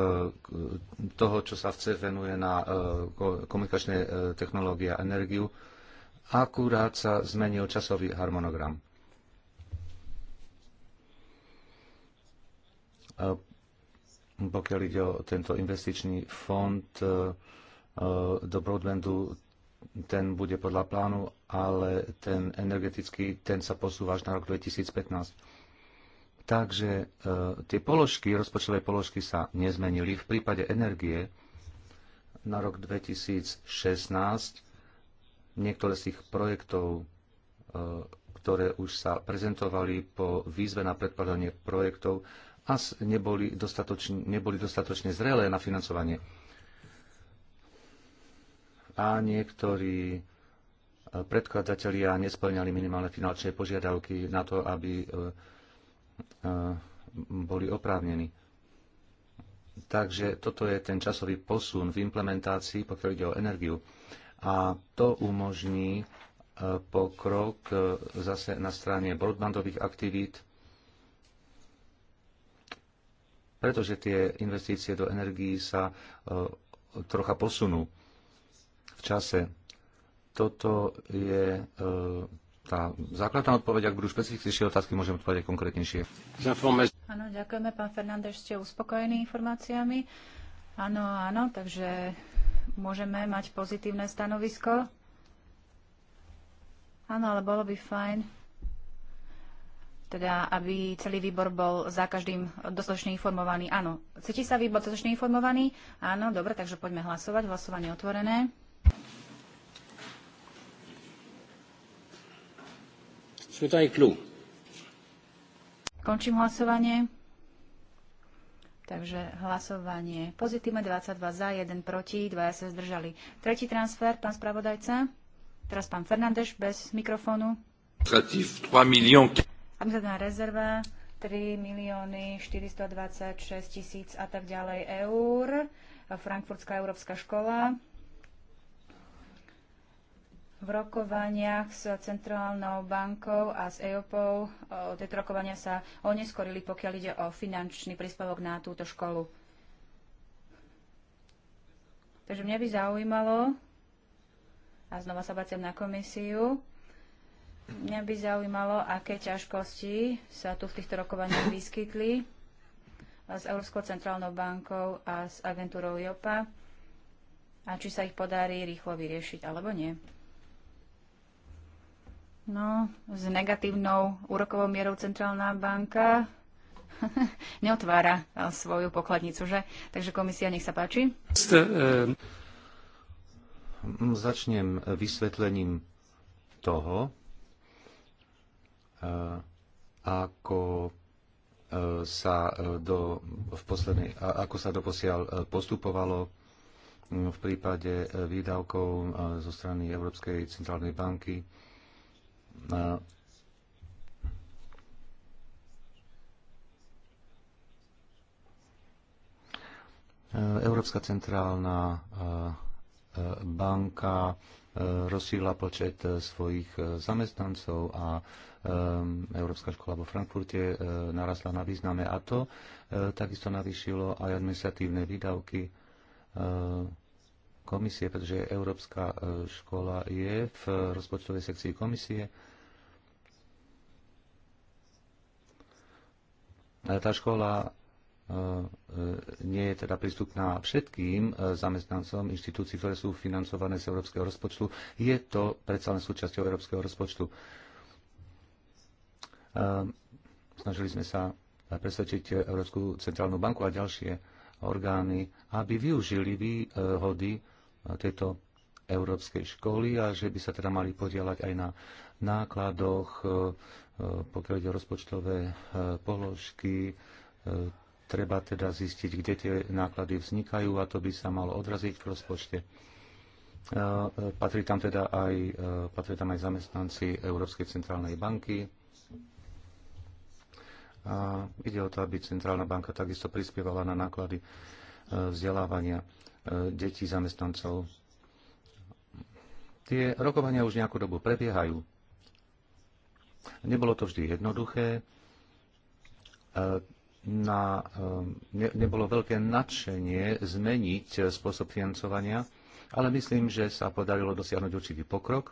toho, čo sa v CEF venuje na e, komunikačné e, technológie a energiu. Akurát sa zmenil časový harmonogram. E, pokiaľ ide o tento investičný fond e, e, do broadbandu, ten bude podľa plánu, ale ten energetický, ten sa posúva až na rok 2015. Takže e, tie položky, rozpočtové položky sa nezmenili. V prípade energie na rok 2016 niektoré z tých projektov, ktoré už sa prezentovali po výzve na predkladanie projektov, a neboli dostatočne, neboli dostatočne zrelé na financovanie. A niektorí eh, predkladatelia nesplňali minimálne finančné požiadavky na to, aby eh, eh, boli oprávnení. Takže toto je ten časový posun v implementácii, pokiaľ ide o energiu. A to umožní pokrok zase na strane broadbandových aktivít pretože tie investície do energií sa e, trocha posunú v čase. Toto je e, tá základná odpoveď. Ak budú špecifickejšie otázky, môžem odpovedať konkrétnejšie. Áno, ďakujeme, pán Fernández, ste uspokojení informáciami. Áno, áno, takže môžeme mať pozitívne stanovisko. Áno, ale bolo by fajn, teda aby celý výbor bol za každým dostatočne informovaný. Áno, cíti sa výbor dostatočne informovaný? Áno, dobre, takže poďme hlasovať. Hlasovanie otvorené. Končím hlasovanie. Takže hlasovanie pozitívne 22 za, 1 proti, 2 sa zdržali. Tretí transfer, pán spravodajca. Teraz pán Fernández bez mikrofónu. 3 miliónov. Amzadná rezerva 3 milióny 426 tisíc a tak ďalej eur. Frankfurtská európska škola. V rokovaniach s Centrálnou bankou a s EOPou tieto rokovania sa oneskorili, pokiaľ ide o finančný príspevok na túto školu. Takže mňa by zaujímalo, a znova sa baciam na komisiu, Mňa by zaujímalo, aké ťažkosti sa tu v týchto rokovaniach vyskytli s Európskou centrálnou bankou a s agentúrou JOPA a či sa ich podarí rýchlo vyriešiť alebo nie. No, s negatívnou úrokovou mierou centrálna banka neotvára eh, svoju pokladnicu, že? Takže komisia, nech sa páči. Eh, začnem vysvetlením toho, Eh, ako eh, sa eh, do, v poslednej, ako sa doposiaľ postupovalo mm, v prípade výdavkov zo strany Európskej centrálnej banky. Európska centrálna banka rozšírila počet eh, svojich eh, zamestnancov a eh, Európska škola vo Frankfurte narastla na význame a to takisto navýšilo aj administratívne výdavky komisie, pretože Európska škola je v rozpočtovej sekcii komisie. Tá škola E, e, nie je teda prístupná všetkým e, zamestnancom inštitúcií, ktoré sú financované z európskeho rozpočtu. Je to predsa len súčasťou európskeho rozpočtu. Snažili sme sa presvedčiť Európsku centrálnu banku a ďalšie orgány, aby využili výhody tejto európskej školy a že by sa teda mali podielať aj na nákladoch, pokiaľ ide o rozpočtové položky, Treba teda zistiť, kde tie náklady vznikajú a to by sa malo odraziť v rozpočte. E, e, patrí tam teda aj, e, patrí tam aj zamestnanci Európskej centrálnej banky. A ide o to, aby centrálna banka takisto prispievala na náklady vzdelávania detí zamestnancov. Tie rokovania už nejakú dobu prebiehajú. Nebolo to vždy jednoduché na, eh, ne, nebolo veľké nadšenie zmeniť eh, spôsob financovania, ale myslím, že sa podarilo dosiahnuť určitý pokrok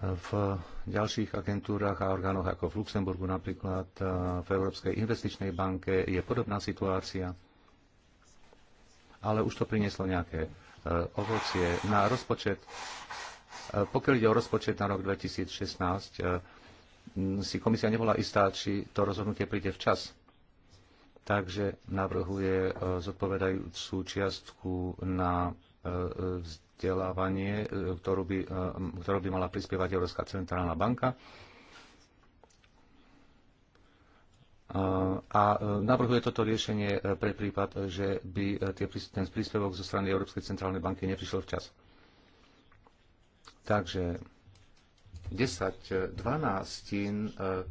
v ďalších agentúrach a orgánoch ako v Luxemburgu napríklad, eh, v Európskej investičnej banke je podobná situácia, ale už to prinieslo nejaké ovocie na rozpočet. Pokiaľ ide o rozpočet na rok 2016, si komisia nebola istá, či to rozhodnutie príde včas. Takže navrhuje e, zodpovedajúcu čiastku na e, vzdelávanie, e, ktorú by, ktorú by mala prispievať Európska centrálna banka. A navrhuje toto riešenie pre prípad, že by ten príspevok zo strany Európskej centrálnej banky neprišiel včas. Takže 10 dvanáctin eh,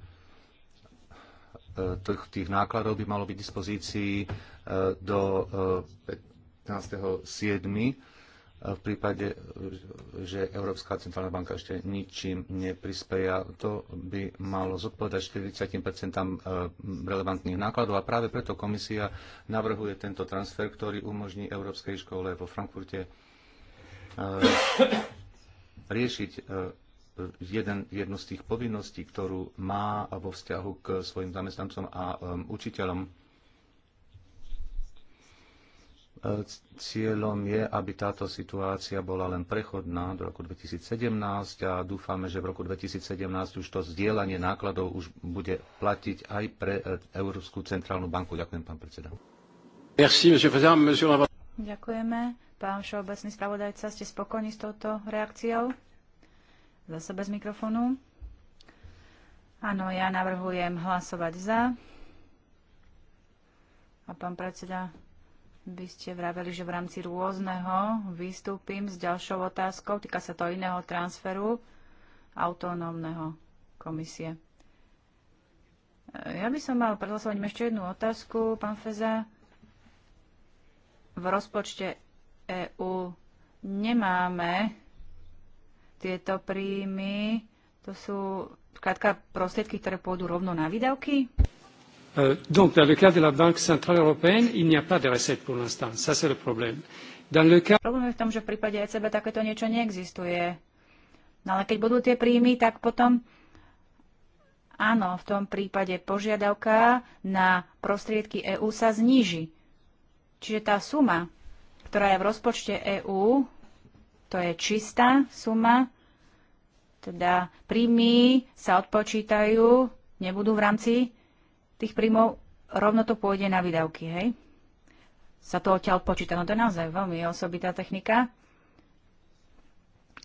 tých nákladov by malo byť dispozícii eh, do 15.7. Eh, v prípade, že Európska centrálna banka ešte ničím neprispeja. To by malo zodpovedať 40 relevantných nákladov a práve preto komisia navrhuje tento transfer, ktorý umožní Európskej škole vo Frankfurte riešiť jeden, jednu z tých povinností, ktorú má vo vzťahu k svojim zamestnancom a um, učiteľom. E, cieľom je, aby táto situácia bola len prechodná do roku 2017 a dúfame, že v roku 2017 už to zdieľanie nákladov už bude platiť aj pre e, Európsku centrálnu banku. Ďakujem, pán predseda. Ďakujeme. Pán všeobecný spravodajca, ste spokojní s touto reakciou? Zase bez mikrofónu. Áno, ja navrhujem hlasovať za. A pán predseda, by ste vraveli, že v rámci rôzneho vystúpim s ďalšou otázkou. Týka sa to iného transferu autonómneho komisie. Ja by som mal pred hlasovaním ešte jednu otázku, pán Feza. V rozpočte EÚ nemáme tieto príjmy, to sú krátka prostriedky, ktoré pôjdu rovno na výdavky? Euh, donc, dans le cas de la Banque centrale européenne, il n'y a pas de recette pour l'instant. Ça, c'est le problème. Dans le cas... Problém je v tom, že v prípade ECB takéto niečo neexistuje. No ale keď budú tie príjmy, tak potom áno, v tom prípade požiadavka na prostriedky EÚ sa zníži. Čiže tá suma, ktorá je v rozpočte EÚ, to je čistá suma, teda príjmy sa odpočítajú, nebudú v rámci tých príjmov, rovno to pôjde na výdavky, hej? Sa to odtiaľ počíta. No to je naozaj veľmi osobitá technika.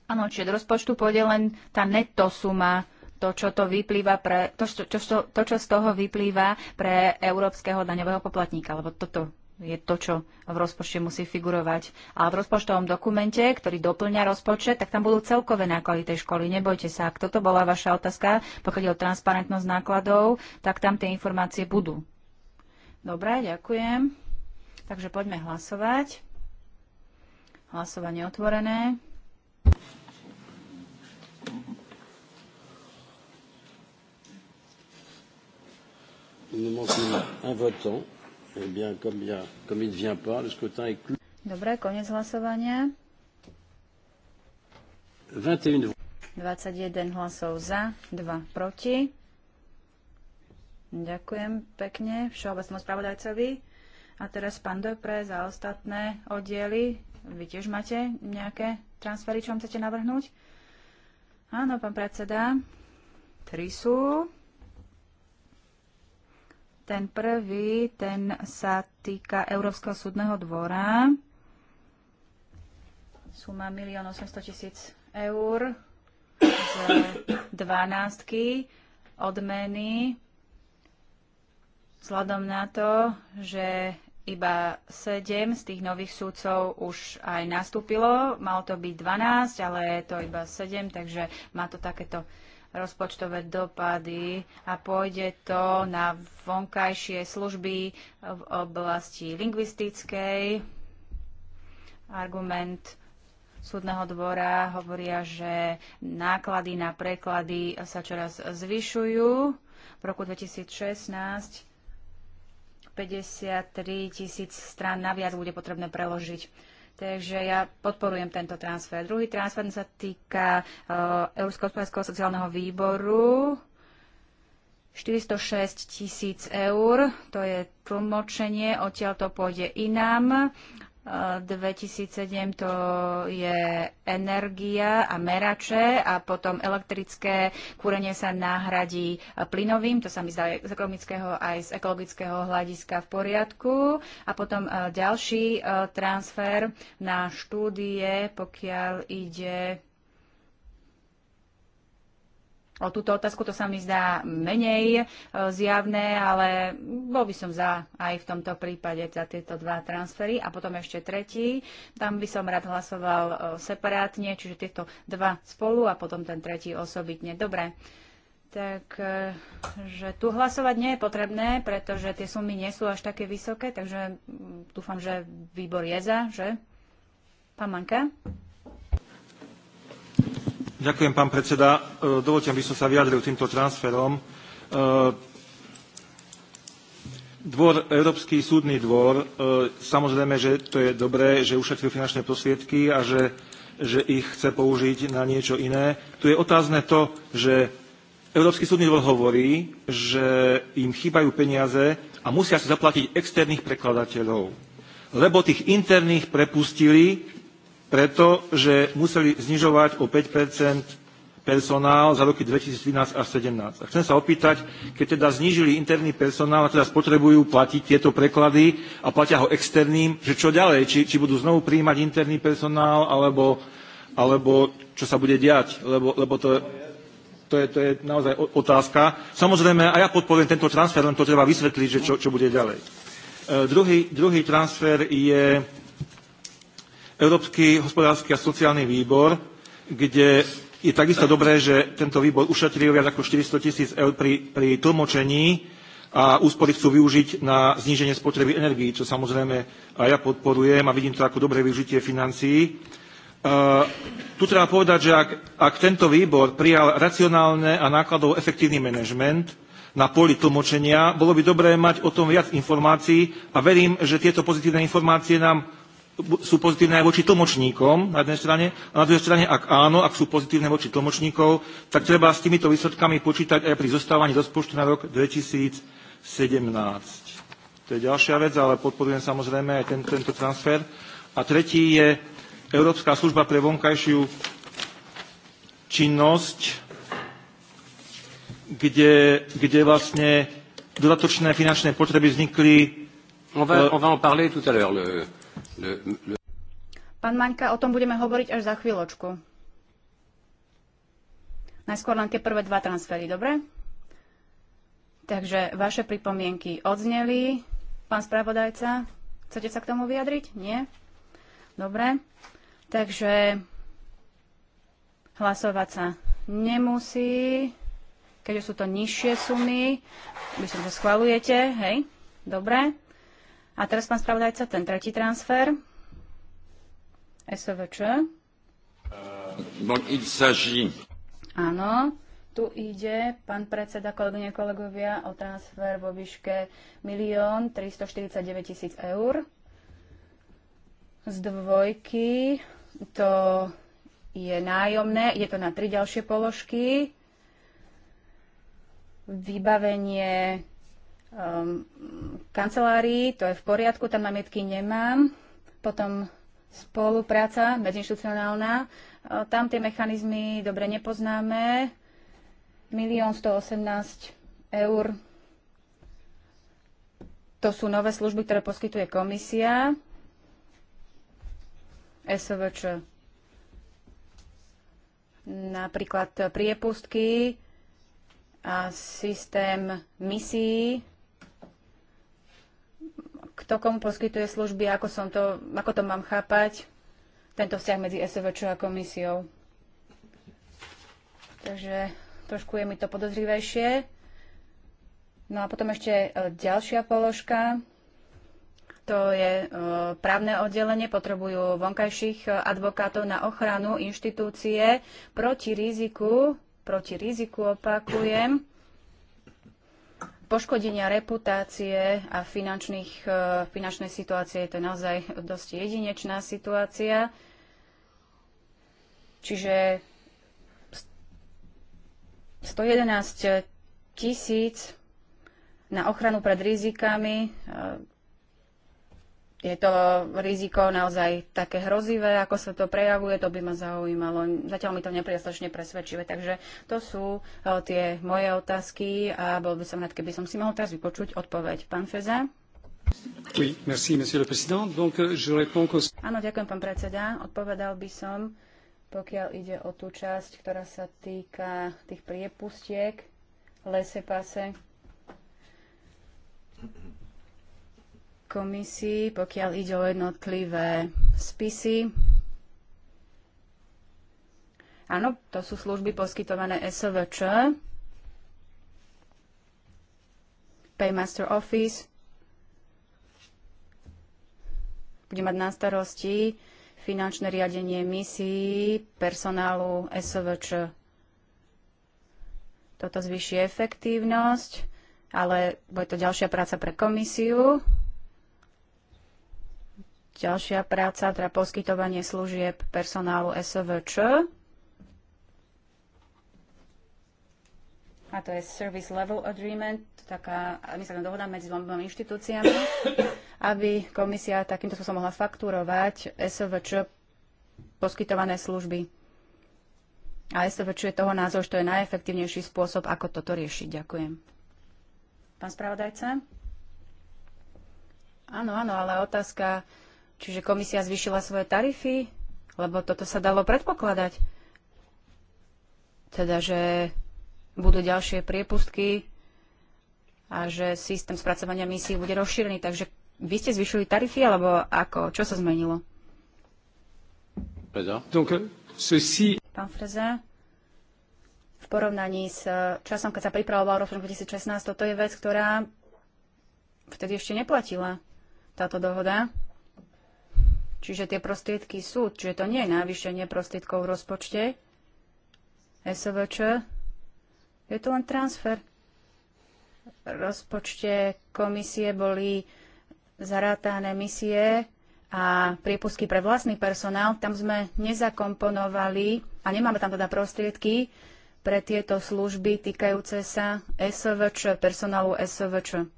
Áno, čiže do rozpočtu pôjde len tá netto suma, to, čo, to, vyplýva pre, to, čo, čo, to, čo z toho vyplýva pre európskeho daňového poplatníka, lebo toto je to, čo v rozpočte musí figurovať. A v rozpočtovom dokumente, ktorý doplňa rozpočet, tak tam budú celkové náklady tej školy. Nebojte sa, ak toto bola vaša otázka, pokiaľ o transparentnosť nákladov, tak tam tie informácie budú. Dobre, ďakujem. Takže poďme hlasovať. Hlasovanie otvorené. nous manque un votant. Eh Dobre, koniec hlasovania. 21 hlasov za, 2 proti. Ďakujem pekne všeobecnom spravodajcovi. A teraz pán Dopre za ostatné oddiely. Vy tiež máte nejaké transfery, čo vám chcete navrhnúť? Áno, pán predseda. Tri sú. Ten prvý, ten sa týka Európskeho súdneho dvora. Suma 1 800 tisíc eur z dvanáctky odmeny vzhľadom na to, že iba 7 z tých nových súdcov už aj nastúpilo. Malo to byť 12, ale je to iba 7, takže má to takéto rozpočtové dopady a pôjde to na vonkajšie služby v oblasti lingvistickej. Argument súdneho dvora hovoria, že náklady na preklady sa čoraz zvyšujú. V roku 2016 53 tisíc strán naviac bude potrebné preložiť Takže ja podporujem tento transfer. Druhý transfer sa týka e, Európskeho hospodárskeho sociálneho výboru. 406 tisíc eur, to je tlmočenie, odtiaľ to pôjde inám. 2007 to je energia a merače a potom elektrické kúrenie sa nahradí plynovým, to sa mi zdá z ekonomického aj z ekologického hľadiska v poriadku. A potom ďalší transfer na štúdie, pokiaľ ide o túto otázku. To sa mi zdá menej e, zjavné, ale bol by som za aj v tomto prípade za tieto dva transfery. A potom ešte tretí, tam by som rád hlasoval e, separátne, čiže tieto dva spolu a potom ten tretí osobitne. Dobre. Takže e, tu hlasovať nie je potrebné, pretože tie sumy nie sú až také vysoké, takže dúfam, že výbor je za, že? Pán Manka? Ďakujem, pán predseda. E, dovolte, aby som sa vyjadril týmto transferom. E, dvor, Európsky súdny dvor, e, samozrejme, že to je dobré, že ušetril finančné prostriedky a že, že ich chce použiť na niečo iné. Tu je otázne to, že Európsky súdny dvor hovorí, že im chýbajú peniaze a musia si zaplatiť externých prekladateľov, lebo tých interných prepustili preto, že museli znižovať o 5 personál za roky 2013 až 2017. A chcem sa opýtať, keď teda znížili interný personál a teraz potrebujú platiť tieto preklady a platia ho externým, že čo ďalej, či, či budú znovu prijímať interný personál, alebo, alebo čo sa bude diať, lebo, lebo to, to, je, to je naozaj otázka. Samozrejme, a ja podporujem tento transfer, len to treba vysvetliť, že čo, čo bude ďalej. E, druhý, druhý transfer je Európsky hospodársky a sociálny výbor, kde je takisto dobré, že tento výbor ušetril viac ako 400 tisíc eur pri, pri tlmočení a úspory chcú využiť na zníženie spotreby energií, čo samozrejme aj ja podporujem a vidím to ako dobré využitie financií. Uh, tu treba povedať, že ak, ak tento výbor prijal racionálne a nákladov efektívny manažment na poli tlmočenia, bolo by dobré mať o tom viac informácií a verím, že tieto pozitívne informácie nám sú pozitívne aj voči tlmočníkom na jednej strane, a na druhej strane, ak áno, ak sú pozitívne voči tlmočníkov, tak treba s týmito výsledkami počítať aj pri zostávaní rozpočtu na rok 2017. To je ďalšia vec, ale podporujem samozrejme aj ten, tento transfer. A tretí je Európska služba pre vonkajšiu činnosť, kde, kde vlastne dodatočné finančné potreby vznikli... On va, e, on va en parler tout à l'heure. Le, Pán Maňka, o tom budeme hovoriť až za chvíľočku. Najskôr len tie prvé dva transfery, dobre? Takže vaše pripomienky odzneli. Pán spravodajca, chcete sa k tomu vyjadriť? Nie? Dobre. Takže hlasovať sa nemusí, keďže sú to nižšie sumy. myslím, že schvalujete, hej? Dobre. A teraz, pán spravodajca, ten tretí transfer. SVČ. Bon, euh, il Áno, tu ide, pán predseda, kolegyne, kolegovia, o transfer vo výške 1 349 000 eur. Z dvojky to je nájomné, je to na tri ďalšie položky. Vybavenie um, kancelárii, to je v poriadku, tam námietky nemám. Potom spolupráca medzinstitucionálna, ehm, tam tie mechanizmy dobre nepoznáme. 1 118 eur to sú nové služby, ktoré poskytuje komisia, SVČ. Napríklad priepustky a systém misií kto komu poskytuje služby, ako, som to, ako to mám chápať, tento vzťah medzi SVČ a komisiou. Takže trošku je mi to podozrivejšie. No a potom ešte e, ďalšia položka, to je e, právne oddelenie, potrebujú vonkajších e, advokátov na ochranu inštitúcie proti riziku, proti riziku opakujem, poškodenia reputácie a finančných, e, finančnej situácie je to naozaj dosť jedinečná situácia. Čiže 111 tisíc na ochranu pred rizikami e, je to riziko naozaj také hrozivé, ako sa to prejavuje, to by ma zaujímalo. Zatiaľ mi to nepriastočne presvedčivé. Takže to sú e, tie moje otázky a bol by som rád, keby som si mohol teraz vypočuť odpoveď. Pán Feza? Oui, merci, monsieur le président. Donc, euh, je réponds... Áno, ďakujem, pán predseda. Odpovedal by som, pokiaľ ide o tú časť, ktorá sa týka tých priepustiek, lese pase, komisii, pokiaľ ide o jednotlivé spisy. Áno, to sú služby poskytované SVČ, Paymaster Office, bude mať na starosti finančné riadenie misií personálu SVČ. Toto zvýši efektívnosť, ale bude to ďalšia práca pre komisiu. Ďalšia práca, teda poskytovanie služieb personálu SVČ. A to je Service Level Agreement, taká administratívna dohoda medzi dvomi inštitúciami, aby komisia takýmto spôsobom mohla fakturovať SVČ poskytované služby. A SVČ je toho názor, že to je najefektívnejší spôsob, ako toto riešiť. Ďakujem. Pán spravodajca? Áno, áno, ale otázka Čiže komisia zvýšila svoje tarify, lebo toto sa dalo predpokladať. Teda, že budú ďalšie priepustky a že systém spracovania misií bude rozšírený. Takže vy ste zvyšili tarify, alebo ako? Čo sa zmenilo? Pán Freza, v porovnaní s časom, keď sa pripravoval rok 2016, toto je vec, ktorá vtedy ešte neplatila, táto dohoda. Čiže tie prostriedky sú, čiže to nie je navýšenie prostriedkov v rozpočte SVČ, je to len transfer. V rozpočte komisie boli zarátané misie a priepustky pre vlastný personál. Tam sme nezakomponovali a nemáme tam teda prostriedky pre tieto služby týkajúce sa SVČ, personálu SVČ.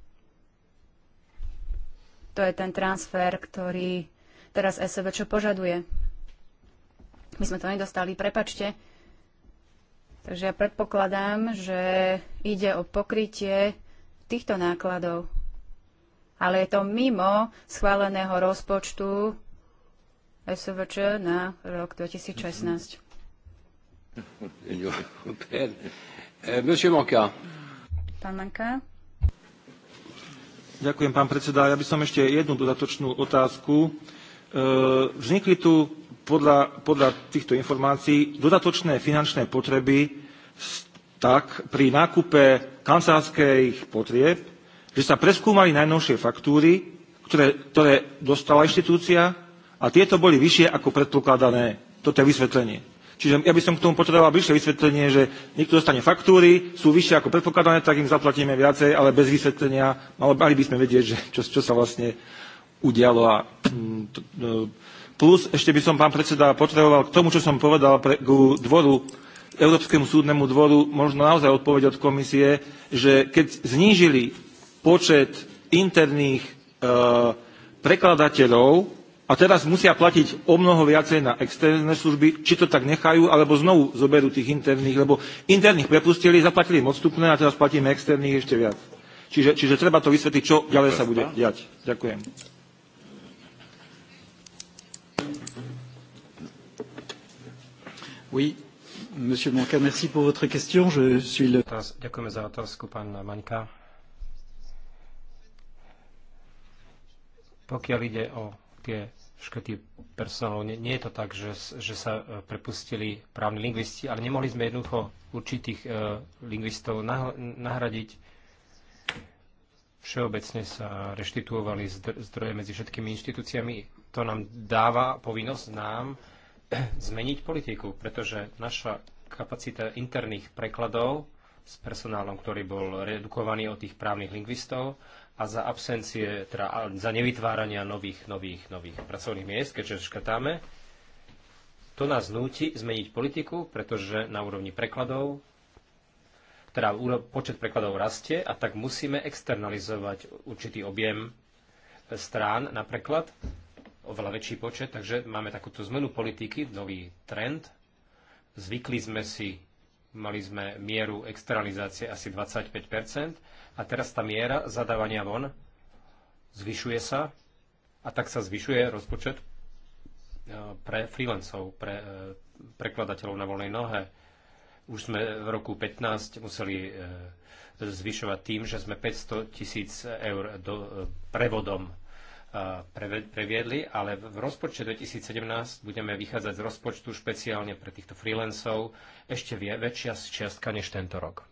To je ten transfer, ktorý teraz SEB čo požaduje. My sme to nedostali, prepačte. Takže ja predpokladám, že ide o pokrytie týchto nákladov. Ale je to mimo schváleného rozpočtu SVČ na rok 2016. Pán Manka. Ďakujem, pán predseda. Ja by som ešte jednu dodatočnú otázku E, vznikli tu podľa, podľa týchto informácií dodatočné finančné potreby tak pri nákupe kancelárskych potrieb, že sa preskúmali najnovšie faktúry, ktoré, ktoré dostala inštitúcia a tieto boli vyššie ako predpokladané. Toto je vysvetlenie. Čiže ja by som k tomu potreboval bližšie vysvetlenie, že niekto dostane faktúry, sú vyššie ako predpokladané, tak im zaplatíme viacej, ale bez vysvetlenia mali by sme vedieť, že čo, čo sa vlastne udialo. A, mm, no, plus ešte by som, pán predseda, potreboval k tomu, čo som povedal pre, k dvoru, Európskemu súdnemu dvoru možno naozaj odpoveď od komisie, že keď znížili počet interných e, prekladateľov a teraz musia platiť o mnoho viacej na externé služby, či to tak nechajú, alebo znovu zoberú tých interných, lebo interných prepustili, zaplatili im odstupné a teraz platíme externých ešte viac. Čiže, čiže treba to vysvetliť, čo ďalej sa bude diať. Ďakujem. Oui, monsieur Manka, merci pour votre question. Je suis le... Ďakujeme za otázku, pán Maňka. Pokiaľ ide o tie škrty personálu, nie, nie je to tak, že, že sa e, prepustili právni lingvisti, ale nemohli sme jednoducho určitých e, lingvistov nah, nahradiť. Všeobecne sa reštituovali zdroje medzi všetkými inštitúciami. To nám dáva povinnosť nám zmeniť politiku, pretože naša kapacita interných prekladov s personálom, ktorý bol redukovaný od tých právnych lingvistov a za absencie, teda za nevytvárania nových, nových, nových pracovných miest, keďže škatáme, to nás núti zmeniť politiku, pretože na úrovni prekladov teda počet prekladov rastie a tak musíme externalizovať určitý objem strán na preklad oveľa väčší počet, takže máme takúto zmenu politiky, nový trend. Zvykli sme si, mali sme mieru externalizácie asi 25% a teraz tá miera zadávania von zvyšuje sa a tak sa zvyšuje rozpočet e, pre freelancov, pre e, prekladateľov na voľnej nohe. Už sme v roku 15 museli e, zvyšovať tým, že sme 500 tisíc eur do, prevodom previedli, ale v rozpočte 2017 budeme vychádzať z rozpočtu špeciálne pre týchto freelancov ešte väčšia čiastka než tento rok.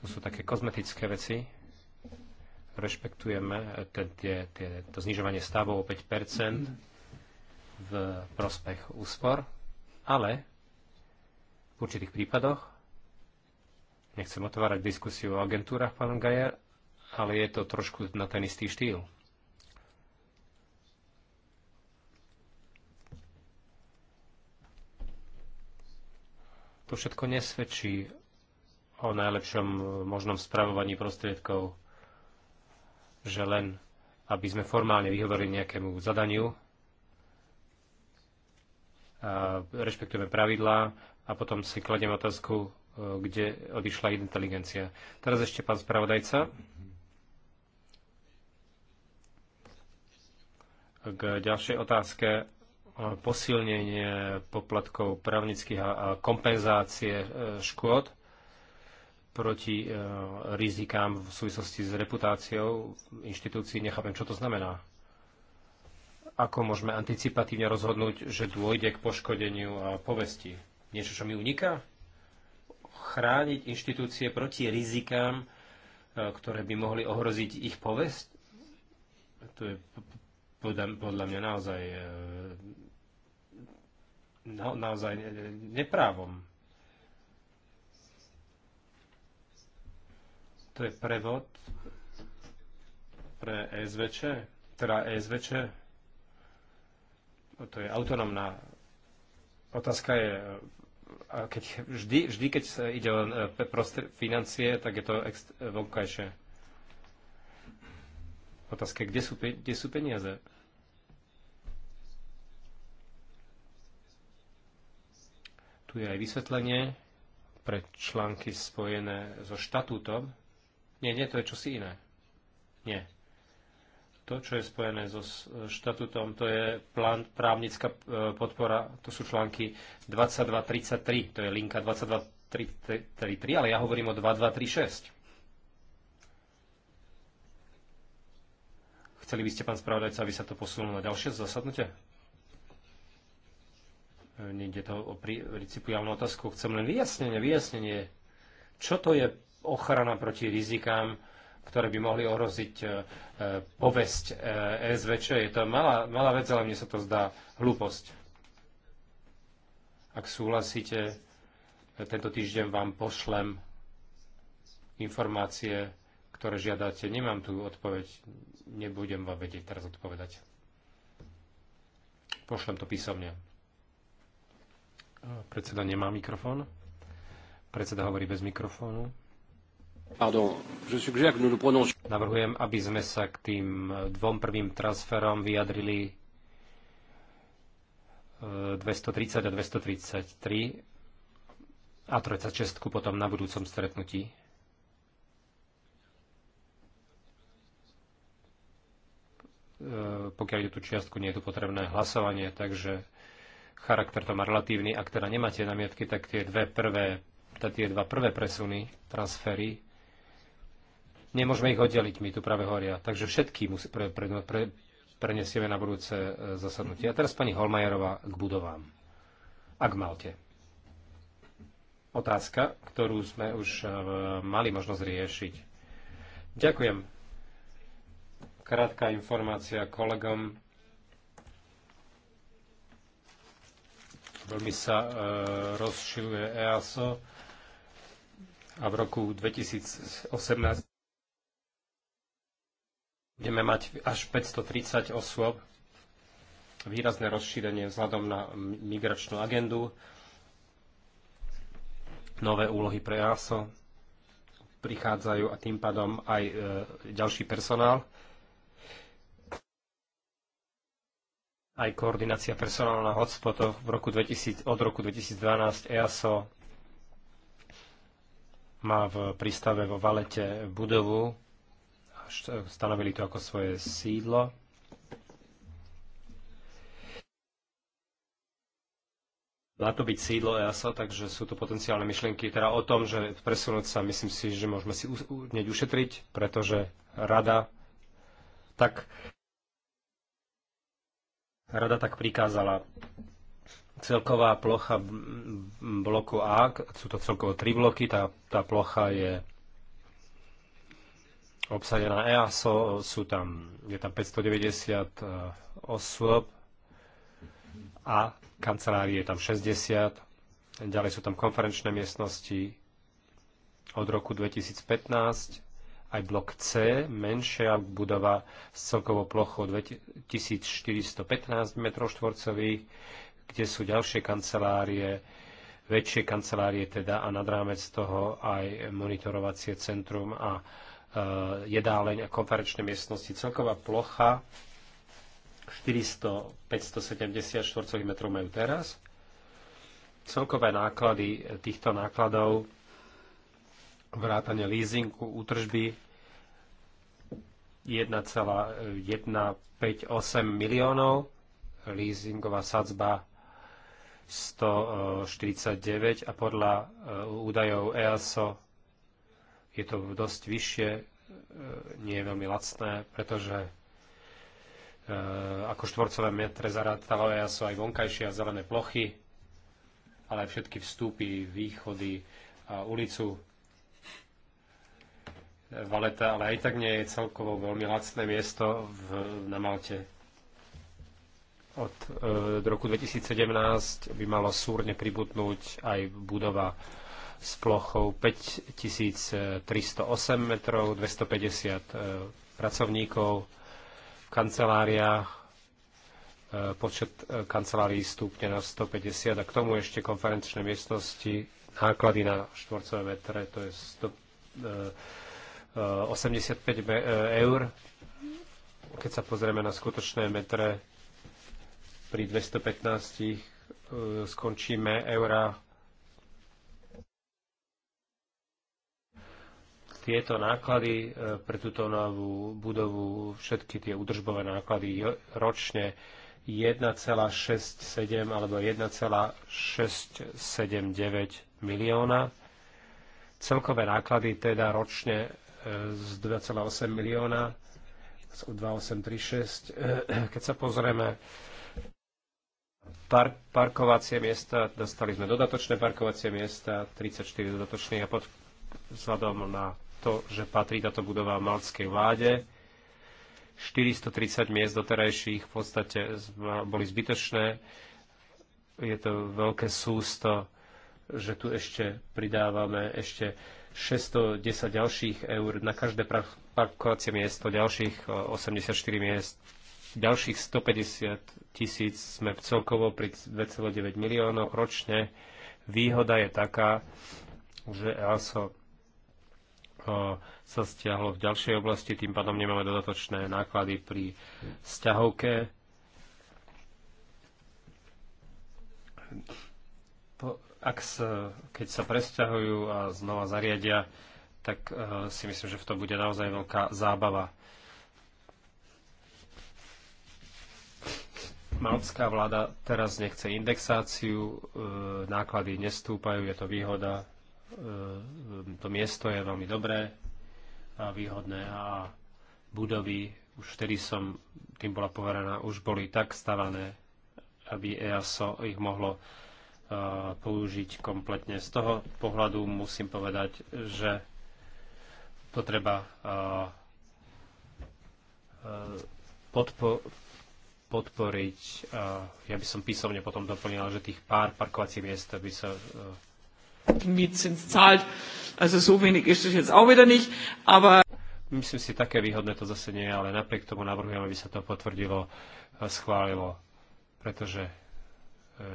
To sú také kozmetické veci. Rešpektujeme e, tie, to znižovanie stavov o 5% v prospech úspor, ale v určitých prípadoch, nechcem otvárať diskusiu o agentúrach, pán Gajer, ale je to trošku na ten istý štýl. To všetko nesvedčí o najlepšom možnom spravovaní prostriedkov, že len aby sme formálne vyhovorili nejakému zadaniu, a rešpektujeme pravidlá a potom si kladiem otázku, e, kde odišla inteligencia. Teraz ešte pán spravodajca. K ďalšej otázke e, posilnenie poplatkov právnických a kompenzácie e, škôd proti e, rizikám v súvislosti s reputáciou inštitúcií. Nechápem, čo to znamená. Ako môžeme anticipatívne rozhodnúť, že dôjde k poškodeniu a povesti? Niečo, čo mi uniká? Chrániť inštitúcie proti rizikám, ktoré by mohli ohroziť ich povesť? To je podľa, podľa mňa naozaj e, na, no, naozaj neprávom. To je prevod pre SVČ, teda SVČ. To je autonómna otázka je, keď vždy, vždy keď sa ide o e, financie, tak je to vonkajšie. Otázka, kde sú, kde sú peniaze? Tu je aj vysvetlenie pre články spojené so štatútom. Nie, nie, to je čosi iné. Nie. To, čo je spojené so štatútom, to je plán, právnická e, podpora, to sú články 2233, to je linka 2233, ale ja hovorím o 2236. Chceli by ste, pán spravodajca, aby sa to posunulo na ďalšie zasadnutie? E, nejde to o principiálnu otázku. Chcem len vyjasnenie, vyjasnenie, čo to je ochrana proti rizikám, ktoré by mohli ohroziť e, e povesť e, SVČ. Je to malá, malá vec, ale mne sa to zdá hlúposť. Ak súhlasíte, e, tento týždeň vám pošlem informácie ktoré žiadate. Nemám tu odpoveď, nebudem vám vedieť teraz odpovedať. Pošlem to písomne. Predseda nemá mikrofón. Predseda hovorí bez mikrofónu. Pardon, je suggère que nous nous Navrhujem, aby sme sa k tým dvom prvým transferom vyjadrili 230 e, a 233 a 36 potom na budúcom stretnutí. E, pokiaľ je tú čiastku, nie je tu potrebné hlasovanie, takže charakter to má relatívny. Ak teda nemáte namietky, tak tie dve prvé, teda tie dva prvé presuny, transfery, nemôžeme ich oddeliť, mi tu práve horia. Takže všetky musí pre, pre, pre, prenesieme na budúce e, zasadnutie. A teraz pani Holmajerová k budovám. Ak malte. Otázka, ktorú sme už e, mali možnosť riešiť. Ďakujem Krátka informácia kolegom. Veľmi sa e, rozširuje EASO a v roku 2018 budeme mať až 530 osôb. Výrazné rozšírenie vzhľadom na migračnú agendu, nové úlohy pre EASO prichádzajú a tým pádom aj e, ďalší personál. aj koordinácia personálu na hotspotoch v roku 2000, od roku 2012 EASO má v prístave vo Valete budovu a stanovili to ako svoje sídlo. Má to byť sídlo EASO, takže sú to potenciálne myšlienky teda o tom, že presunúť sa, myslím si, že môžeme si hneď ušetriť, pretože rada tak Rada tak prikázala. Celková plocha bloku A, sú to celkovo tri bloky, tá, tá plocha je obsadená EASO, sú tam, je tam 590 e, osôb a kancelárie je tam 60. Ďalej sú tam konferenčné miestnosti od roku 2015 aj blok C, menšia budova s celkovou plochou 2415 m2, kde sú ďalšie kancelárie, väčšie kancelárie teda a nad rámec toho aj monitorovacie centrum a e, jedáleň a konferenčné miestnosti. Celková plocha 400-570 štvorcových metrov majú teraz. Celkové náklady týchto nákladov vrátane leasingu, útržby 1,158 miliónov, leasingová sadzba 149 a podľa e, údajov EASO je to dosť vyššie, e, nie je veľmi lacné, pretože e, ako štvorcové metre zarátalo EASO aj vonkajšie a zelené plochy, ale aj všetky vstúpy, východy a ulicu Valeta, ale aj tak nie je celkovo veľmi lacné miesto v, na Malte. Od e, roku 2017 by malo súrne pribudnúť aj budova s plochou 5308 metrov, 250 e, pracovníkov kancelária, kanceláriách, e, počet e, kancelárií stúpne na 150 a k tomu ešte konferenčné miestnosti, náklady na štvorcové metre, to je 100, e, 85 eh, eh, eur. Keď sa pozrieme na skutočné metre, pri 215 eh, skončíme eurá. Tieto náklady pre túto novú budovu, všetky tie udržbové náklady ročne 1,67 alebo 1,679 milióna. Celkové náklady teda ročne z 2,8 milióna z 2836. Keď sa pozrieme par- parkovacie miesta, dostali sme dodatočné parkovacie miesta, 34 dodatočných a pod vzhľadom na to, že patrí táto budova malckej vláde, 430 miest doterajších v podstate boli zbytočné. Je to veľké sústo, že tu ešte pridávame ešte 610 ďalších eur na každé parkovacie miesto, ďalších 84 e, miest, ďalších 150 tisíc sme celkovo pri 2,9 miliónov ročne. Výhoda je taká, že aso e, sa stiahlo v ďalšej oblasti, tým pádom nemáme dodatočné náklady pri sťahovke ak sa, keď sa presťahujú a znova zariadia, tak uh, si myslím, že v tom bude naozaj veľká zábava. Malcká vláda teraz nechce indexáciu, e, náklady nestúpajú, je to výhoda, e, to miesto je veľmi dobré a výhodné a budovy, už vtedy som tým bola poverená, už boli tak stavané, aby EASO ich mohlo použiť kompletne. Z toho pohľadu musím povedať, že to treba podpo- podporiť. Ja by som písomne potom doplnil, že tých pár parkovacích miest by sa e, Mietzins zahlt. Also so wenig ist es jetzt auch wieder nicht, aber Myslím si, také výhodné to zase nie je, ale napriek tomu navrhujem, aby sa to potvrdilo a schválilo, pretože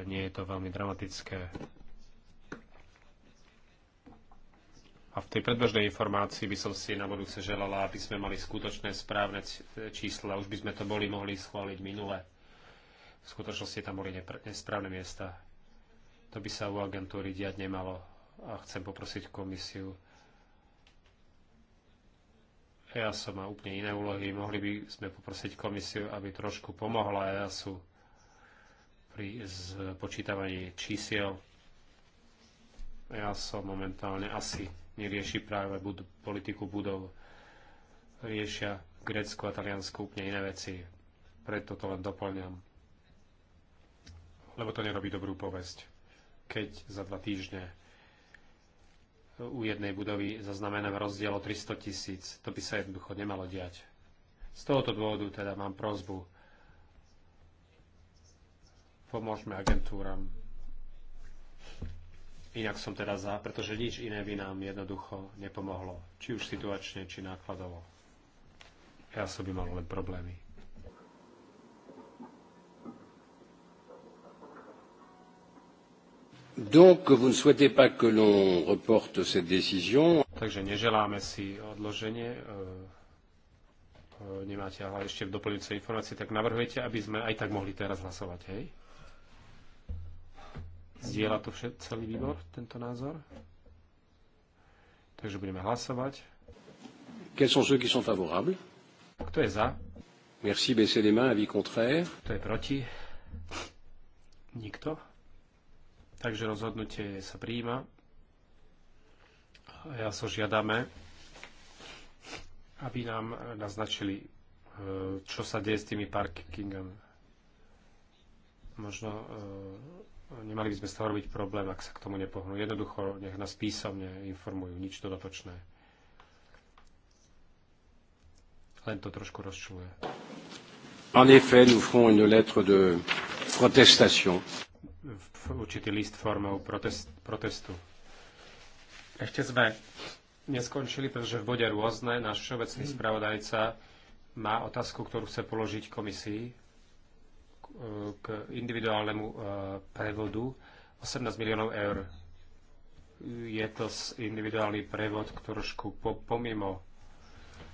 nie je to veľmi dramatické. A v tej predbežnej informácii by som si na budúce želala, aby sme mali skutočné správne čísla. Už by sme to boli mohli schváliť minule. V skutočnosti tam boli nesprávne miesta. To by sa u agentúry diať nemalo. A chcem poprosiť komisiu. Ja som má úplne iné úlohy. Mohli by sme poprosiť komisiu, aby trošku pomohla EASu. Ja pri počítavaní čísiel. Ja som momentálne asi nerieši práve bud- politiku budov. Riešia Grécko a Taliansko úplne iné veci. Preto to len doplňam. Lebo to nerobí dobrú povesť. Keď za dva týždne u jednej budovy zaznamenáme rozdiel o 300 tisíc, to by sa jednoducho nemalo diať. Z tohoto dôvodu teda mám prozbu Pomôžme agentúram. Inak som teda za, pretože nič iné by nám jednoducho nepomohlo, či už situačne, či nákladovo. Ja som by mal len problémy. Donc, vous ne souhaitez pas que l'on reporte cette décision. Takže neželáme si odloženie. E, e, nemáte ale ešte doplňujúcej informácie, tak navrhujete, aby sme aj tak mohli teraz hlasovať, hej? Zdieľa to všet, celý výbor, tento názor? Takže budeme hlasovať. Quels sont ceux qui sont favorables? Kto je za? Merci, baissez les mains, avis contraire. Kto je proti? Nikto. Takže rozhodnutie sa prijíma. Ja sa so žiadame, aby nám naznačili, e, čo sa deje s tými parkingami. Možno e, Nemali by sme z toho robiť problém, ak sa k tomu nepohnú. Jednoducho, nech nás písomne informujú, nič dodatočné. Len to trošku rozčuluje. En effet, nous ferons une lettre de protestation. Určitý list formou protest, protestu. Ešte sme neskončili, pretože v bode rôzne náš všeobecný spravodajca má otázku, ktorú chce položiť komisii k individuálnemu e, prevodu 18 miliónov eur. Je to individuálny prevod trošku po, pomimo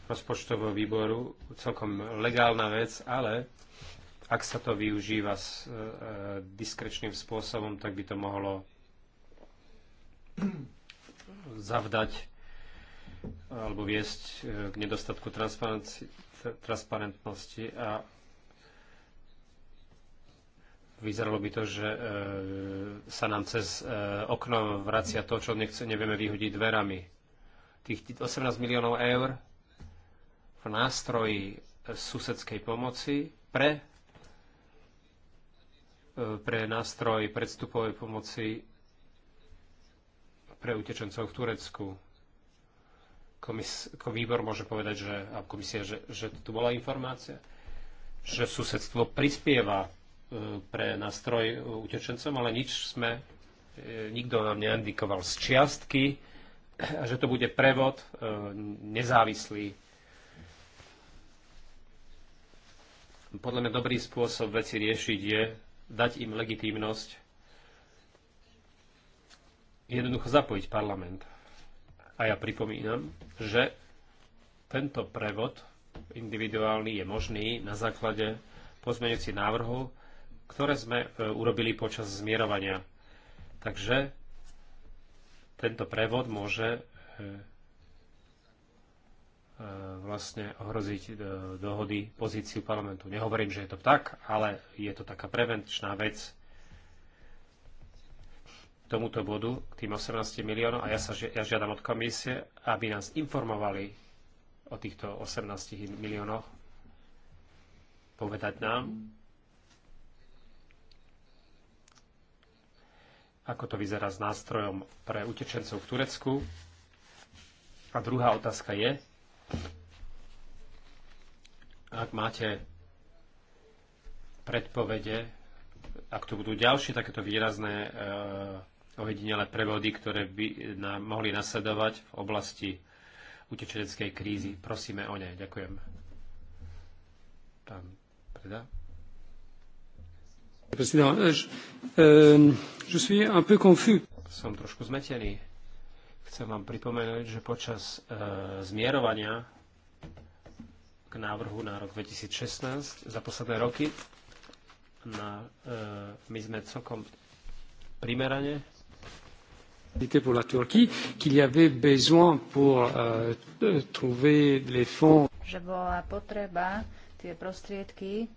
rozpočtového výboru, celkom legálna vec, ale ak sa to využíva s e, e, diskrečným spôsobom, tak by to mohlo zavdať alebo viesť k nedostatku transparentnosti a Vyzeralo by to, že e, sa nám cez e, okno vracia to, čo nechce, nevieme vyhodiť dverami. Tých 18 miliónov eur v nástroji e, susedskej pomoci pre, pre nástroj predstupovej pomoci pre utečencov v Turecku. Komis, výbor môže povedať, že, a komisia, že, že tu bola informácia, že susedstvo prispieva pre nástroj utečencom, ale nič sme, e, nikto nám neindikoval z čiastky, že to bude prevod e, nezávislý. Podľa mňa dobrý spôsob veci riešiť je dať im legitímnosť, jednoducho zapojiť parlament. A ja pripomínam, že tento prevod individuálny je možný na základe pozmeňujúcich návrhov, ktoré sme e, urobili počas zmierovania. Takže tento prevod môže e, e, vlastne ohroziť dohody, pozíciu parlamentu. Nehovorím, že je to tak, ale je to taká prevenčná vec k tomuto bodu, k tým 18 miliónov. A ja, sa, ja žiadam od komisie, aby nás informovali o týchto 18 miliónoch. Povedať nám, Ako to vyzerá s nástrojom pre utečencov v Turecku? A druhá otázka je, ak máte predpovede, ak to budú ďalšie takéto výrazné e, ojedinele prevody, ktoré by nám mohli nasledovať v oblasti utečeneckej krízy. Prosíme o ne. Ďakujem. Pán Preda. Äh, ähm, Som trošku zmetený. Chcem vám pripomenúť, že počas uh, zmierovania k návrhu na rok 2016 za posledné roky na, uh, my sme celkom primerane pour la Turquie, qu'il y avait besoin pour euh, trouver les fonds. Že bola potreba tie prostriedky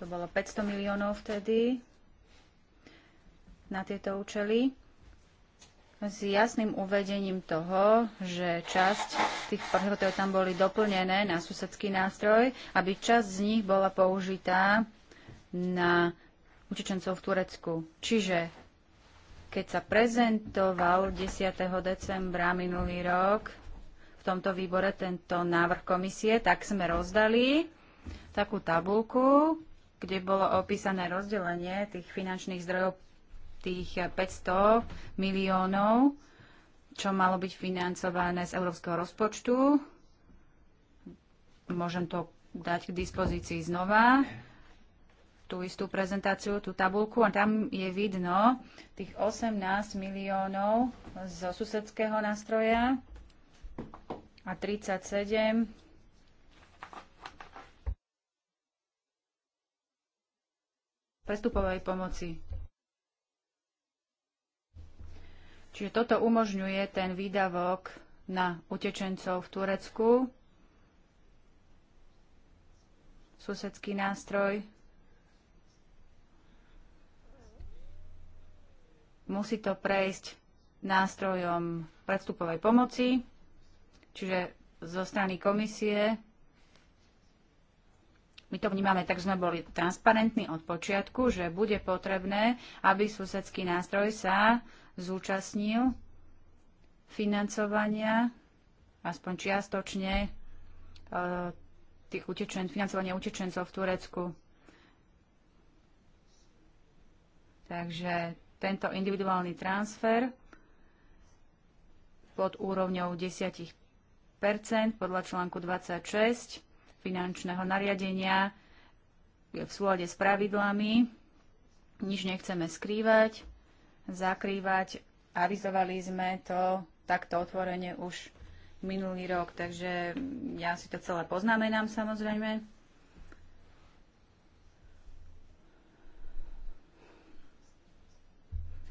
to bolo 500 miliónov vtedy na tieto účely s jasným uvedením toho, že časť tých prvotov tam boli doplnené na susedský nástroj, aby časť z nich bola použitá na utečencov v Turecku. Čiže keď sa prezentoval 10. decembra minulý rok v tomto výbore tento návrh komisie, tak sme rozdali takú tabulku, kde bolo opísané rozdelenie tých finančných zdrojov, tých 500 eh, miliónov, čo malo byť financované z európskeho rozpočtu. Môžem to dať k dispozícii znova tú istú prezentáciu, tú tabulku a tam je vidno tých 18 miliónov zo susedského nástroja a 37 prestupovej pomoci. Čiže toto umožňuje ten výdavok na utečencov v Turecku, susedský nástroj. Musí to prejsť nástrojom predstupovej pomoci, čiže zo strany komisie my to vnímame tak, sme boli transparentní od počiatku, že bude potrebné, aby susedský nástroj sa zúčastnil financovania, aspoň čiastočne, e, tých utečen, financovania utečencov v Turecku. Takže tento individuálny transfer pod úrovňou 10 podľa článku 26 finančného nariadenia je v súlade s pravidlami. Nič nechceme skrývať, zakrývať. Avizovali sme to takto otvorene už minulý rok, takže ja si to celé poznamenám samozrejme.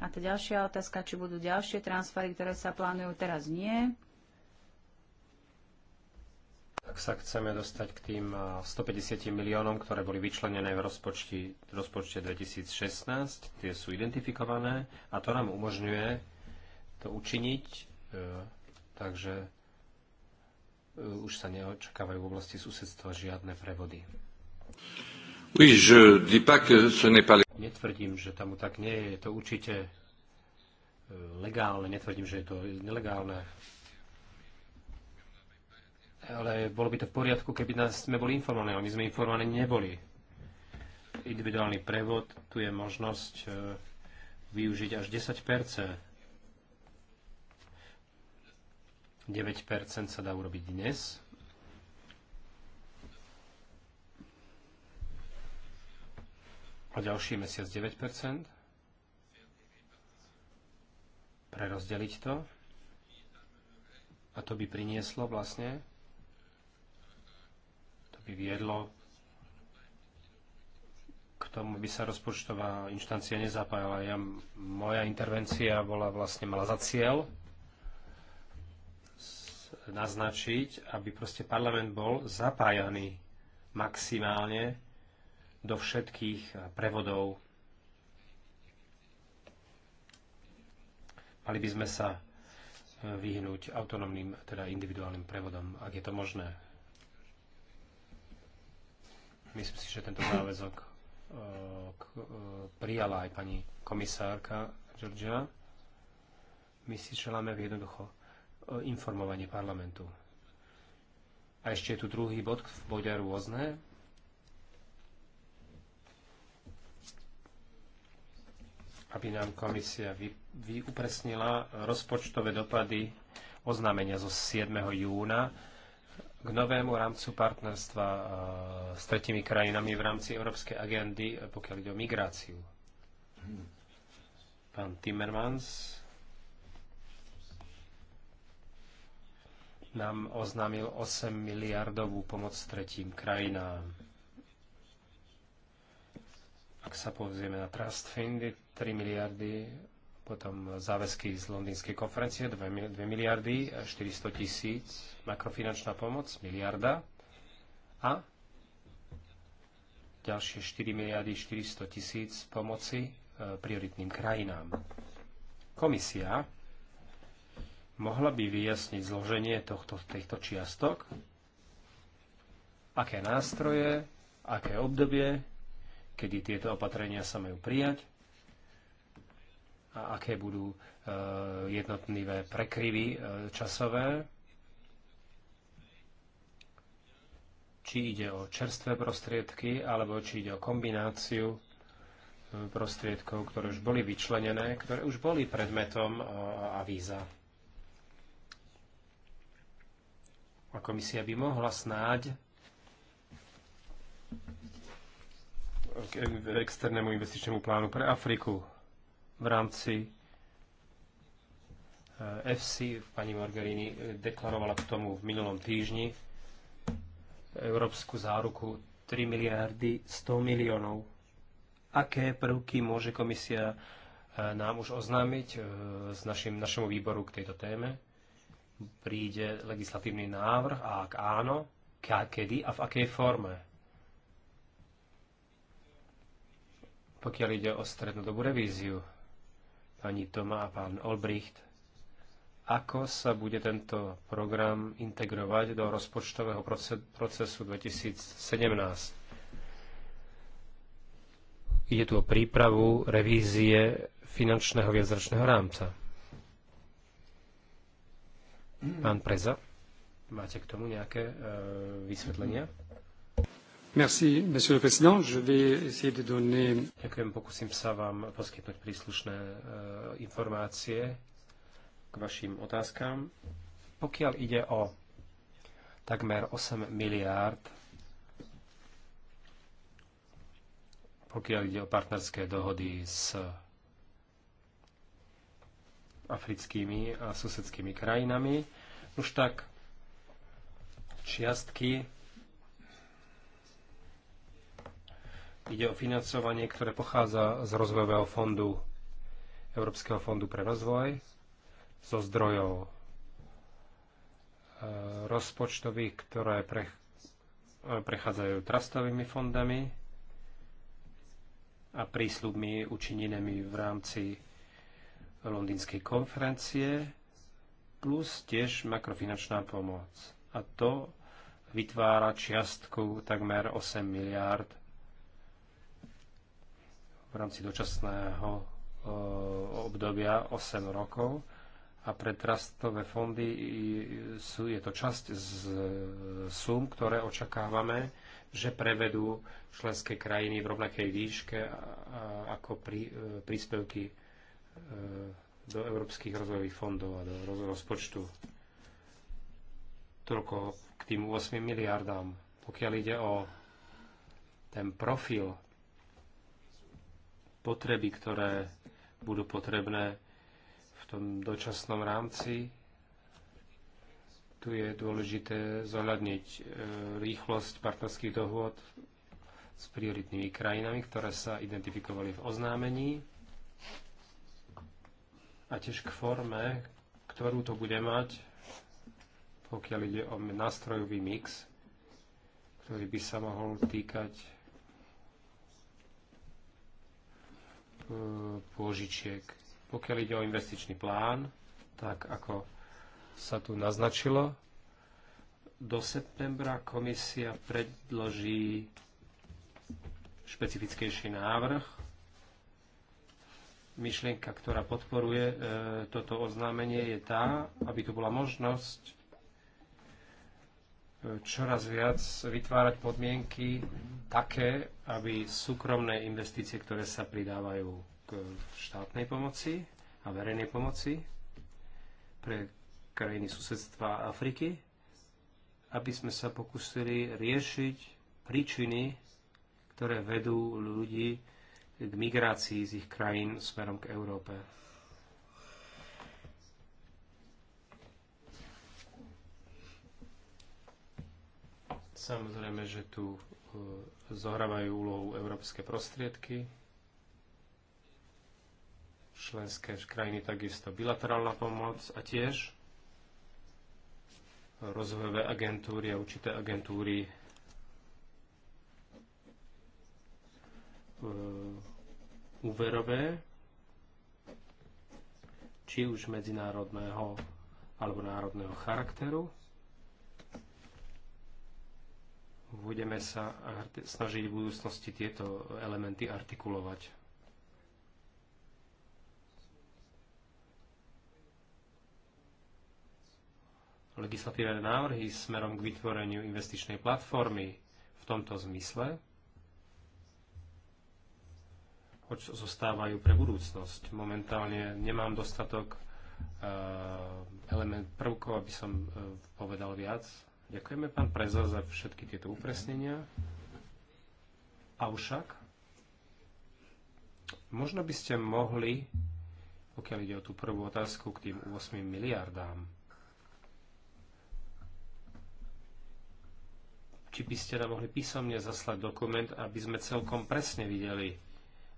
A tá ďalšia otázka, či budú ďalšie transfery, ktoré sa plánujú teraz nie ak sa chceme dostať k tým 150 eh, miliónom, ktoré boli vyčlenené v rozpočte, v rozpočte 2016, tie sú identifikované a to nám umožňuje to učiniť, eh, takže eh, už sa neočakávajú v oblasti susedstva žiadne prevody. Oui, je dis pas que ce n'est pas... Netvrdím, že tam tak nie je. Je to určite legálne, netvrdím, že je to nelegálne ale bolo by to v poriadku, keby nás sme boli informovaní, ale my sme informovaní neboli. Individuálny prevod, tu je možnosť e, využiť až 10 9 sa dá urobiť dnes. A ďalší mesiac 9 Prerozdeliť to. A to by prinieslo vlastne by viedlo k tomu by sa rozpočtová inštancia nezapájala. Ja, moja intervencia bola vlastne mala za cieľ naznačiť, aby proste parlament bol zapájaný maximálne do všetkých prevodov. Mali by sme sa vyhnúť autonómnym, teda individuálnym prevodom, ak je to možné. Myslím si, že tento záväzok eh, eh, prijala aj pani komisárka Georgia. My si želáme jednoducho eh, informovanie parlamentu. A ešte je tu druhý bod v bode rôzne. Aby nám komisia vyupresnila vy rozpočtové dopady oznámenia zo 7. júna k novému rámcu partnerstva e, s tretimi krajinami v rámci Európskej agendy, e, pokiaľ ide o migráciu. Pán Timmermans nám oznámil 8 miliardovú pomoc tretím krajinám. Ak sa povzrieme na Trust Fund, 3 miliardy potom záväzky z londýnskej konferencie 2, miliardy 400 tisíc, makrofinančná pomoc miliarda a ďalšie 4 miliardy 400 tisíc pomoci e, prioritným krajinám. Komisia mohla by vyjasniť zloženie tohto, týchto čiastok, aké nástroje, aké obdobie, kedy tieto opatrenia sa majú prijať, a aké budú e, jednotlivé prekryvy e, časové, či ide o čerstvé prostriedky, alebo či ide o kombináciu e, prostriedkov, ktoré už boli vyčlenené, ktoré už boli predmetom avíza. A komisia by mohla snáď k externému investičnému plánu pre Afriku v rámci eh, FC, pani Margarini eh, deklarovala k tomu v minulom týždni európsku záruku 3 miliardy 100 miliónov. Aké prvky môže komisia eh, nám už oznámiť s našim, našemu výboru k tejto téme? Príde legislatívny návrh a ak áno, kedy a v akej forme? Pokiaľ ide o strednodobú revíziu, pani Toma a pán Olbricht, ako sa bude tento program integrovať do rozpočtového procesu 2017. Ide tu o prípravu revízie finančného viacročného rámca. Pán Preza, máte k tomu nejaké e, vysvetlenia? Merci, monsieur le président. Je vais essayer de donner... Ďakujem, pokúsim sa vám poskytnúť príslušné eh, informácie k vašim otázkám. Pokiaľ ide o takmer 8 miliárd, pokiaľ ide o partnerské dohody s africkými a susedskými krajinami, už tak čiastky Ide o financovanie, ktoré pochádza z rozvojového fondu, Európskeho fondu pre rozvoj, zo zdrojov e, rozpočtových, ktoré e, prechádzajú trastovými fondami a prísľubmi učinenými v rámci londýnskej konferencie, plus tiež makrofinančná pomoc. A to vytvára čiastku takmer 8 miliárd v rámci dočasného e, obdobia 8 rokov a pre trastové fondy sú, je to časť z sum, ktoré očakávame, že prevedú členské krajiny v rovnakej výške ako pri, e, príspevky e, do európskych rozvojových fondov a do rozpočtu. Toľko k tým 8 miliardám. Pokiaľ ide o ten profil potreby, ktoré budú potrebné v tom dočasnom rámci. Tu je dôležité zohľadniť e, rýchlosť partnerských dohôd s prioritnými krajinami, ktoré sa identifikovali v oznámení a tiež k forme, ktorú to bude mať, pokiaľ ide o nástrojový mix, ktorý by sa mohol týkať Eh, pôžičiek. Pokiaľ ide o investičný plán, tak ako sa tu naznačilo, do septembra komisia predloží špecifickejší návrh, myšlienka, ktorá podporuje e, toto oznámenie, je tá, aby tu bola možnosť čoraz viac vytvárať podmienky také, aby súkromné investície, ktoré sa pridávajú k štátnej pomoci a verejnej pomoci pre krajiny susedstva Afriky, aby sme sa pokusili riešiť príčiny, ktoré vedú ľudí k migrácii z ich krajín smerom k Európe. Samozrejme, že tu e, zohrávajú úlohu európske prostriedky, členské krajiny takisto bilaterálna pomoc a tiež rozvojové agentúry a určité agentúry e, úverové, či už medzinárodného alebo národného charakteru. budeme sa snažiť v budúcnosti tieto elementy artikulovať. legislatívne návrhy smerom k vytvoreniu investičnej platformy v tomto zmysle zostávajú pre budúcnosť. Momentálne nemám dostatok eh, element prvkov, aby som eh, povedal viac Ďakujeme, pán Preza, za všetky tieto upresnenia. Avšak, možno by ste mohli, pokiaľ ide o tú prvú otázku k tým 8 miliardám, či by ste nám mohli písomne zaslať dokument, aby sme celkom presne videli,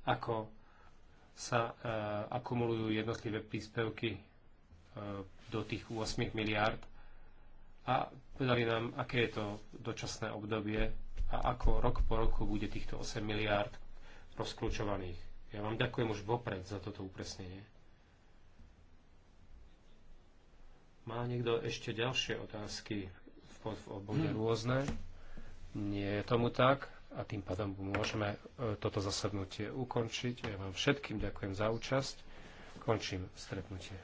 ako sa e, akumulujú jednotlivé príspevky e, do tých 8 miliard a Povedali nám, aké je to dočasné obdobie a ako rok po roku bude týchto 8 miliárd rozklúčovaných. Ja vám ďakujem už vopred za toto upresnenie. Má niekto ešte ďalšie otázky v, v obode hmm. rôzne? Nie je tomu tak a tým pádom môžeme e, toto zasadnutie ukončiť. Ja vám všetkým ďakujem za účasť. Končím stretnutie.